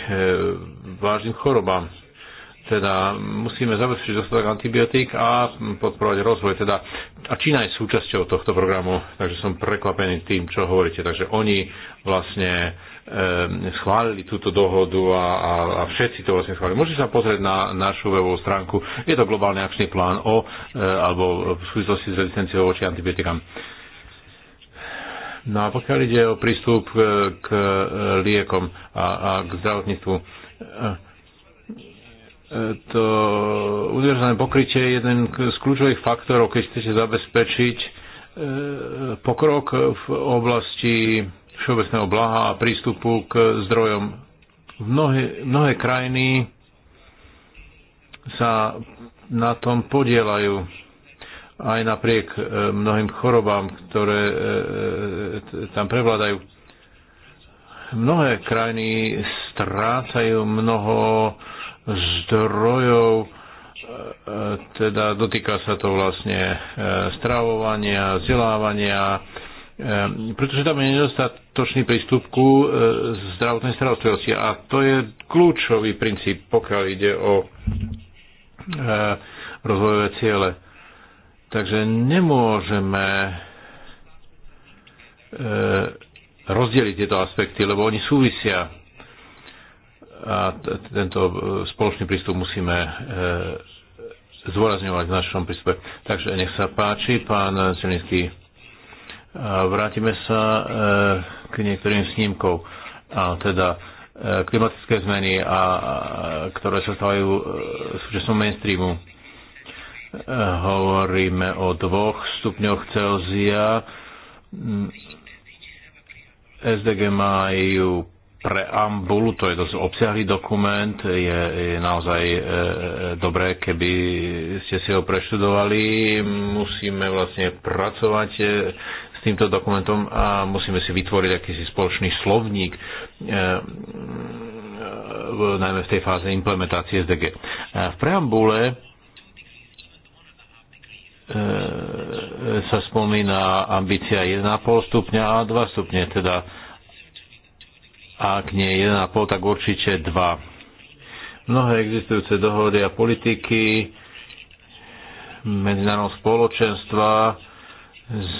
vážnym chorobám. Teda musíme zabezpečiť dostatok antibiotík a podporovať rozvoj. Teda, a Čína je súčasťou tohto programu, takže som prekvapený tým, čo hovoríte. Takže oni vlastne schválili túto dohodu a, a, a všetci to vlastne schválili. Môžete sa pozrieť na našu webovú stránku. Je to globálny akčný plán o, e, alebo v súvislosti s rezistenciou voči antibiotikám. E, No a pokiaľ ide o prístup e, k e, liekom a, a k zdravotníctvu, e, to univerzálne pokrytie je jeden z kľúčových faktorov, keď chcete zabezpečiť pokrok v oblasti všeobecného blaha a prístupu k zdrojom. Mnohé, mnohé krajiny sa na tom podielajú aj napriek e, mnohým chorobám, ktoré e, e, tam prevládajú. Mnohé krajiny strácajú mnoho zdrojov, teda dotýka sa to vlastne stravovania, vzdelávania, pretože tam je nedostatočný prístup ku zdravotnej starostlivosti a to je kľúčový princíp, pokiaľ ide o rozvojové ciele Takže nemôžeme e, rozdeliť tieto aspekty, lebo oni súvisia. A tento e, spoločný prístup musíme e, zdôrazňovať v našom prístupe. Takže nech sa páči, pán Zelinský. Vrátime sa e, k niektorým snímkom, A teda e, klimatické zmeny, a, a, ktoré sa stávajú e, súčasnou mainstreamu Hovoríme o dvoch stupňoch Celzia. SDG majú preambulu, to je dosť obsiahlý dokument, je, je naozaj e, e, dobré, keby ste si ho preštudovali. Musíme vlastne pracovať e, s týmto dokumentom a musíme si vytvoriť akýsi spoločný slovník, e, e, najmä v tej fáze implementácie SDG. A e, v preambule E, e, sa spomína ambícia 1,5 stupňa a 2 stupne, teda ak nie 1,5, tak určite 2. Mnohé existujúce dohody a politiky medzinárodného spoločenstva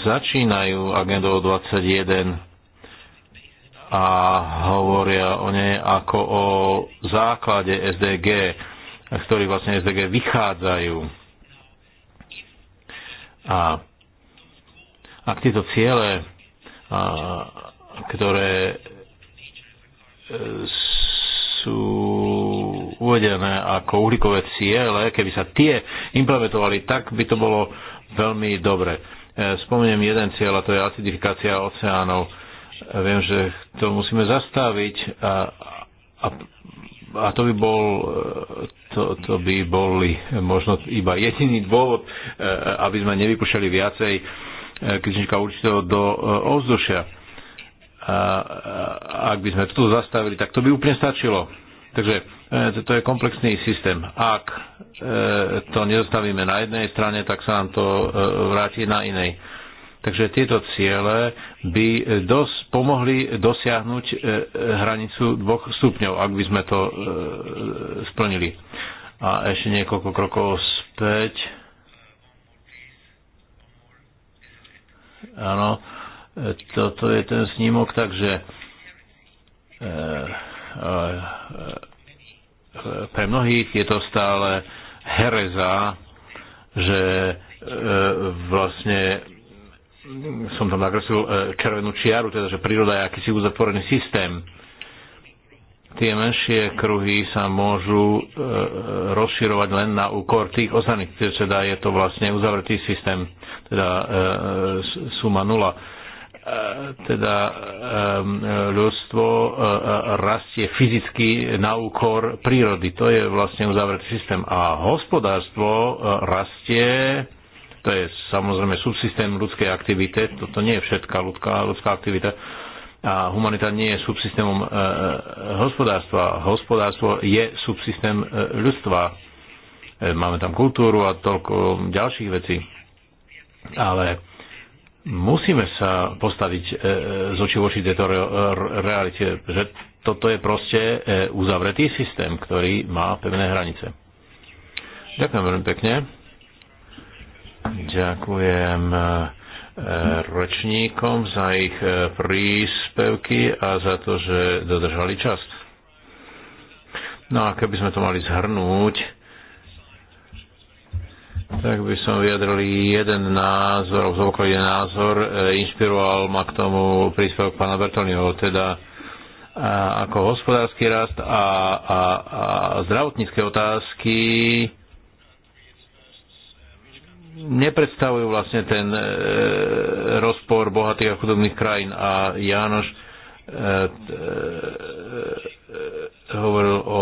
začínajú agendou 21 a hovoria o nej ako o základe SDG, z ktorých vlastne SDG vychádzajú a ak tieto ciele, ktoré e, sú uvedené ako uhlíkové ciele, keby sa tie implementovali, tak by to bolo veľmi dobre. E, spomeniem jeden cieľ a to je acidifikácia oceánov. E, viem, že to musíme zastaviť a, a a to by, bol, to, to by boli možno iba jediný dôvod, e, aby sme nevypušali viacej e, kyslíčka určitého do e, ovzdušia. A, ak by sme toto zastavili, tak to by úplne stačilo. Takže to je komplexný systém. Ak to nezastavíme na jednej strane, tak sa nám to vráti na inej. Takže tieto ciele by dos, pomohli dosiahnuť e, e, hranicu dvoch stupňov, ak by sme to e, splnili. A ešte niekoľko krokov späť. Áno, toto je ten snímok, takže pre mnohých je to stále hereza, že vlastne som tam nakreslil červenú čiaru, teda že príroda je akýsi uzatvorený systém. Tie menšie kruhy sa môžu e, rozširovať len na úkor tých ostatných, teda je to vlastne uzavretý systém, teda e, suma nula. E, teda ľudstvo rastie fyzicky na úkor prírody. To je vlastne uzavretý systém. A hospodárstvo rastie to je samozrejme subsystém ľudskej aktivity, toto nie je všetká ľudská, ľudská aktivita, a humanita nie je subsystémom e, e, hospodárstva. Hospodárstvo je subsystém e, ľudstva. E, máme tam kultúru a toľko ďalších vecí. Ale musíme sa postaviť e, e z očí oči tejto re, realite, že toto je proste e, uzavretý systém, ktorý má pevné hranice. Ďakujem veľmi pekne. Ďakujem e, ročníkom za ich e, príspevky a za to, že dodržali čas. No a keby sme to mali zhrnúť, tak by som vyjadril jeden názor, obzvlášť jeden názor, e, inšpiroval ma k tomu príspevok pána Bertolního, teda ako hospodársky rast a, a, a zdravotnícke otázky nepredstavujú vlastne ten e, rozpor bohatých a chudobných krajín. A Jánoš e, e, e, hovoril o,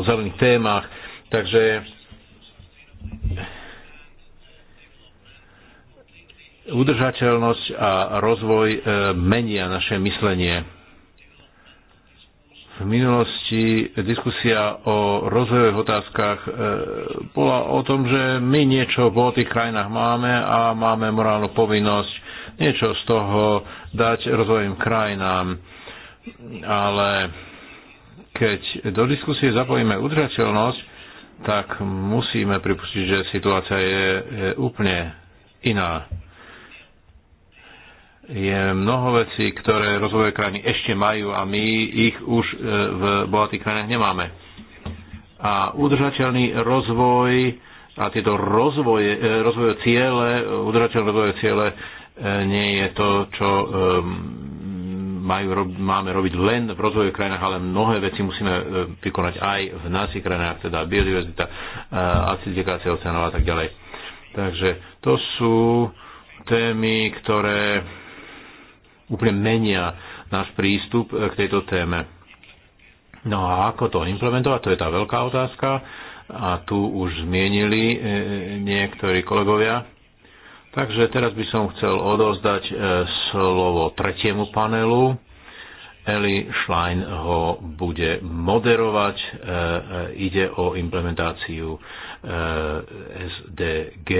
o zelených témach, takže udržateľnosť a rozvoj e, menia naše myslenie. V minulosti diskusia o rozvojových otázkach e, bola o tom, že my niečo v tých krajinách máme a máme morálnu povinnosť niečo z toho dať rozvojovým krajinám. Ale keď do diskusie zapojíme udržateľnosť, tak musíme pripustiť, že situácia je úplne iná je mnoho vecí, ktoré rozvojové krajiny ešte majú a my ich už e, v bohatých krajinách nemáme. A udržateľný rozvoj a tieto rozvoje, e, rozvojové ciele, udržateľné rozvojové ciele e, nie je to, čo majú, máme robiť len v rozvojových krajinách, ale mnohé veci musíme vykonať aj v našich krajinách, teda biodiverzita, acidifikácia oceánov a tak ďalej. Takže to sú témy, ktoré úplne menia náš prístup e, k tejto téme. No a ako to implementovať, to je tá veľká otázka a tu už zmienili e, e, niektorí kolegovia. Takže teraz by som chcel odozdať slovo tretiemu panelu. Eli Schlein ho bude moderovať. Ide o implementáciu SDG,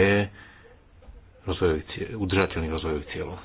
rozvojových, udržateľných rozvojových cieľov.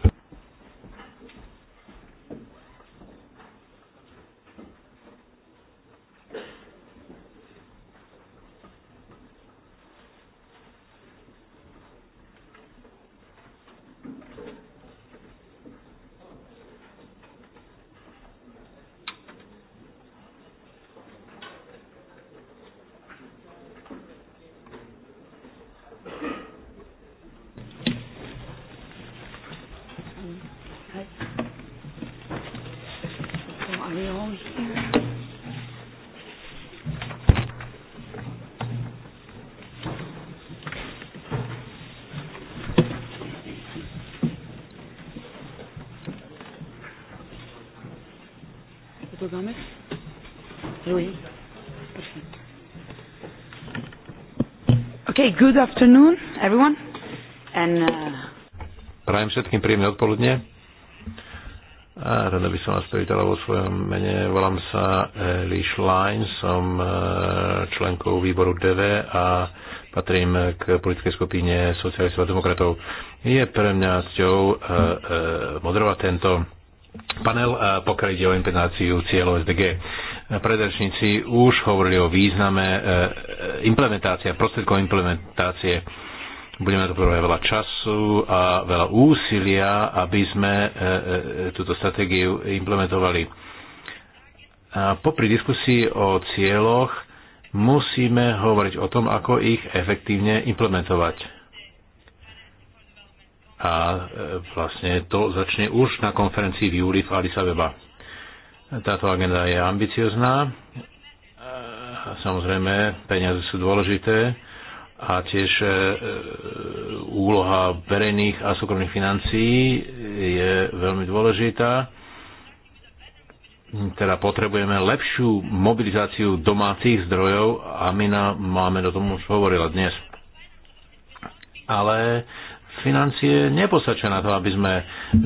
Good afternoon, everyone. And, uh... Prajem všetkým príjemné odpoludne. A rada by som vás privítala vo svojom mene. Volám sa eh, Lee Schlein, som eh, členkou výboru DV a patrím k politickej skupine socialistov a demokratov. Je pre mňa cťou eh, moderovať tento panel, pokiaľ ide o implementáciu cieľov SDG. Predrečníci už hovorili o význame e, e, implementácie, prostriedkov implementácie. Budeme to prvé veľa času a veľa úsilia, aby sme e, túto stratégiu implementovali. A popri diskusii o cieľoch musíme hovoriť o tom, ako ich efektívne implementovať. A vlastne to začne už na konferencii v júli v Addis Abeba. Táto agenda je ambiciozná. Samozrejme, peniaze sú dôležité a tiež e, úloha verejných a súkromných financií je veľmi dôležitá. Teda potrebujeme lepšiu mobilizáciu domácich zdrojov a my na, máme do tomu už hovorila dnes. Ale financie nepostačia na to, aby sme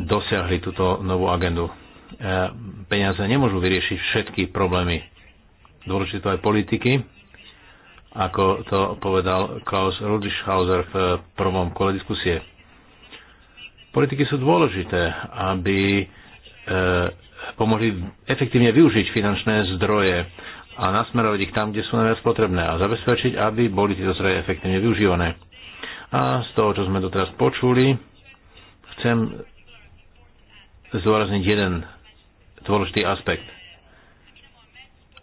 dosiahli túto novú agendu E, peniaze nemôžu vyriešiť všetky problémy. Dôležité aj politiky, ako to povedal Klaus Rudischhauser v prvom kole diskusie. Politiky sú dôležité, aby e, pomohli efektívne využiť finančné zdroje a nasmerovať ich tam, kde sú najviac potrebné a zabezpečiť, aby boli tieto zdroje efektívne využívané. A z toho, čo sme doteraz počuli, chcem zdôrazniť jeden dôležitý aspekt.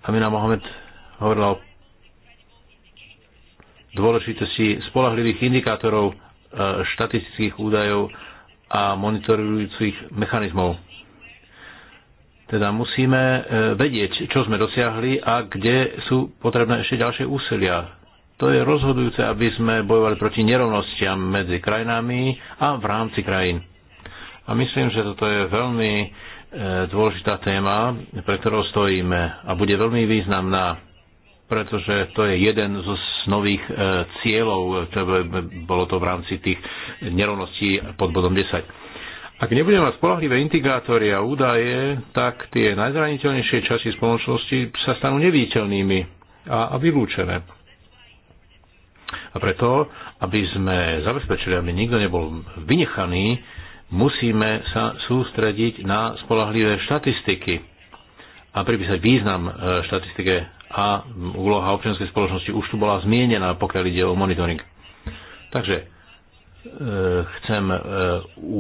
Amina Mohamed hovorila o dôležitosti spolahlivých indikátorov, e, štatistických údajov a monitorujúcich mechanizmov. Teda musíme e, vedieť, čo sme dosiahli a kde sú potrebné ešte ďalšie úsilia. To je rozhodujúce, aby sme bojovali proti nerovnostiam medzi krajinami a v rámci krajín. A myslím, že toto je veľmi dôležitá téma, pre ktorou stojíme a bude veľmi významná, pretože to je jeden zo nových e, cieľov, ktoré bolo to v rámci tých nerovností pod bodom 10. Ak nebudeme mať spolahlivé indikátory a údaje, tak tie najzraniteľnejšie časti spoločnosti sa stanú neviditeľnými a, a vylúčené. A preto, aby sme zabezpečili, aby nikto nebol vynechaný, Musíme sa sústrediť na spolahlivé štatistiky a pripísať význam e, štatistike a úloha občianskej spoločnosti už tu bola zmienená, pokiaľ ide o monitoring. Takže e, chcem e,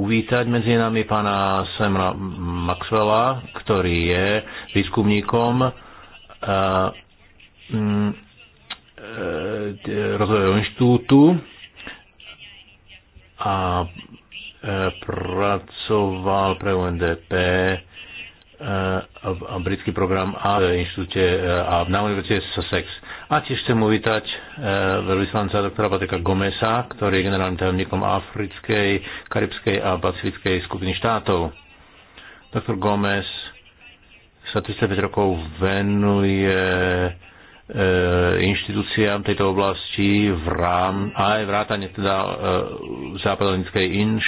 uvítať medzi nami pána Semra Maxwella, ktorý je výskumníkom rozvojového inštitútu a pracoval pre UNDP e, a britský program a v inštitúte e, a na univerzite Sussex. A tiež chcem uvítať e, veľvyslanca doktora Patrika Gomesa, ktorý je generálnym tajomníkom Africkej, Karibskej a Pacifickej skupiny štátov. Doktor Gomes sa 35 rokov venuje Eh, inštitúciám tejto oblasti v rám, aj vrátane teda eh, Západovinskej inš,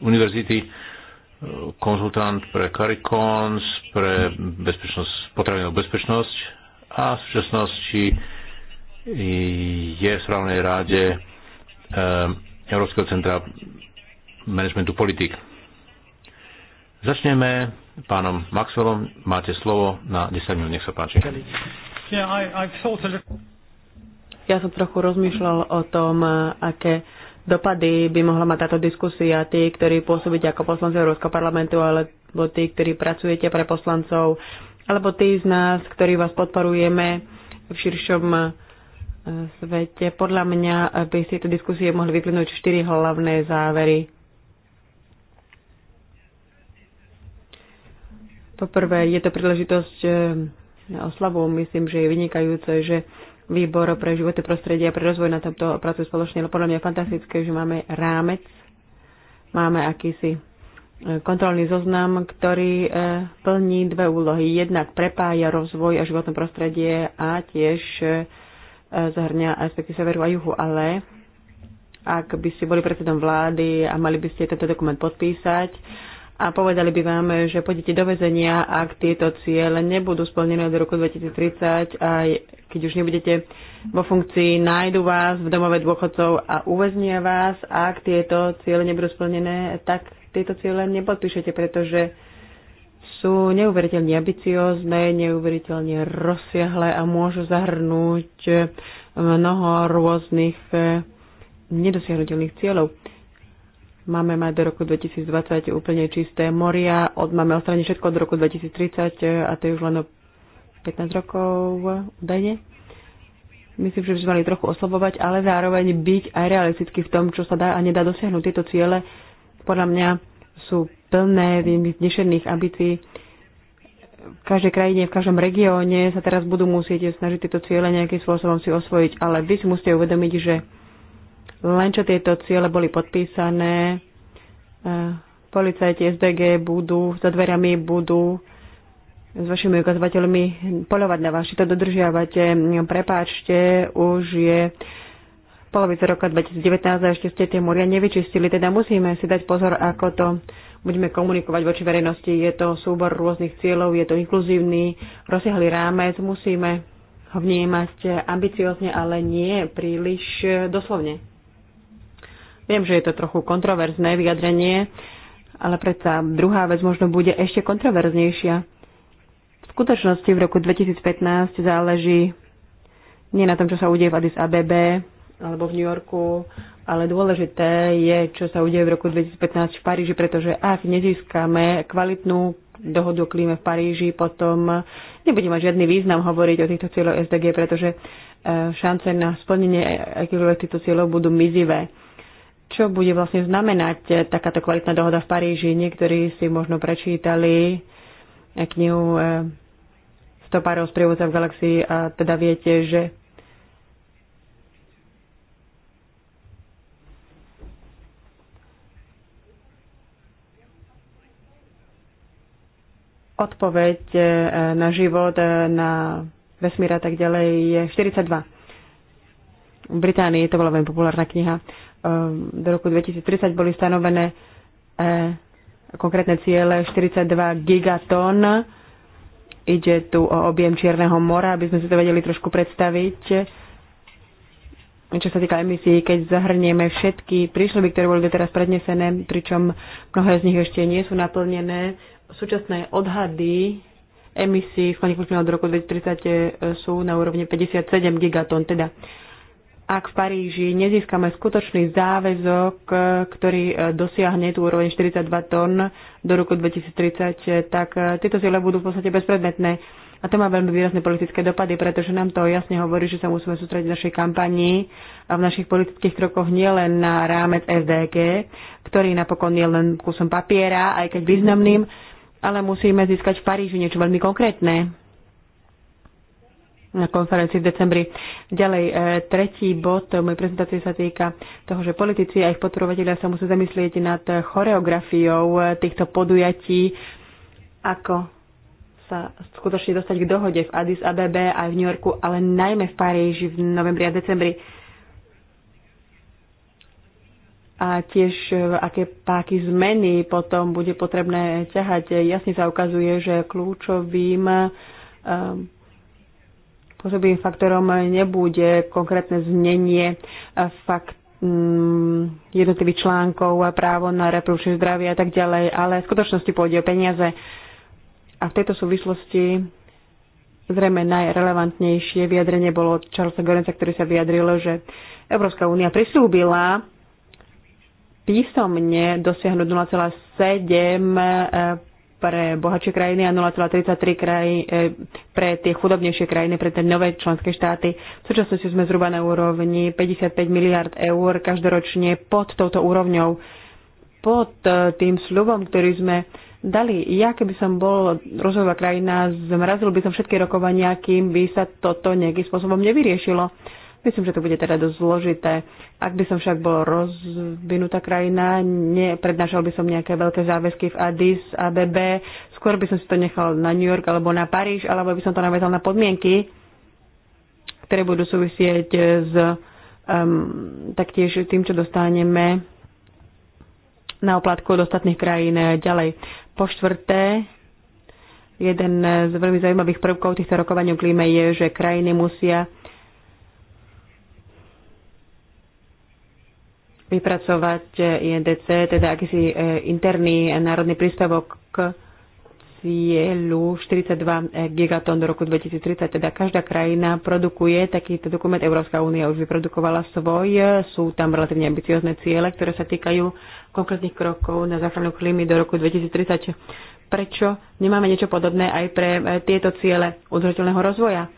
univerzity, eh, konzultant pre CARICONS, pre bezpečnosť, potravinovú bezpečnosť a v súčasnosti je v správnej ráde Európskeho centra managementu politik. Začneme pánom Maxwellom. Máte slovo na 10 minút. Nech sa páči. Ja som trochu rozmýšľal o tom, aké dopady by mohla mať táto diskusia. Tí, ktorí pôsobíte ako poslanci Európskeho parlamentu, alebo tí, ktorí pracujete pre poslancov, alebo tí z nás, ktorí vás podporujeme v širšom eh, svete. Podľa mňa by si tieto diskusie mohli vyplynúť štyri hlavné závery. Poprvé, je to príležitosť eh, oslavu. Myslím, že je vynikajúce, že výbor pre životné prostredie a pre rozvoj na tomto pracuje spoločne. Podľa mňa je fantastické, že máme rámec, máme akýsi e, kontrolný zoznam, ktorý e, plní dve úlohy. Jednak prepája rozvoj a životné prostredie a tiež e, zahrňa aspekty severu a juhu, ale ak by ste boli predsedom vlády a mali by ste tento dokument podpísať, a povedali by vám, že pôjdete do väzenia, ak tieto ciele nebudú splnené do roku 2030 a keď už nebudete vo funkcii, nájdu vás v domove dôchodcov a uväznia vás. ak tieto ciele nebudú splnené, tak tieto ciele nepodpíšete, pretože sú neuveriteľne ambiciózne, neuveriteľne rozsiahle a môžu zahrnúť mnoho rôznych eh, nedosiahnutelných cieľov. Máme mať do roku 2020 úplne čisté moria, od, máme odstrániť všetko od roku 2030 e, a to je už len o 15 rokov údajne. Myslím, že by sme mali trochu oslobovať, ale zároveň byť aj realisticky v tom, čo sa dá a nedá dosiahnuť. Tieto ciele podľa mňa sú plné znešených ambícií v každej krajine, v každom regióne sa teraz budú musieť snažiť tieto ciele nejakým spôsobom si osvojiť, ale vy si musíte uvedomiť, že len čo tieto ciele boli podpísané, e, policajti SDG budú, za dverami budú s vašimi ukazovateľmi polovať na vás, či to dodržiavate. Mm, prepáčte, už je polovica roka 2019 a ešte ste tie moria nevyčistili, teda musíme si dať pozor, ako to budeme komunikovať voči verejnosti. Je to súbor rôznych cieľov, je to inkluzívny, rozsiahly rámec, musíme ho vnímať ambiciozne, ale nie príliš doslovne. Viem, že je to trochu kontroverzné vyjadrenie, ale predsa druhá vec možno bude ešte kontroverznejšia. V skutočnosti v roku 2015 záleží nie na tom, čo sa udeje v Addis ABB alebo v New Yorku, ale dôležité je, čo sa udeje v roku 2015 v Paríži, pretože ak nezískame kvalitnú dohodu o klíme v Paríži, potom nebude mať žiadny význam hovoriť o týchto cieľoch SDG, pretože eh, šance na splnenie akýchkoľvek týchto cieľov budú mizivé čo bude vlastne znamenať eh, takáto kvalitná dohoda v Paríži. Niektorí si možno prečítali eh, knihu eh, Stopárov z prievodca v galaxii a teda viete, že odpoveď na život, na vesmír a tak ďalej je 42. V Británii to bola veľmi populárna kniha. Ehm, do roku 2030 boli stanovené e, konkrétne ciele 42 gigaton. Ide tu o objem Čierneho mora, aby sme si to vedeli trošku predstaviť. Čo sa týka emisí, keď zahrnieme všetky príšľuby, ktoré boli doteraz prednesené, pričom mnohé z nich ešte nie sú naplnené, súčasné odhady emisí v plynov od roku 2030 e, sú na úrovni 57 gigatón, teda ak v Paríži nezískame skutočný záväzok, e, ktorý e, dosiahne tú úroveň 42 tón do roku 2030, e, tak tieto ciele budú v podstate bezpredmetné. A to má veľmi výrazné politické dopady, pretože nám to jasne hovorí, že sa musíme sústrediť v našej kampanii a v našich politických krokoch nielen na rámec SDG, ktorý napokon je len kusom papiera, aj keď významným, ale musíme získať v Paríži niečo veľmi konkrétne na konferencii v decembri. Ďalej, e, tretí bod mojej prezentácie sa týka toho, že politici a ich podporovateľia sa musí zamyslieť nad choreografiou e, týchto podujatí, ako sa skutočne dostať k dohode v Addis ABB aj v New Yorku, ale najmä v Paríži v novembri a decembri. A tiež e, aké páky zmeny potom bude potrebné ťahať. Jasne sa ukazuje, že kľúčovým um, Pôsobivým faktorom nebude konkrétne znenie e, fakt mm, jednotlivých článkov a právo na reprodukčné zdravie a tak ďalej, ale v skutočnosti pôjde o peniaze. A v tejto súvislosti zrejme najrelevantnejšie vyjadrenie bolo od Charlesa Gorenca, ktorý sa vyjadril, že Európska únia prislúbila písomne dosiahnuť 0,7 pre bohatšie krajiny a 0,33 kraj, e, pre tie chudobnejšie krajiny, pre tie nové členské štáty. V súčasnosti sme zhruba na úrovni 55 miliard eur každoročne pod touto úrovňou, pod e, tým sľubom, ktorý sme dali. Ja, keby som bol rozvojová krajina, zmrazil by som všetky rokovania, kým by sa toto nejakým spôsobom nevyriešilo Myslím, že to bude teda dosť zložité. Ak by som však bol rozvinutá krajina, neprednášal by som nejaké veľké záväzky v Addis, ABB, skôr by som si to nechal na New York alebo na Paríž, alebo by som to navezal na podmienky, ktoré budú súvisieť s um, taktiež tým, čo dostaneme na oplatku od ostatných krajín ďalej. Po štvrté, jeden z veľmi zaujímavých prvkov týchto rokovaní o klíme je, že krajiny musia vypracovať e, INDC, teda akýsi e, interný e, národný príspevok k cieľu 42 gigatón do roku 2030. Teda každá krajina produkuje takýto dokument. Európska únia už vyprodukovala svoj. Sú tam relatívne ambiciozne ciele, ktoré sa týkajú konkrétnych krokov na záchranu klímy do roku 2030. Prečo nemáme niečo podobné aj pre tieto ciele udržateľného rozvoja?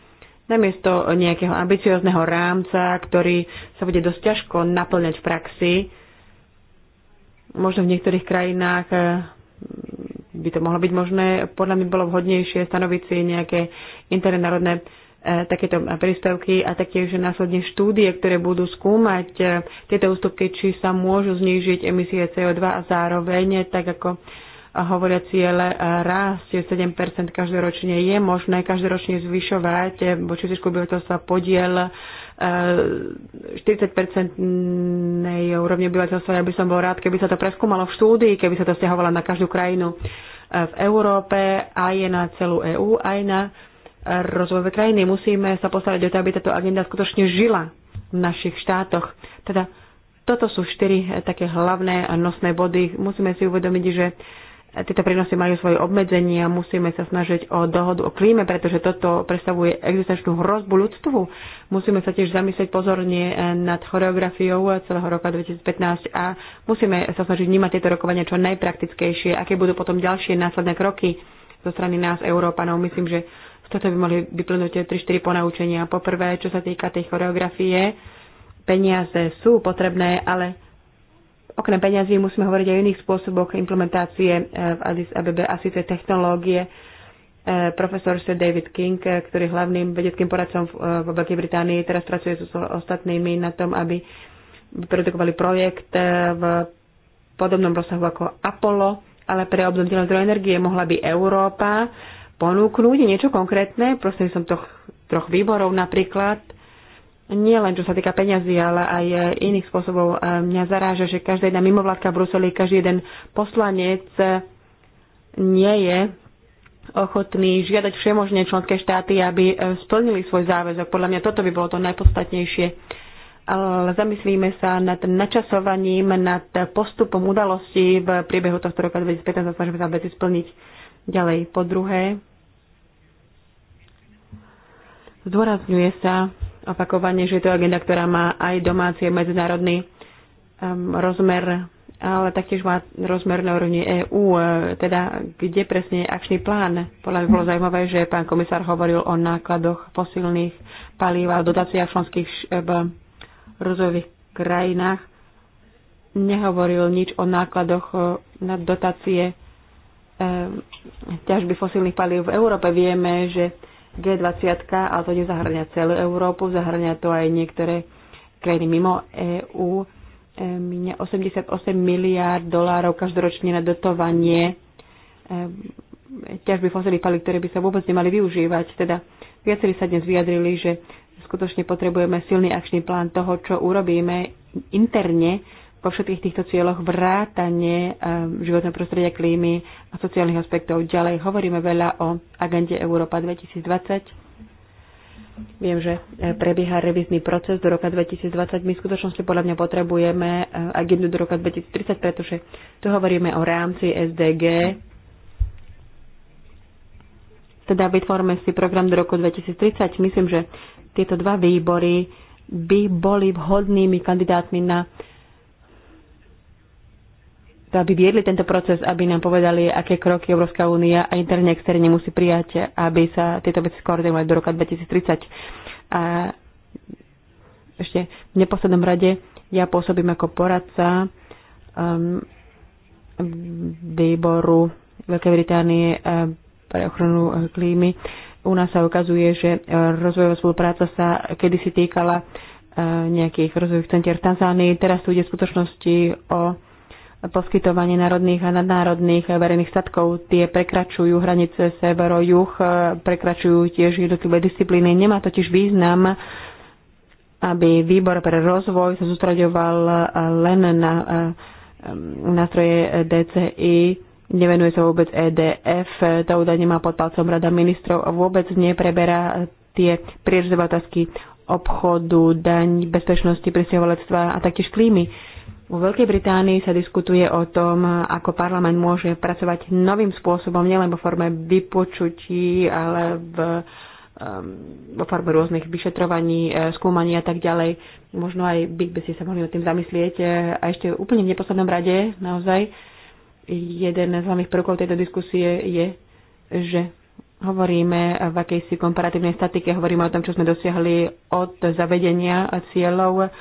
namiesto nejakého ambiciozného rámca, ktorý sa bude dosť ťažko naplňať v praxi. Možno v niektorých krajinách eh, by to mohlo byť možné. Podľa mňa bolo vhodnejšie stanoviť si nejaké internárodné eh, takéto príspevky a taktiež následne štúdie, ktoré budú skúmať eh, tieto ústupky, či sa môžu znížiť emisie CO2 a zároveň, tak ako hovoria ciele e, rásť 7% každoročne. Je možné každoročne zvyšovať e, voči zisku obyvateľstva podiel 40-percentnej e, úrovne obyvateľstva. Ja by som bol rád, keby sa to preskúmalo v štúdii, keby sa to stiahovalo na každú krajinu v Európe, aj na celú EÚ, aj na rozvojové krajiny. Musíme sa postarať o to, aby táto agenda skutočne žila v našich štátoch. Teda toto sú štyri také hlavné nosné body. Musíme si uvedomiť, že tieto prínosy majú svoje obmedzenia, musíme sa snažiť o dohodu o klíme, pretože toto predstavuje existenčnú hrozbu ľudstvu. Musíme sa tiež zamyslieť pozorne nad choreografiou celého roka 2015 a musíme sa snažiť vnímať tieto rokovania čo najpraktickejšie, aké budú potom ďalšie následné kroky zo strany nás, Európanov. Myslím, že z toto by mohli vyplnúť 3-4 ponaučenia. Poprvé, čo sa týka tej choreografie, peniaze sú potrebné, ale Okrem peňazí musíme hovoriť aj o iných spôsoboch implementácie eh, v Addis ABB a síce technológie. Eh, profesor Sir David King, eh, ktorý je hlavným vedeckým poradcom vo Veľkej Británii, teraz pracuje s so ostatnými na tom, aby produkovali projekt v podobnom rozsahu ako Apollo, ale pre obnoviteľné zdroje energie mohla by Európa ponúknuť niečo konkrétne, prosím som to troch výborov napríklad, nie len čo sa týka peňazí, ale aj e, iných spôsobov. E, mňa zaráža, že každá jedna mimovládka v Bruseli, každý jeden poslanec e, nie je ochotný žiadať všemožné členské štáty, aby splnili svoj záväzok. Podľa mňa toto by bolo to najpodstatnejšie. Ale zamyslíme sa nad načasovaním, nad postupom udalostí v priebehu tohto roka 2015 a snažíme sa veci splniť ďalej. Po druhé, zdôrazňuje sa opakovane, že je to agenda, ktorá má aj domáci, aj medzinárodný um, rozmer, ale taktiež má rozmer na úrovni EÚ, e, teda kde presne je akčný plán. Podľa mňa bolo zaujímavé, že pán komisár hovoril o nákladoch posilných palív a dotáciách členských v rozvojových krajinách. Nehovoril nič o nákladoch e, na dotácie e, ťažby fosílnych palív v Európe. Vieme, že G20, ale to nezahrania celú Európu, zahrania to aj niektoré krajiny mimo EÚ, e, minie 88 miliárd dolárov každoročne na dotovanie e, ťažby fosilných palív, ktoré by sa vôbec nemali využívať. Teda viacerí sa dnes vyjadrili, že skutočne potrebujeme silný akčný plán toho, čo urobíme interne po všetkých týchto cieľoch vrátanie e, životného prostredia klímy a sociálnych aspektov. Ďalej hovoríme veľa o agende Európa 2020. Viem, že e, prebieha revizný proces do roka 2020. My v skutočnosti podľa mňa potrebujeme e, agendu do roka 2030, pretože tu hovoríme o rámci SDG. Teda vytvorme si program do roku 2030. Myslím, že tieto dva výbory by boli vhodnými kandidátmi na aby viedli tento proces, aby nám povedali, aké kroky Európska únia a interne externe musí prijať, aby sa tieto veci skoordinovali do roka 2030. A ešte v neposlednom rade ja pôsobím ako poradca um, výboru Veľkej Británie uh, pre ochranu uh, klímy. U nás sa ukazuje, že uh, rozvojová spolupráca sa kedysi týkala nejakých rozvojových centier v Tanzánii. Teraz tu ide v skutočnosti o poskytovanie národných a nadnárodných verejných statkov. Tie prekračujú hranice severo-juh, prekračujú tiež jednotlivé disciplíny. Nemá totiž význam, aby výbor pre rozvoj sa zústraďoval len na eh, nástroje DCI, nevenuje sa vôbec EDF, to údajne má pod palcom Rada ministrov a vôbec nepreberá tie prieždevé otázky obchodu, daň, bezpečnosti, prisťahovalectva a taktiež klímy vo Veľkej Británii sa diskutuje o tom, ako parlament môže pracovať novým spôsobom, nielen vo forme vypočutí, ale v, ehm, vo forme rôznych vyšetrovaní, e, skúmaní a tak ďalej. Možno aj by, by ste sa mohli o tým zamyslieť. E, a ešte úplne v neposlednom rade, naozaj, jeden z hlavných prvkov tejto diskusie je, že hovoríme v akejsi komparatívnej statike, hovoríme o tom, čo sme dosiahli od zavedenia cieľov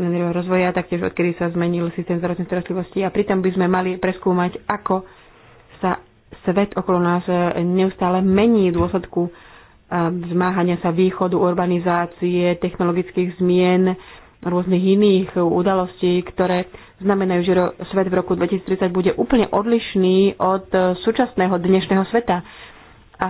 územného rozvoja, taktiež odkedy sa zmenil systém zdravotnej starostlivosti a pritom by sme mali preskúmať, ako sa svet okolo nás e, neustále mení v dôsledku e, zmáhania sa východu, urbanizácie, technologických zmien, rôznych iných udalostí, ktoré znamenajú, že svet v roku 2030 bude úplne odlišný od e, súčasného dnešného sveta. A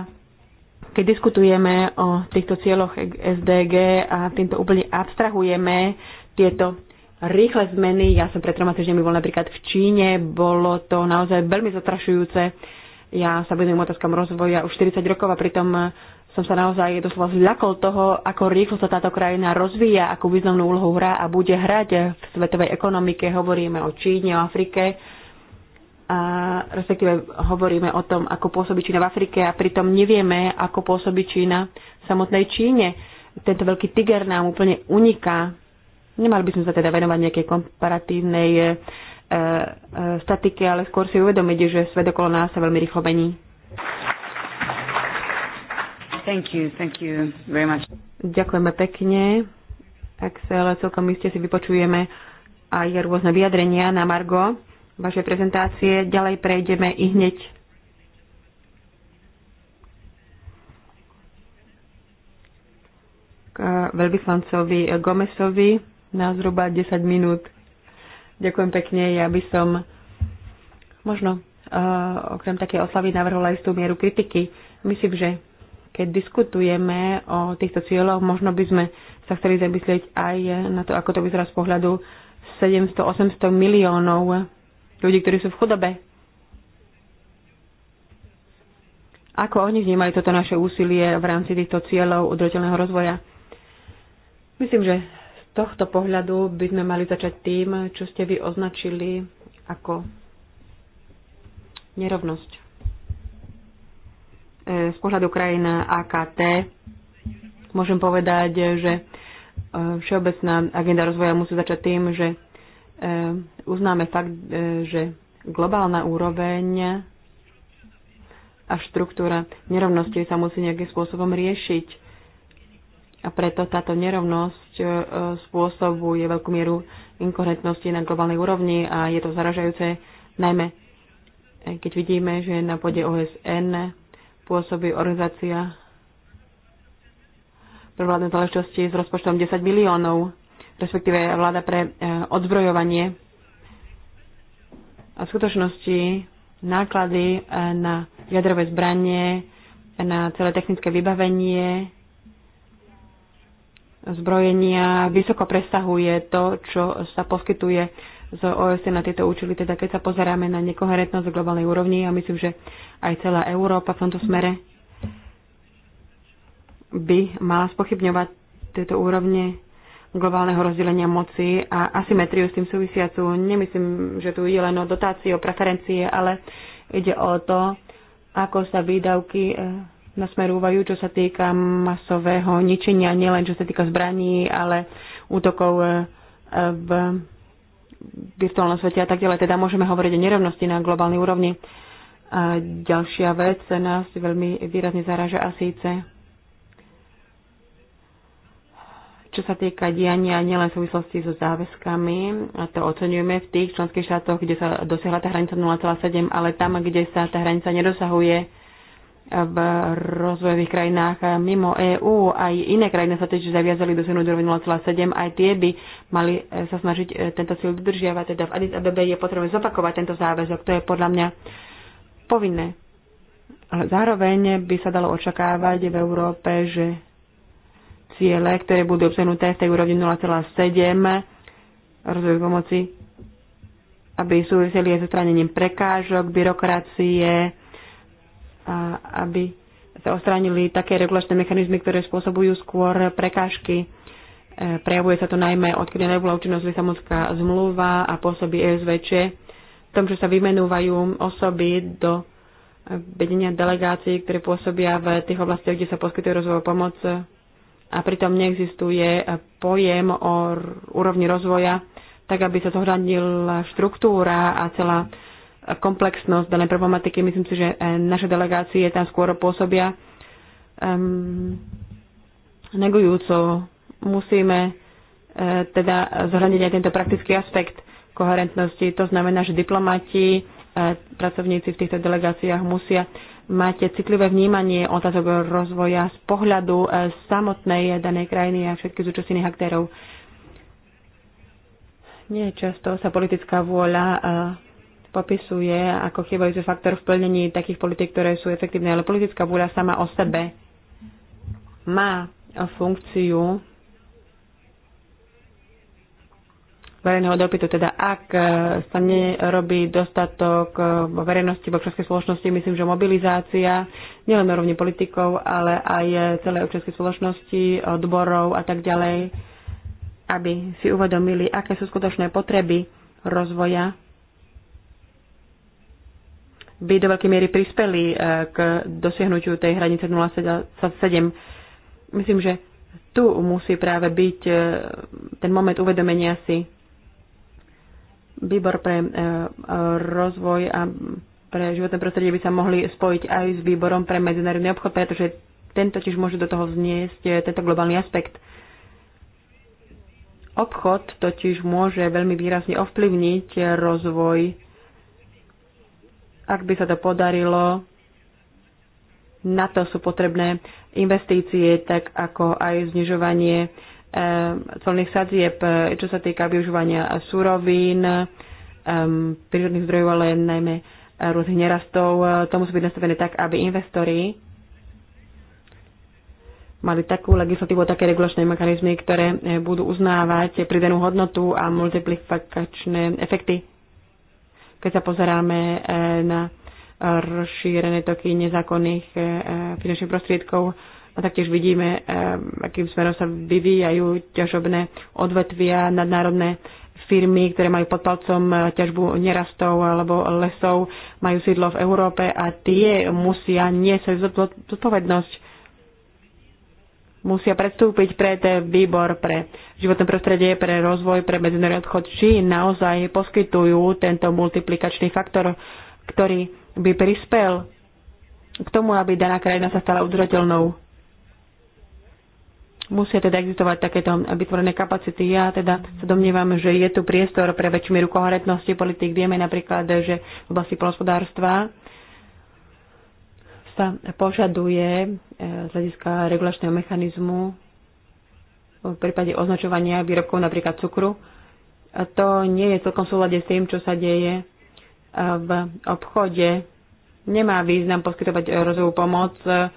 keď diskutujeme o týchto cieľoch SDG a týmto úplne abstrahujeme tieto rýchle zmeny. Ja som pred troma týždňami bol napríklad v Číne, bolo to naozaj veľmi zatrašujúce. Ja sa venujem otázkam rozvoja už 40 rokov a pritom eh, som sa naozaj doslova zľakol toho, ako rýchlo sa táto krajina rozvíja, akú významnú úlohu hrá a bude hrať v svetovej ekonomike. Hovoríme o Číne, o Afrike, a respektíve hovoríme o tom, ako pôsobí Čína v Afrike a pritom nevieme, ako pôsobí Čína v samotnej Číne. Tento veľký tiger nám úplne uniká Nemali by sme sa teda venovať nejakej komparatívnej e, e, statike, ale skôr si uvedomiť, že svet okolo nás sa veľmi rýchlo mení. Thank you, thank you very much. Ďakujeme pekne. Axel, celkom iste si vypočujeme aj rôzne vyjadrenia na Margo vašej prezentácie. Ďalej prejdeme i hneď k veľvyslancovi Gomesovi na zhruba 10 minút. Ďakujem pekne. Ja by som možno uh, okrem také oslavy navrhol aj tú mieru kritiky. Myslím, že keď diskutujeme o týchto cieľoch, možno by sme sa chceli zamyslieť aj na to, ako to vyzerá z pohľadu 700-800 miliónov ľudí, ktorí sú v chudobe. Ako oni vnímali toto naše úsilie v rámci týchto cieľov udržateľného rozvoja? Myslím, že tohto pohľadu by sme mali začať tým, čo ste vy označili ako nerovnosť. E, z pohľadu krajín AKT môžem povedať, že e, všeobecná agenda rozvoja musí začať tým, že e, uznáme fakt, že globálna úroveň a štruktúra nerovnosti sa musí nejakým spôsobom riešiť. A preto táto nerovnosť E, spôsobuje veľkú mieru inkoherentnosti na globálnej úrovni a je to zaražajúce, najmä e, keď vidíme, že na pôde OSN pôsobí organizácia pre vládne záležitosti s rozpočtom 10 miliónov, respektíve vláda pre e, odzbrojovanie. A v skutočnosti náklady na jadrové zbranie, na celé technické vybavenie zbrojenia vysoko presahuje to, čo sa poskytuje z OSC na tieto účely. Teda keď sa pozeráme na nekoherentnosť v globálnej úrovni, ja myslím, že aj celá Európa v tomto smere by mala spochybňovať tieto úrovne globálneho rozdelenia moci a asymetriu s tým súvisiacu. Nemyslím, že tu ide len o dotácie, o preferencie, ale ide o to, ako sa výdavky eh, nasmerúvajú, čo sa týka masového ničenia, nielen čo sa týka zbraní, ale útokov e, v virtuálnom svete a tak ďalej. Teda môžeme hovoriť o nerovnosti na globálnej úrovni. A ďalšia vec nás veľmi výrazne zaraža a síce čo sa týka diania nielen v súvislosti so záväzkami, a to oceňujeme v tých členských štátoch, kde sa dosiahla tá hranica 0,7, ale tam, kde sa tá hranica nedosahuje, v rozvojových krajinách mimo EÚ. Aj iné krajiny sa tiež zaviazali dosiahnuť úroveň 0,7. Aj tie by mali e, sa snažiť e, tento cieľ dodržiavať. Teda v Addis Abebe je potrebné zopakovať tento záväzok. To je podľa mňa povinné. Ale zároveň by sa dalo očakávať v Európe, že ciele, ktoré budú obsahnuté v tej úrovni 0,7 rozvoj pomoci, aby súviseli aj so stránením prekážok, byrokracie, a aby sa ostránili také regulačné mechanizmy, ktoré spôsobujú skôr prekážky. E, prejavuje sa to najmä, odkedy nebola účinnosť Lisabonská zmluva a pôsobí ESVČ, v tom, že sa vymenúvajú osoby do vedenia delegácií, ktoré pôsobia v tých oblastiach, kde sa poskytuje rozvojová pomoc a pritom neexistuje pojem o úrovni rozvoja, tak aby sa zohľadnila štruktúra a celá komplexnosť danej problematiky. Myslím si, že eh, naše delegácie tam skôr pôsobia um, ehm, negujúco. Musíme eh, teda zohľadniť aj tento praktický aspekt koherentnosti. To znamená, že diplomati, eh, pracovníci v týchto delegáciách musia mať citlivé vnímanie otázok rozvoja z pohľadu samotnej danej krajiny a všetkých zúčastnených aktérov. Nie často sa politická vôľa popisuje ako chybajúci faktor v plnení takých politik, ktoré sú efektívne, ale politická vôľa sama o sebe má funkciu verejného dopytu. Teda ak sa nerobí dostatok vo verejnosti, vo občianskej spoločnosti, myslím, že mobilizácia nielen na rovni politikov, ale aj celej občianskej spoločnosti, odborov a tak ďalej, aby si uvedomili, aké sú skutočné potreby rozvoja by do veľkej miery prispeli e, k dosiahnutiu tej hranice 0,7. Myslím, že tu musí práve byť e, ten moment uvedomenia si. Výbor pre e, rozvoj a pre životné prostredie by sa mohli spojiť aj s výborom pre medzinárodný obchod, pretože tento tiež môže do toho vzniesť tento globálny aspekt. Obchod totiž môže veľmi výrazne ovplyvniť rozvoj ak by sa to podarilo, na to sú potrebné investície, tak ako aj znižovanie eh, colných sadzieb, čo sa týka využívania súrovín, ehm, prírodných zdrojov, ale najmä rôznych nerastov. To musí byť nastavené tak, aby investori mali takú legislatívu, také regulačné mechanizmy, ktoré eh, budú uznávať pridanú hodnotu a multiplikačné efekty keď sa pozeráme e, na rozšírené toky nezákonných e, finančných prostriedkov a taktiež vidíme, e, akým smerom sa vyvíjajú ťažobné odvetvia, nadnárodné firmy, ktoré majú pod palcom ťažbu nerastov alebo lesov, majú sídlo v Európe a tie musia niesť zodpovednosť musia predstúpiť pred výbor pre životné prostredie, pre rozvoj, pre medzinárodný odchod, či naozaj poskytujú tento multiplikačný faktor, ktorý by prispel k tomu, aby daná krajina sa stala udržateľnou. Musia teda existovať takéto vytvorené kapacity. Ja teda sa domnievam, že je tu priestor pre väčšiu mieru koherentnosti politik. Vieme napríklad, že v oblasti polospodárstva sa požaduje e, z hľadiska regulačného mechanizmu v prípade označovania výrobkov napríklad cukru. A to nie je celkom súľade súlade s tým, čo sa deje e, v obchode. Nemá význam poskytovať rozvojú pomoc, e,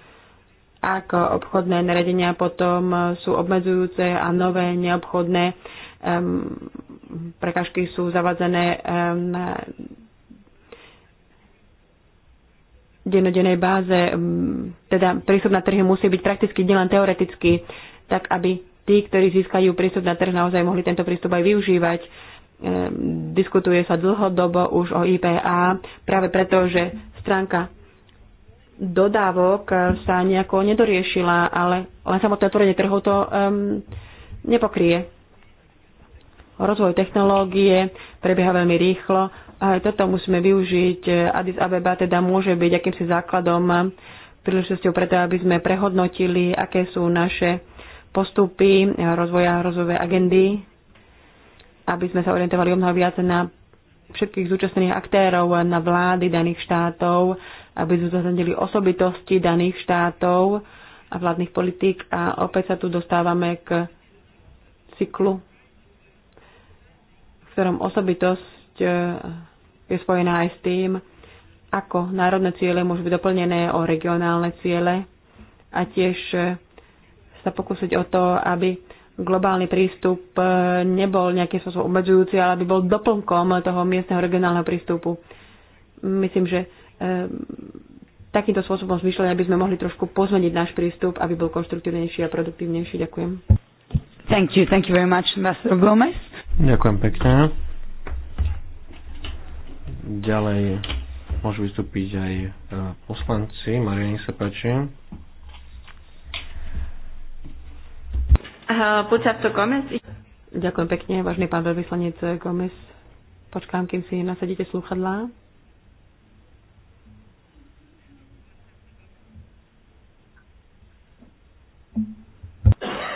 ak obchodné naredenia potom sú obmedzujúce a nové neobchodné prekažky sú zavadzené Denodenej báze, teda prístup na trhy musí byť prakticky nielen teoreticky, tak aby tí, ktorí získajú prístup na trh, naozaj mohli tento prístup aj využívať. Diskutuje sa dlhodobo už o IPA, práve preto, že stránka dodávok sa nejako nedoriešila, ale len samotné otvorenie trhov to um, nepokrie. Rozvoj technológie prebieha veľmi rýchlo a toto musíme využiť. Addis Abeba teda môže byť akýmsi základom, e, príležitosťou preto, aby sme prehodnotili, aké sú naše postupy e, rozvoja rozvojovej agendy, aby sme sa orientovali o mnoho viac na všetkých zúčastnených aktérov, na vlády daných štátov, aby sme zasadili osobitosti daných štátov a vládnych politík a opäť sa tu dostávame k cyklu, v ktorom osobitosť e, je spojená aj s tým, ako národné ciele môžu byť doplnené o regionálne ciele a tiež e, sa pokúsiť o to, aby globálny prístup e, nebol nejakým spôsobom obmedzujúci, ale aby bol doplnkom toho miestneho regionálneho prístupu. Myslím, že e, takýmto spôsobom zmyšľať, aby sme mohli trošku pozmeniť náš prístup, aby bol konštruktívnejší a produktívnejší. Ďakujem. Thank you. Thank you very much, Ambassador Gomez. Ďakujem pekne. Ďalej môžu vystúpiť aj e, poslanci. Maria, nech sa páči. Počať to komes. Ďakujem pekne, vážny pán veľvyslanec Gomes. Počkám, kým si nasadíte slúchadlá.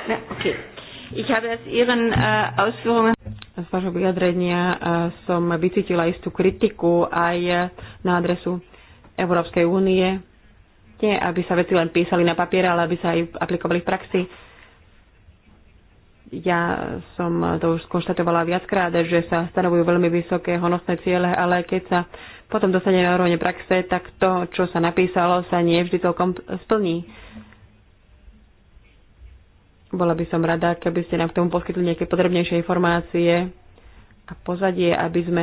Ja, okay. Ich habe jetzt Ihren äh, Ausführungen z vášho vyjadrenia e, som vycítila istú kritiku aj na adresu Európskej únie. Nie, aby sa veci len písali na papier, ale aby sa aj aplikovali v praxi. Ja som to už skonštatovala viackrát, že sa stanovujú veľmi vysoké honosné ciele, ale keď sa potom dostane na úrovne praxe, tak to, čo sa napísalo, sa nie vždy celkom splní. Bola by som rada, keby ste nám k tomu poskytli nejaké podrobnejšie informácie a pozadie, aby sme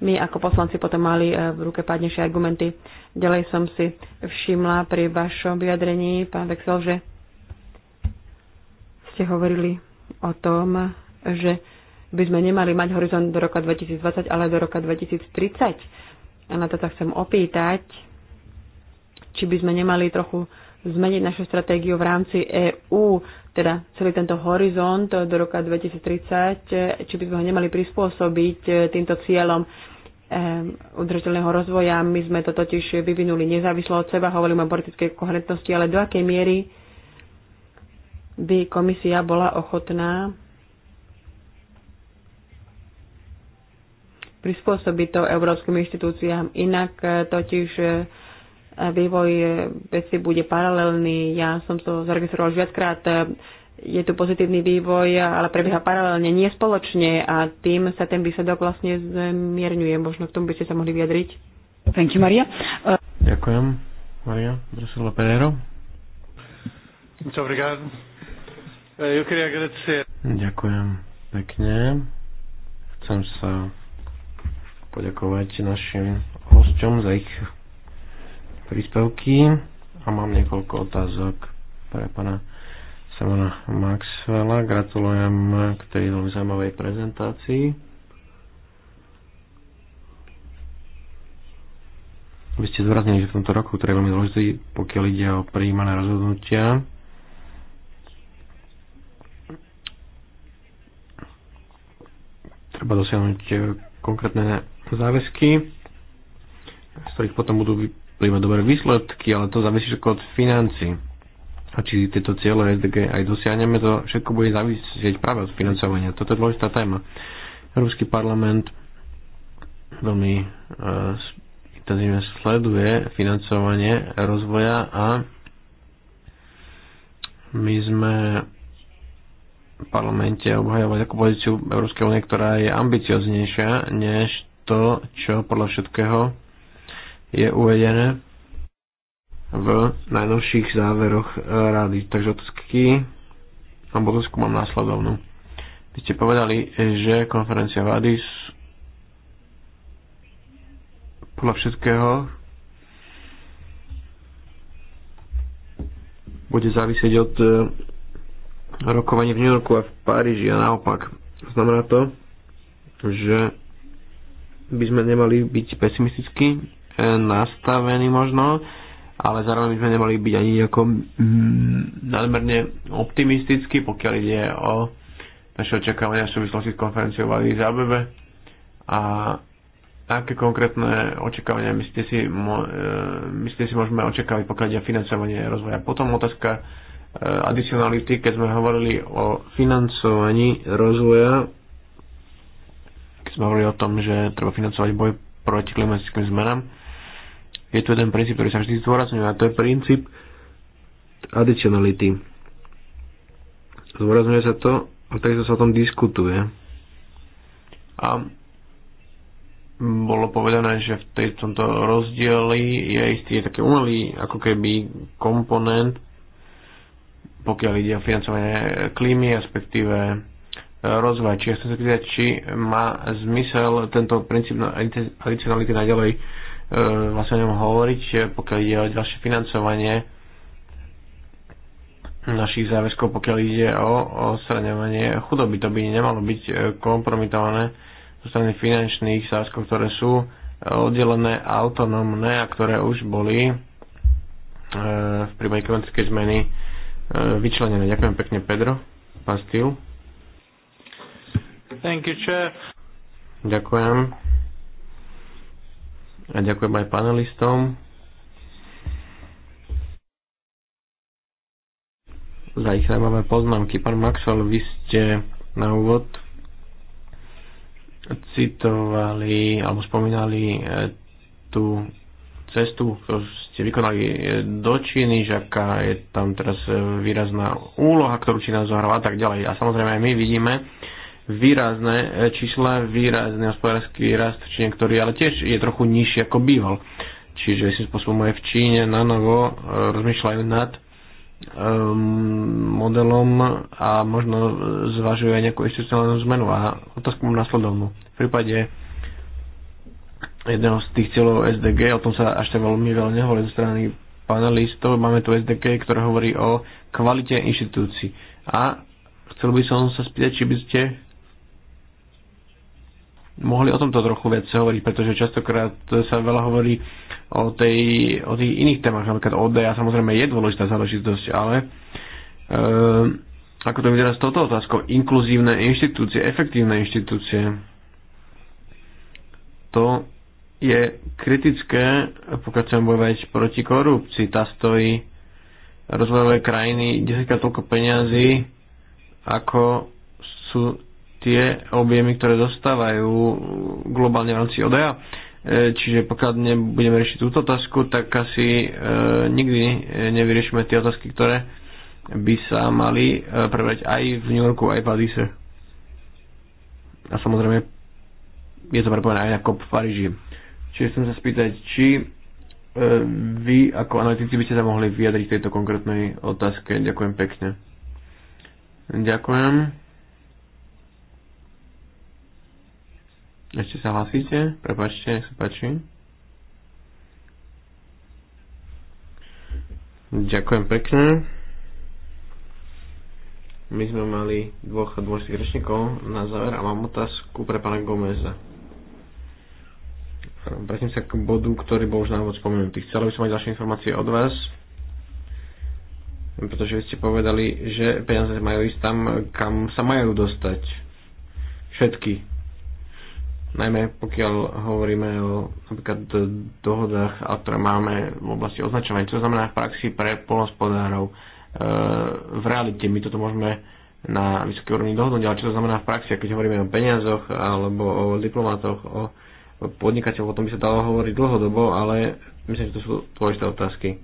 my ako poslanci potom mali e, v ruke pádnejšie argumenty. Ďalej som si všimla pri vašom vyjadrení, pán Vexel, že ste hovorili o tom, že by sme nemali mať horizont do roka 2020, ale do roka 2030. A na to sa chcem opýtať, či by sme nemali trochu zmeniť našu stratégiu v rámci EÚ teda celý tento horizont do roka 2030, či by sme ho nemali prispôsobiť eh, týmto cieľom ehm, udržateľného rozvoja. My sme to totiž vyvinuli nezávislo od seba, hovoríme o politickej koherentnosti, ale do akej miery by komisia bola ochotná prispôsobiť to európskym inštitúciám. Inak eh, totiž eh, vývoj e, veci bude paralelný. Ja som to zaregistroval viackrát. E, je tu pozitívny vývoj, ale prebieha paralelne, nie spoločne a tým sa ten výsledok vlastne zmierňuje. Možno k tomu by ste sa mohli vyjadriť. Thank you, Maria. Uh... Ďakujem, Maria. Brasila Pereiro. Ďakujem pekne. Chcem sa poďakovať našim hosťom za ich príspevky a mám niekoľko otázok pre pana Samona Maxwella. Gratulujem k tej veľmi zaujímavej prezentácii. Vy ste zdôraznili, že v tomto roku, ktorý je veľmi dôležitý, pokiaľ ide o prijímané rozhodnutia, treba dosiahnuť konkrétne záväzky, z ktorých potom budú príjma dobré výsledky, ale to závisí všetko od financí. A či tieto cieľe SDG aj dosiahneme, to všetko bude závisieť práve od financovania. Toto je dôležitá téma. Európsky parlament veľmi uh, intenzívne sleduje financovanie rozvoja a my sme v parlamente obhajovať takú pozíciu Európskej únie, ktorá je ambicioznejšia než to, čo podľa všetkého je uvedené v najnovších záveroch eh, rady. Takže otázky alebo otázku mám následovnú. Vy ste povedali, že konferencia rady podľa všetkého bude závisieť od eh, rokovania v New Yorku a v Paríži a naopak. Znamená to, že by sme nemali byť pesimistickí nastavený možno, ale zároveň by sme nemali byť ani nejako mm, nadmerne optimistickí, pokiaľ ide o naše očakávania v súvislosti s konferenciou v Addis Abebe a aké konkrétne očakávania myslíte si, e, myslíte si môžeme očakávať, pokiaľ ide o financovanie rozvoja. Potom otázka e, adicionality, keď sme hovorili o financovaní rozvoja, keď sme hovorili o tom, že treba financovať boj proti klimatickým zmenám, je tu jeden princíp, ktorý sa vždy zdôrazňuje a to je princíp adicionality. Zdôrazňuje sa to a tak sa o tom diskutuje. A bolo povedané, že v tej, tomto rozdieli je istý je taký umelý ako keby komponent, pokiaľ ide o financovanie klímy, respektíve e, rozvoj. Čiže chcem sa pýtať, či má zmysel tento princíp adicionality naďalej na E, vlastne o ňom hovoriť, e, pokiaľ ide o ďalšie financovanie našich záväzkov, pokiaľ ide o odstraňovanie chudoby. To by nemalo byť e, kompromitované zo strany finančných záväzkov, ktoré sú oddelené, autonómne a ktoré už boli v prípade klimatickej zmeny vyčlenené. Ďakujem pekne, Pedro. Pán Stil. Thank you, chair. Ďakujem. A ďakujem aj panelistom za ich zaujímavé poznámky. Pán Maxwell, vy ste na úvod citovali alebo spomínali e, tú cestu, ktorú ste vykonali e, do Číny, že aká je tam teraz e, výrazná úloha, ktorú Čína zohráva a tak ďalej. A samozrejme aj my vidíme, výrazné e, čísla, výrazný hospodársky rast v Číne, ktorý ale tiež je trochu nižší ako býval. Čiže si spôsobom aj v Číne na novo e, rozmýšľajú nad um, modelom a možno zvažujú aj nejakú institucionálnu zmenu. A otázku mám nasledovnú. V prípade jedného z tých cieľov SDG, o tom sa až tak veľmi veľa nehovorí zo strany panelistov, máme tu SDG, ktoré hovorí o kvalite inštitúcií. A chcel by som sa spýtať, či by ste mohli o tomto trochu viac hovoriť, pretože častokrát sa veľa hovorí o, tej, o tých iných témach, napríklad ODA, samozrejme je dôležitá záležitosť, ale e, ako to vyzerá s touto otázkou, inkluzívne inštitúcie, efektívne inštitúcie, to je kritické, pokiaľ chcem bojovať proti korupcii. Tá stojí rozvojové krajiny 10 toľko peňazí, ako sú tie objemy, ktoré dostávajú globálne v rámci ODA. E, čiže pokiaľ nebudeme riešiť túto otázku, tak asi e, nikdy e, nevyriešime tie otázky, ktoré by sa mali e, prebrať aj v New Yorku, aj v Adise. A samozrejme je to prepojené aj na COP v Paríži. Čiže chcem sa spýtať, či e, vy ako analytici by ste sa mohli vyjadriť tejto konkrétnej otázke. Ďakujem pekne. Ďakujem. Ešte sa hlasíte? Prepačte, nech sa páči. Ďakujem pekne. My sme mali dvoch dôležitých rečníkov na záver a mám otázku pre pána Gomeza. Vrátim sa k bodu, ktorý bol už na úvod spomenutý. Chcel by som mať ďalšie informácie od vás, pretože vy ste povedali, že peniaze majú ísť tam, kam sa majú dostať. Všetky najmä pokiaľ hovoríme o napríklad dohodách, ktoré máme v oblasti označovania, čo znamená v praxi pre polnospodárov. E, v realite my toto môžeme na vysoké úrovni dohodnúť, ale čo to znamená v praxi, keď hovoríme o peniazoch alebo o diplomatoch, o podnikateľoch, o tom by sa dalo hovoriť dlhodobo, ale myslím, že to sú dôležité otázky.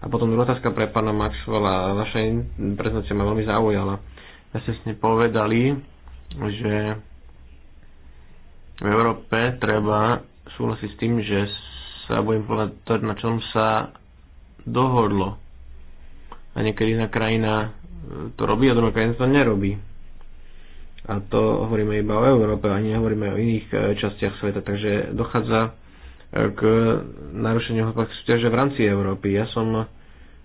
A potom druhá otázka pre pána Maxwella. Vaša prezentácia ma veľmi zaujala. Ja ste povedali, že v Európe treba súhlasiť s tým, že sa budem povedať to, na čom sa dohodlo. A niekedy jedna krajina eh, to robí a druhá krajina to nerobí. A to hovoríme iba o Európe, ani nehovoríme o iných eh, častiach sveta. Takže dochádza eh, k narušeniu hospodárskej súťaže v rámci Európy. Ja som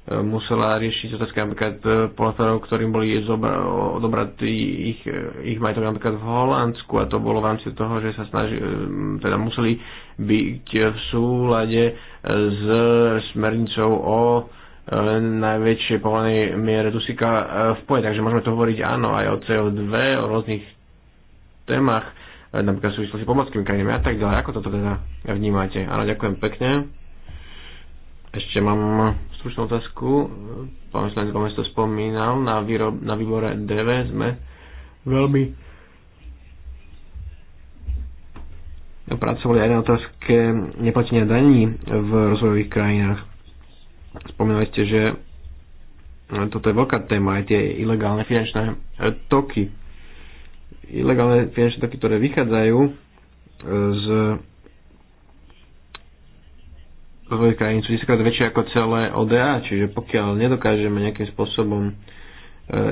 musela riešiť otázky napríklad e, polatárov, ktorým boli odobrať ich, e, ich majetok napríklad v Holandsku a to bolo v rámci toho, že sa snaži, e, teda museli byť v súlade s smernicou o najväčšej povolenej miere dusíka v poje. Takže môžeme to hovoriť áno aj o CO2, o rôznych témach, napríklad v súvislosti s pomorskými krajinami a tak ďalej. Ako toto teda vnímate? Áno, ďakujem pekne. Ešte mám stručnú otázku. Pán Šlán to spomínal, na, výrob, na výbore DV sme veľmi pracovali aj na otázke neplatenia daní v rozvojových krajinách. Spomínali ste, že toto je veľká téma, aj tie ilegálne finančné toky. Ilegálne finančné toky, ktoré vychádzajú z rozvoj krajín sú 10 väčšie ako celé ODA, čiže pokiaľ nedokážeme nejakým spôsobom e,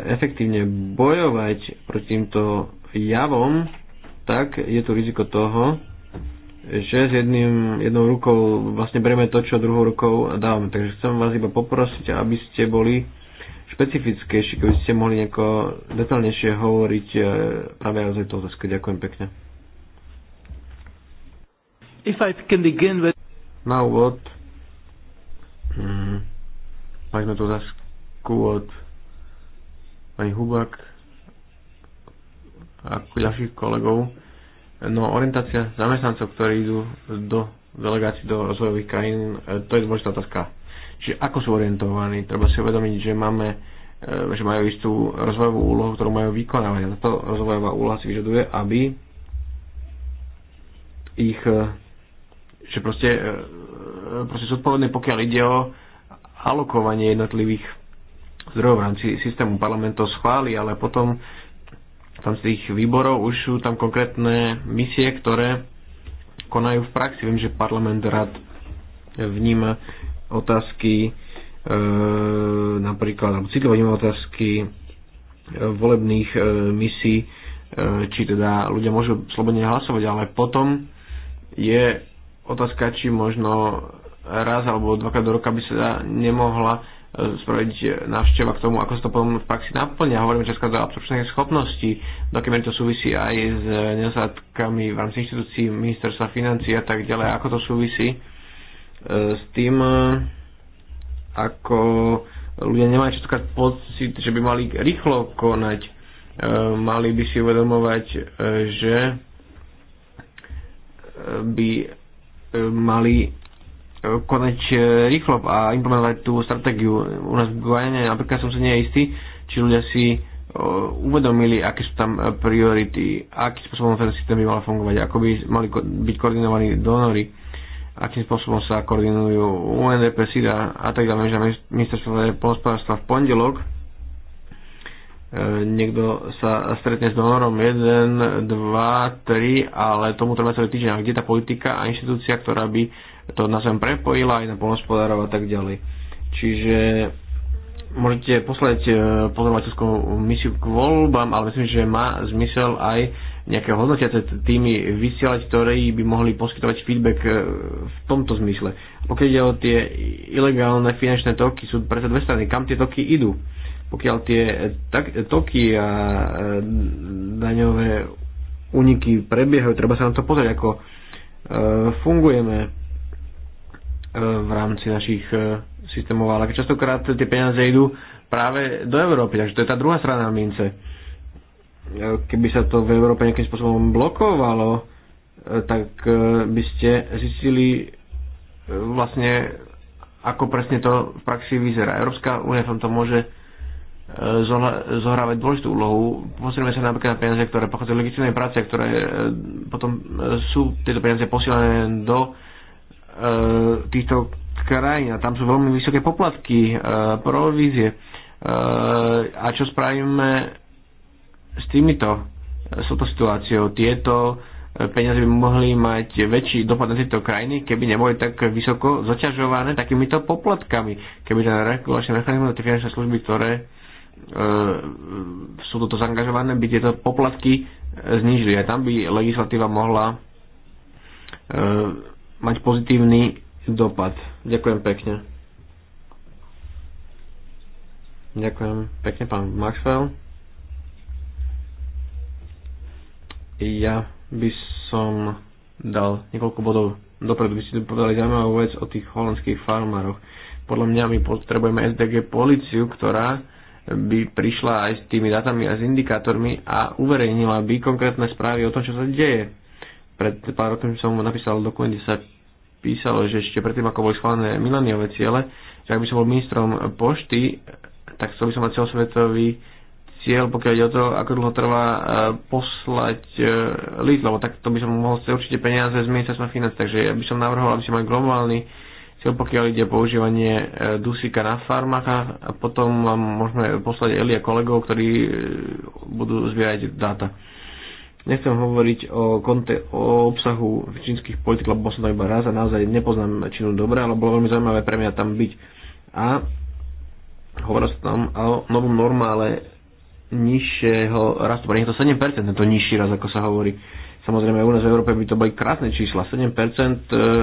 efektívne bojovať proti týmto javom, tak je tu riziko toho, že s jedným, jednou rukou vlastne berieme to, čo druhou rukou dávame. Takže chcem vás iba poprosiť, aby ste boli špecifickejší, keby ste mohli nejako detaľnejšie hovoriť e, práve aj o tejto otázke. Ďakujem pekne. If I can begin with... Na úvod mm, mali sme tu otázku od pani Hubak a ďalších kolegov. No, orientácia zamestnancov, ktorí idú do delegácií do rozvojových krajín, e, to je dôležitá otázka. Čiže ako sú orientovaní? Treba si uvedomiť, že máme e, že majú istú rozvojovú úlohu, ktorú majú vykonávať. A táto rozvojová úloha si vyžaduje, aby ich e, že proste, e, proste zodpovedné, pokiaľ ide o alokovanie jednotlivých zdrojov v rámci systému parlament to schváli, ale potom tam z tých výborov už sú tam konkrétne misie, ktoré konajú v praxi. Viem, že parlament rád vníma otázky e, napríklad, alebo citlivo vníma otázky e, volebných e, misií, e, či teda ľudia môžu slobodne hlasovať, ale potom je otázka, či možno raz alebo dvakrát do roka by sa nemohla e, spraviť návšteva k tomu, ako sa to potom v praxi naplňa. Hovoríme často o absorpčnej schopnosti, do akej to súvisí aj s nedostatkami v rámci inštitúcií ministerstva financí a tak ďalej. Ako to súvisí e, s tým, e, ako ľudia nemajú častokrát pocit, že by mali rýchlo konať, mali by si uvedomovať, že by mali e, konať e, rýchlo a implementovať tú stratégiu. U nás v Guajane napríklad som si neistý, či ľudia si e, uvedomili, aké sú tam priority, akým spôsobom ten systém by mal fungovať, ako by mali byť koordinovaní donory, akým spôsobom sa koordinujú UNDP, SIDA a tak ďalej. Ministerstvo poľnospodárstva v pondelok niekto sa stretne s donorom 1, 2, 3, ale tomu treba celý týždeň. A kde tá politika a inštitúcia, ktorá by to na sem prepojila aj na polnospodárov a tak ďalej. Čiže môžete poslať e, pozorovateľskú misiu k voľbám, ale myslím, že má zmysel aj nejaké hodnotiace týmy vysielať, ktoré by mohli poskytovať feedback e, v tomto zmysle. Pokiaľ ide o tie ilegálne finančné toky, sú predsa dve strany, kam tie toky idú pokiaľ tie tak, toky a e, daňové úniky prebiehajú, treba sa na to pozrieť, ako e, fungujeme e, v rámci našich systémov, ale častokrát tie peniaze idú práve do Európy, takže to je tá druhá strana mince. Keby sa to v Európe nejakým spôsobom blokovalo, tak by ste zistili vlastne, ako presne to v praxi vyzerá. Európska únia tam to môže zohrávať dôležitú úlohu. Pozrieme sa napríklad na peniaze, ktoré pochádzajú z legitímnej práce, ktoré e, potom e, sú tieto peniaze posielané do e, týchto krajín a tam sú veľmi vysoké poplatky, provízie. A čo spravíme s týmito, s touto situáciou? Tieto peniaze by mohli mať väčší dopad na tieto krajiny, keby neboli tak vysoko zaťažované takýmito poplatkami, keby ten regulačný mechanizmus a tie finančné služby, ktoré E, sú toto zaangažované, by tieto poplatky e, znižili. Aj tam by legislatíva mohla e, mať pozitívny dopad. Ďakujem pekne. Ďakujem pekne, pán Maxwell. Ja by som dal niekoľko bodov dopredu. By ste tu povedali zaujímavú vec o tých holandských farmároch. Podľa mňa my potrebujeme SDG policiu, ktorá by prišla aj s tými datami a s indikátormi a uverejnila by konkrétne správy o tom, čo sa deje. Pred pár rokov som napísal dokumenty, sa písalo, že ešte predtým, ako boli schválené mileniové ciele, že ak by som bol ministrom pošty, tak chcel by som mať celosvetový cieľ, pokiaľ ide o to, ako dlho trvá e, poslať e, list, lebo tak to by som mohol ste určite peniaze z ministerstva financí, takže ja by som navrhol, aby som mal globálny čo pokiaľ ide používanie e, dusíka na farmách a potom vám môžeme poslať Eli a kolegov, ktorí e, budú zbierať dáta. Nechcem hovoriť o, konte- o obsahu čínskych politik, lebo som tam iba raz a naozaj nepoznám Čínu dobre, ale bolo veľmi zaujímavé pre mňa tam byť. A hovoril sa tam o novom normále nižšieho rastu, pre nich to 7%, to nižší raz, ako sa hovorí Samozrejme, u nás v Európe by to boli krásne čísla. 7% e,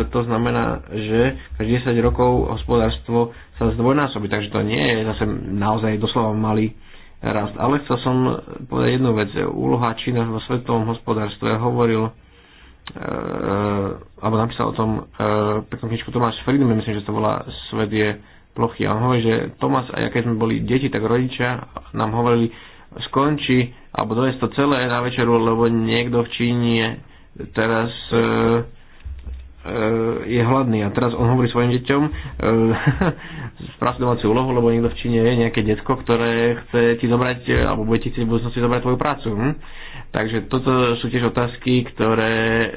to znamená, že každých 10 rokov hospodárstvo sa zdvojnásobí, takže to nie je zase naozaj doslova malý rast. Ale chcel som povedať jednu vec. Úloha Čína vo svetovom hospodárstve hovoril Uh, alebo napísal o tom uh, peknú knižku Tomáš Friedman, myslím, že to volá Svet je plochy. A on hovorí, že Tomás a keď sme boli deti, tak rodičia nám hovorili, skončí alebo dojesť to celé na večeru, lebo niekto v Číne teraz e, E, je hladný a teraz on hovorí svojim deťom e, si domácu úlohu, lebo niekto v Číne je nejaké detko, ktoré chce ti zobrať e, alebo bude ti chcieť v budúcnosti zobrať tvoju prácu. Hm? Takže toto sú tiež otázky, ktoré e,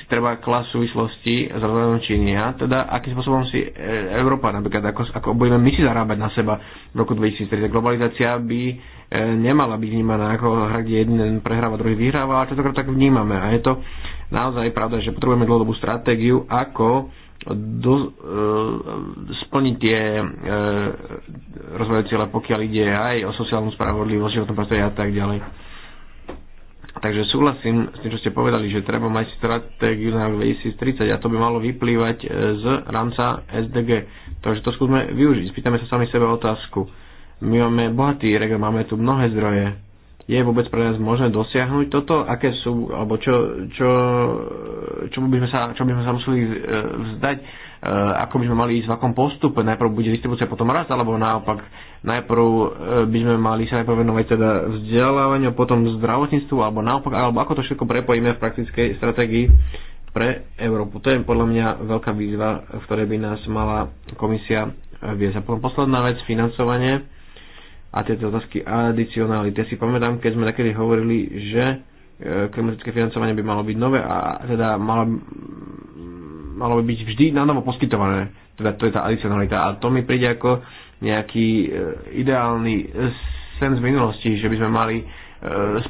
si treba klas v súvislosti s rozhľadom Číny. A teda akým spôsobom si e, Európa napríklad, ako, ako budeme my si zarábať na seba v roku 2030. Globalizácia by e, nemala byť vnímaná ako hra, kde jeden prehráva, druhý vyhráva, ale to tak vnímame. A je to naozaj pravda, že potrebujeme dlhodobú stratégiu, ako do, e, splniť tie e, rozvojové cieľe, pokiaľ ide aj o sociálnu spravodlivosť, životné prostredie a tak ďalej. Takže súhlasím s tým, čo ste povedali, že treba mať stratégiu na 2030 a to by malo vyplývať e, z rámca SDG. Takže to skúsme využiť. Spýtame sa sami sebe otázku. My máme bohatý region, máme tu mnohé zdroje, je vôbec pre nás možné dosiahnuť toto, aké sú, alebo čo, čo, čo by sme sa, čo by sme sa museli e, vzdať, e, ako by sme mali ísť v akom postupe, najprv bude distribúcia, potom rast, alebo naopak, najprv e, by sme mali sa najprv venovať teda vzdelávaniu, potom zdravotníctvu, alebo naopak, alebo ako to všetko prepojíme v praktickej stratégii pre Európu. To je podľa mňa veľká výzva, v ktorej by nás mala komisia viesť. A potom posledná vec, financovanie a tieto otázky adicionality. Ja si pamätám, keď sme takedy hovorili, že e, klimatické financovanie by malo byť nové a teda malo, malo by byť vždy na novo poskytované. Teda to je tá adicionalita. A to mi príde ako nejaký e, ideálny e, sen z minulosti, že by sme mali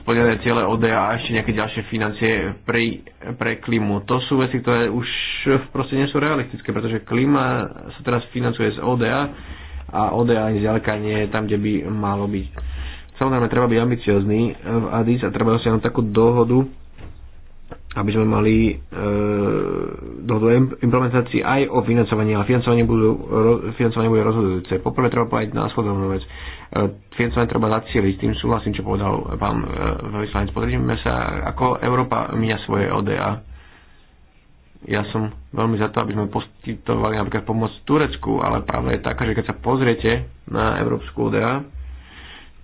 splnené ciele ODA a ešte nejaké ďalšie financie pre, pre klímu. To sú veci, ktoré už proste nie sú realistické, pretože klima sa teraz financuje z ODA a ODA ani zďaleka nie je tam, kde by malo byť. Samozrejme, treba byť ambiciozný v Adis a treba dosiahnuť takú dohodu, aby sme mali e, dohodu implementácii aj o financovaní, ale financovanie, budú, ro, financovanie bude rozhodujúce. Poprvé treba povedať následovnú vec. E, financovanie treba zacieliť, tým súhlasím, čo povedal pán e, vyslanec. Podržíme sa, ako Európa míňa svoje ODA ja som veľmi za to, aby sme poskytovali napríklad pomoc Turecku, ale pravda je taká, že keď sa pozriete na Európsku ODA,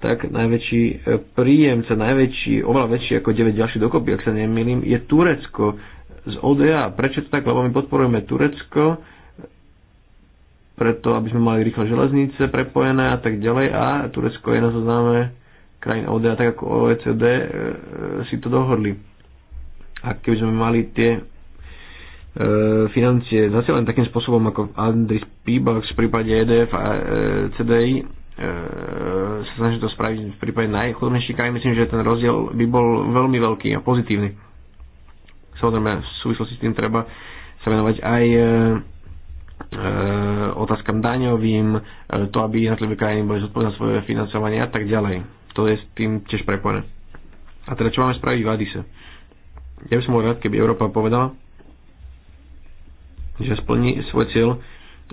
tak najväčší e, príjemca, najväčší, oveľa väčší ako 9 ďalších dokopy, ak sa nemýlim, je Turecko z ODA. Prečo to tak? Lebo my podporujeme Turecko, e, preto aby sme mali rýchle železnice prepojené a tak ďalej a Turecko je na zozname krajín ODA, tak ako OECD e, si to dohodli. A keby sme mali tie E, financie len takým spôsobom ako Andris Pibox v prípade EDF a e, CDI e, sa snaží to spraviť v prípade najchudobnejších krajín, myslím, že ten rozdiel by bol veľmi veľký a pozitívny. Samozrejme, v súvislosti s tým treba sa venovať aj otázkam daňovým, to, aby jednotlivé krajiny boli zodpovedné svoje financovanie a tak ďalej. To je s tým tiež prepojené. A teda čo máme spraviť v Adise? Ja by som bol rád, keby Európa povedala, že splní svoj cieľ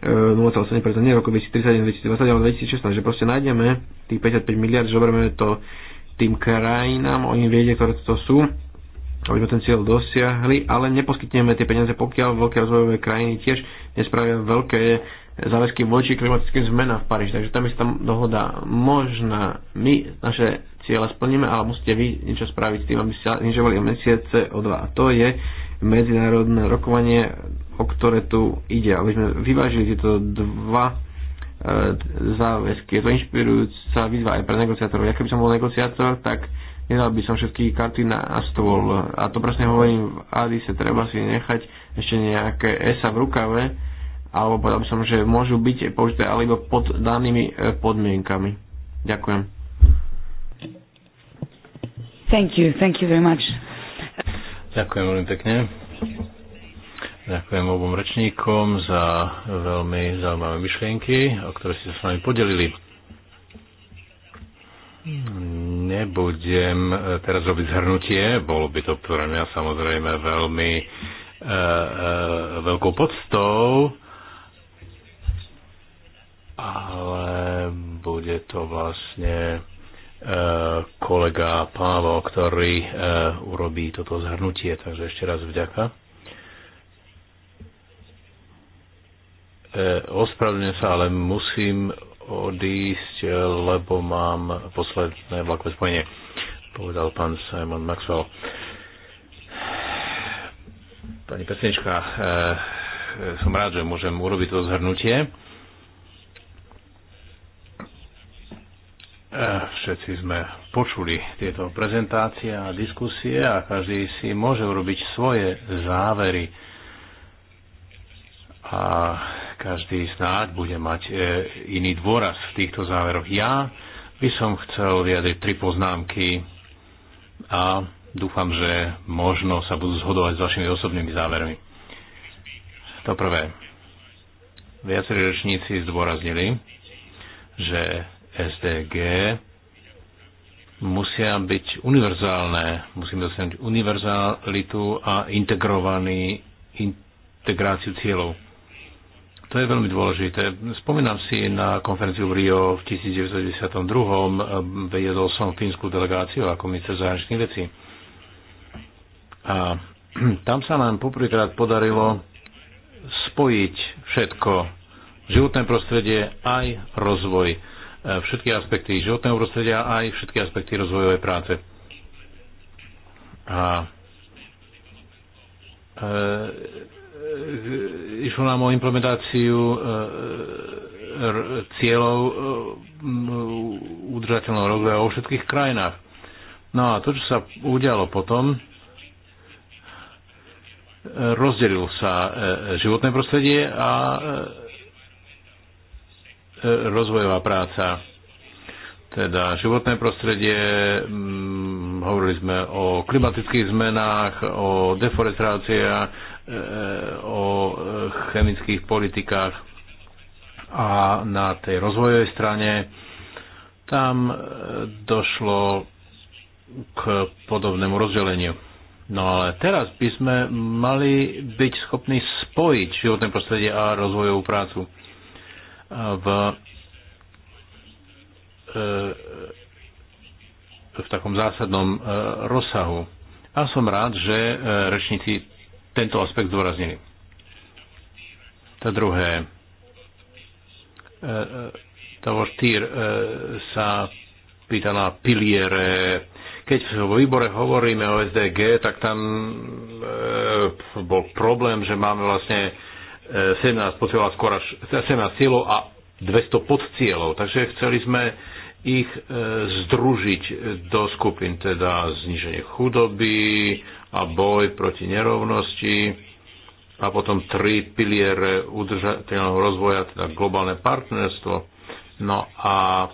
0,7% e, nie roku 2031, 2020, ale 2016, že proste nájdeme tých 55 miliard, zoberieme to tým krajinám, oni vedia, ktoré to sú, aby sme ten cieľ dosiahli, ale neposkytneme tie peniaze, pokiaľ veľké rozvojové krajiny tiež nespravia veľké záväzky voči klimatickým zmenám v Paríži. Takže tam je tam dohoda možná. My naše cieľa splníme, ale musíte vy niečo spraviť s tým, aby ste znižovali o mesiace o dva. A to je medzinárodné rokovanie o ktoré tu ide, aby sme vyvážili tieto dva e, záväzky. Je to inšpirujúca výzva aj pre negociátorov. Ja keby som bol negociátor, tak nedal by som všetky karty na stôl. A to presne hovorím v Adise, treba si nechať ešte nejaké ESA v rukave, alebo povedal by som, že môžu byť použité alebo pod danými e, podmienkami. Ďakujem. Thank you, thank you very much. Ďakujem veľmi pekne. Ďakujem obom rečníkom za veľmi zaujímavé myšlienky, o ktoré ste sa s nami podelili. Nebudem teraz robiť zhrnutie, bolo by to pre mňa samozrejme veľmi e, e, veľkou poctou, ale bude to vlastne e, kolega Pávo, ktorý e, urobí toto zhrnutie, takže ešte raz vďaka. E, ospravedlňujem sa, ale musím odísť, lebo mám posledné vlakové spojenie, povedal pán Simon Maxwell. Pani pesnička, e, som rád, že môžem urobiť to zhrnutie. E, všetci sme počuli tieto prezentácie a diskusie a každý si môže urobiť svoje závery. A každý snáď bude mať e, iný dôraz v týchto záveroch. Ja by som chcel vyjadriť tri poznámky a dúfam, že možno sa budú zhodovať s vašimi osobnými závermi. To prvé. Viacerí rečníci zdôraznili, že SDG musia byť univerzálne. Musíme dosiahnuť univerzalitu a integrovaný integráciu cieľov. To je veľmi dôležité. Spomínam si na konferenciu v Rio v 1992. Viedol som fínsku delegáciu ako minister zahraničných vecí. A tam sa nám poprvýkrát podarilo spojiť všetko. Životné prostredie aj rozvoj. E, všetky aspekty životného prostredia aj všetky aspekty rozvojovej práce. A e, E, išlo nám o implementáciu e, cieľov e, udržateľného rozvoja vo všetkých krajinách. No a to, čo sa udialo potom, rozdelil sa životné prostredie a rozvojová práca. Teda životné prostredie, hovorili sme o klimatických zmenách, o deforestáciách, Eh, o eh, chemických politikách a na tej rozvojovej strane tam eh, došlo k podobnému rozdeleniu. No ale teraz by sme mali byť schopní spojiť životné prostredie a rozvojovú prácu. V, v takom zásadnom rozsahu. A som rád, že rečníci tento aspekt zdôraznili. To druhé, Tavor e, e, Týr e, sa pýta na piliere. Keď v výbore hovoríme o SDG, tak tam bol problém, že máme vlastne 17 podcieľov, skôr až 17 cieľov a 200 podcieľov. Takže chceli sme ich združiť do skupín, teda zniženie chudoby, a boj proti nerovnosti a potom tri piliere udržateľného rozvoja, teda globálne partnerstvo. No a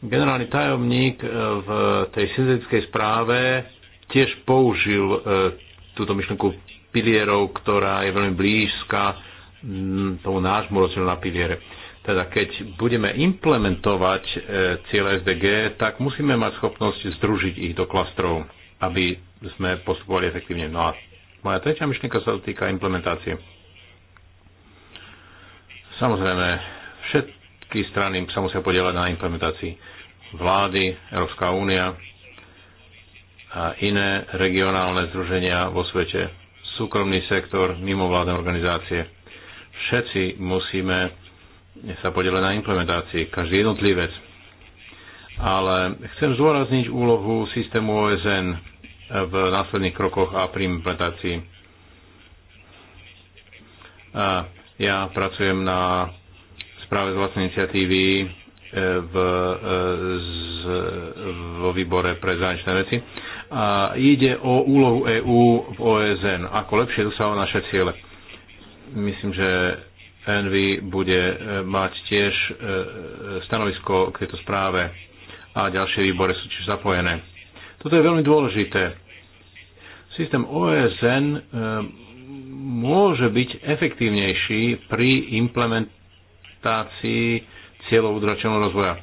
generálny tajomník e, v tej syntetickej správe tiež použil e, túto myšlenku pilierov, ktorá je veľmi blízka tomu nášmu rozdielu na piliere. Teda keď budeme implementovať e, SDG, tak musíme mať schopnosť združiť ich do klastrov, aby sme postupovali efektívne. No a moja tretia myšlienka sa týka implementácie. Samozrejme, všetky strany sa musia podielať na implementácii. Vlády, Európska únia a iné regionálne združenia vo svete, súkromný sektor, mimovládne organizácie. Všetci musíme sa podielať na implementácii, každý jednotlivec. Ale chcem zdôrazniť úlohu systému OSN, v následných krokoch a pri implementácii. A ja pracujem na správe z vlastnej iniciatívy e, v, e, z, vo výbore pre zahraničné veci. A ide o úlohu EÚ v OSN, e ako lepšie dosahovať naše ciele. Myslím, že Envy bude mať tiež stanovisko k tejto správe a ďalšie výbore sú tiež zapojené toto je veľmi dôležité. Systém OSN e, môže byť efektívnejší pri implementácii cieľov udračeného rozvoja.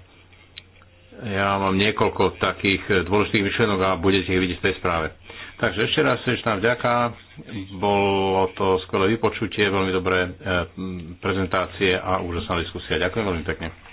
Ja mám niekoľko takých dôležitých myšlenok a budete ich vidieť v tej správe. Takže ešte raz srdečná vďaka. Bolo to skvelé vypočutie, veľmi dobré e, prezentácie a úžasná diskusia. Ďakujem veľmi pekne.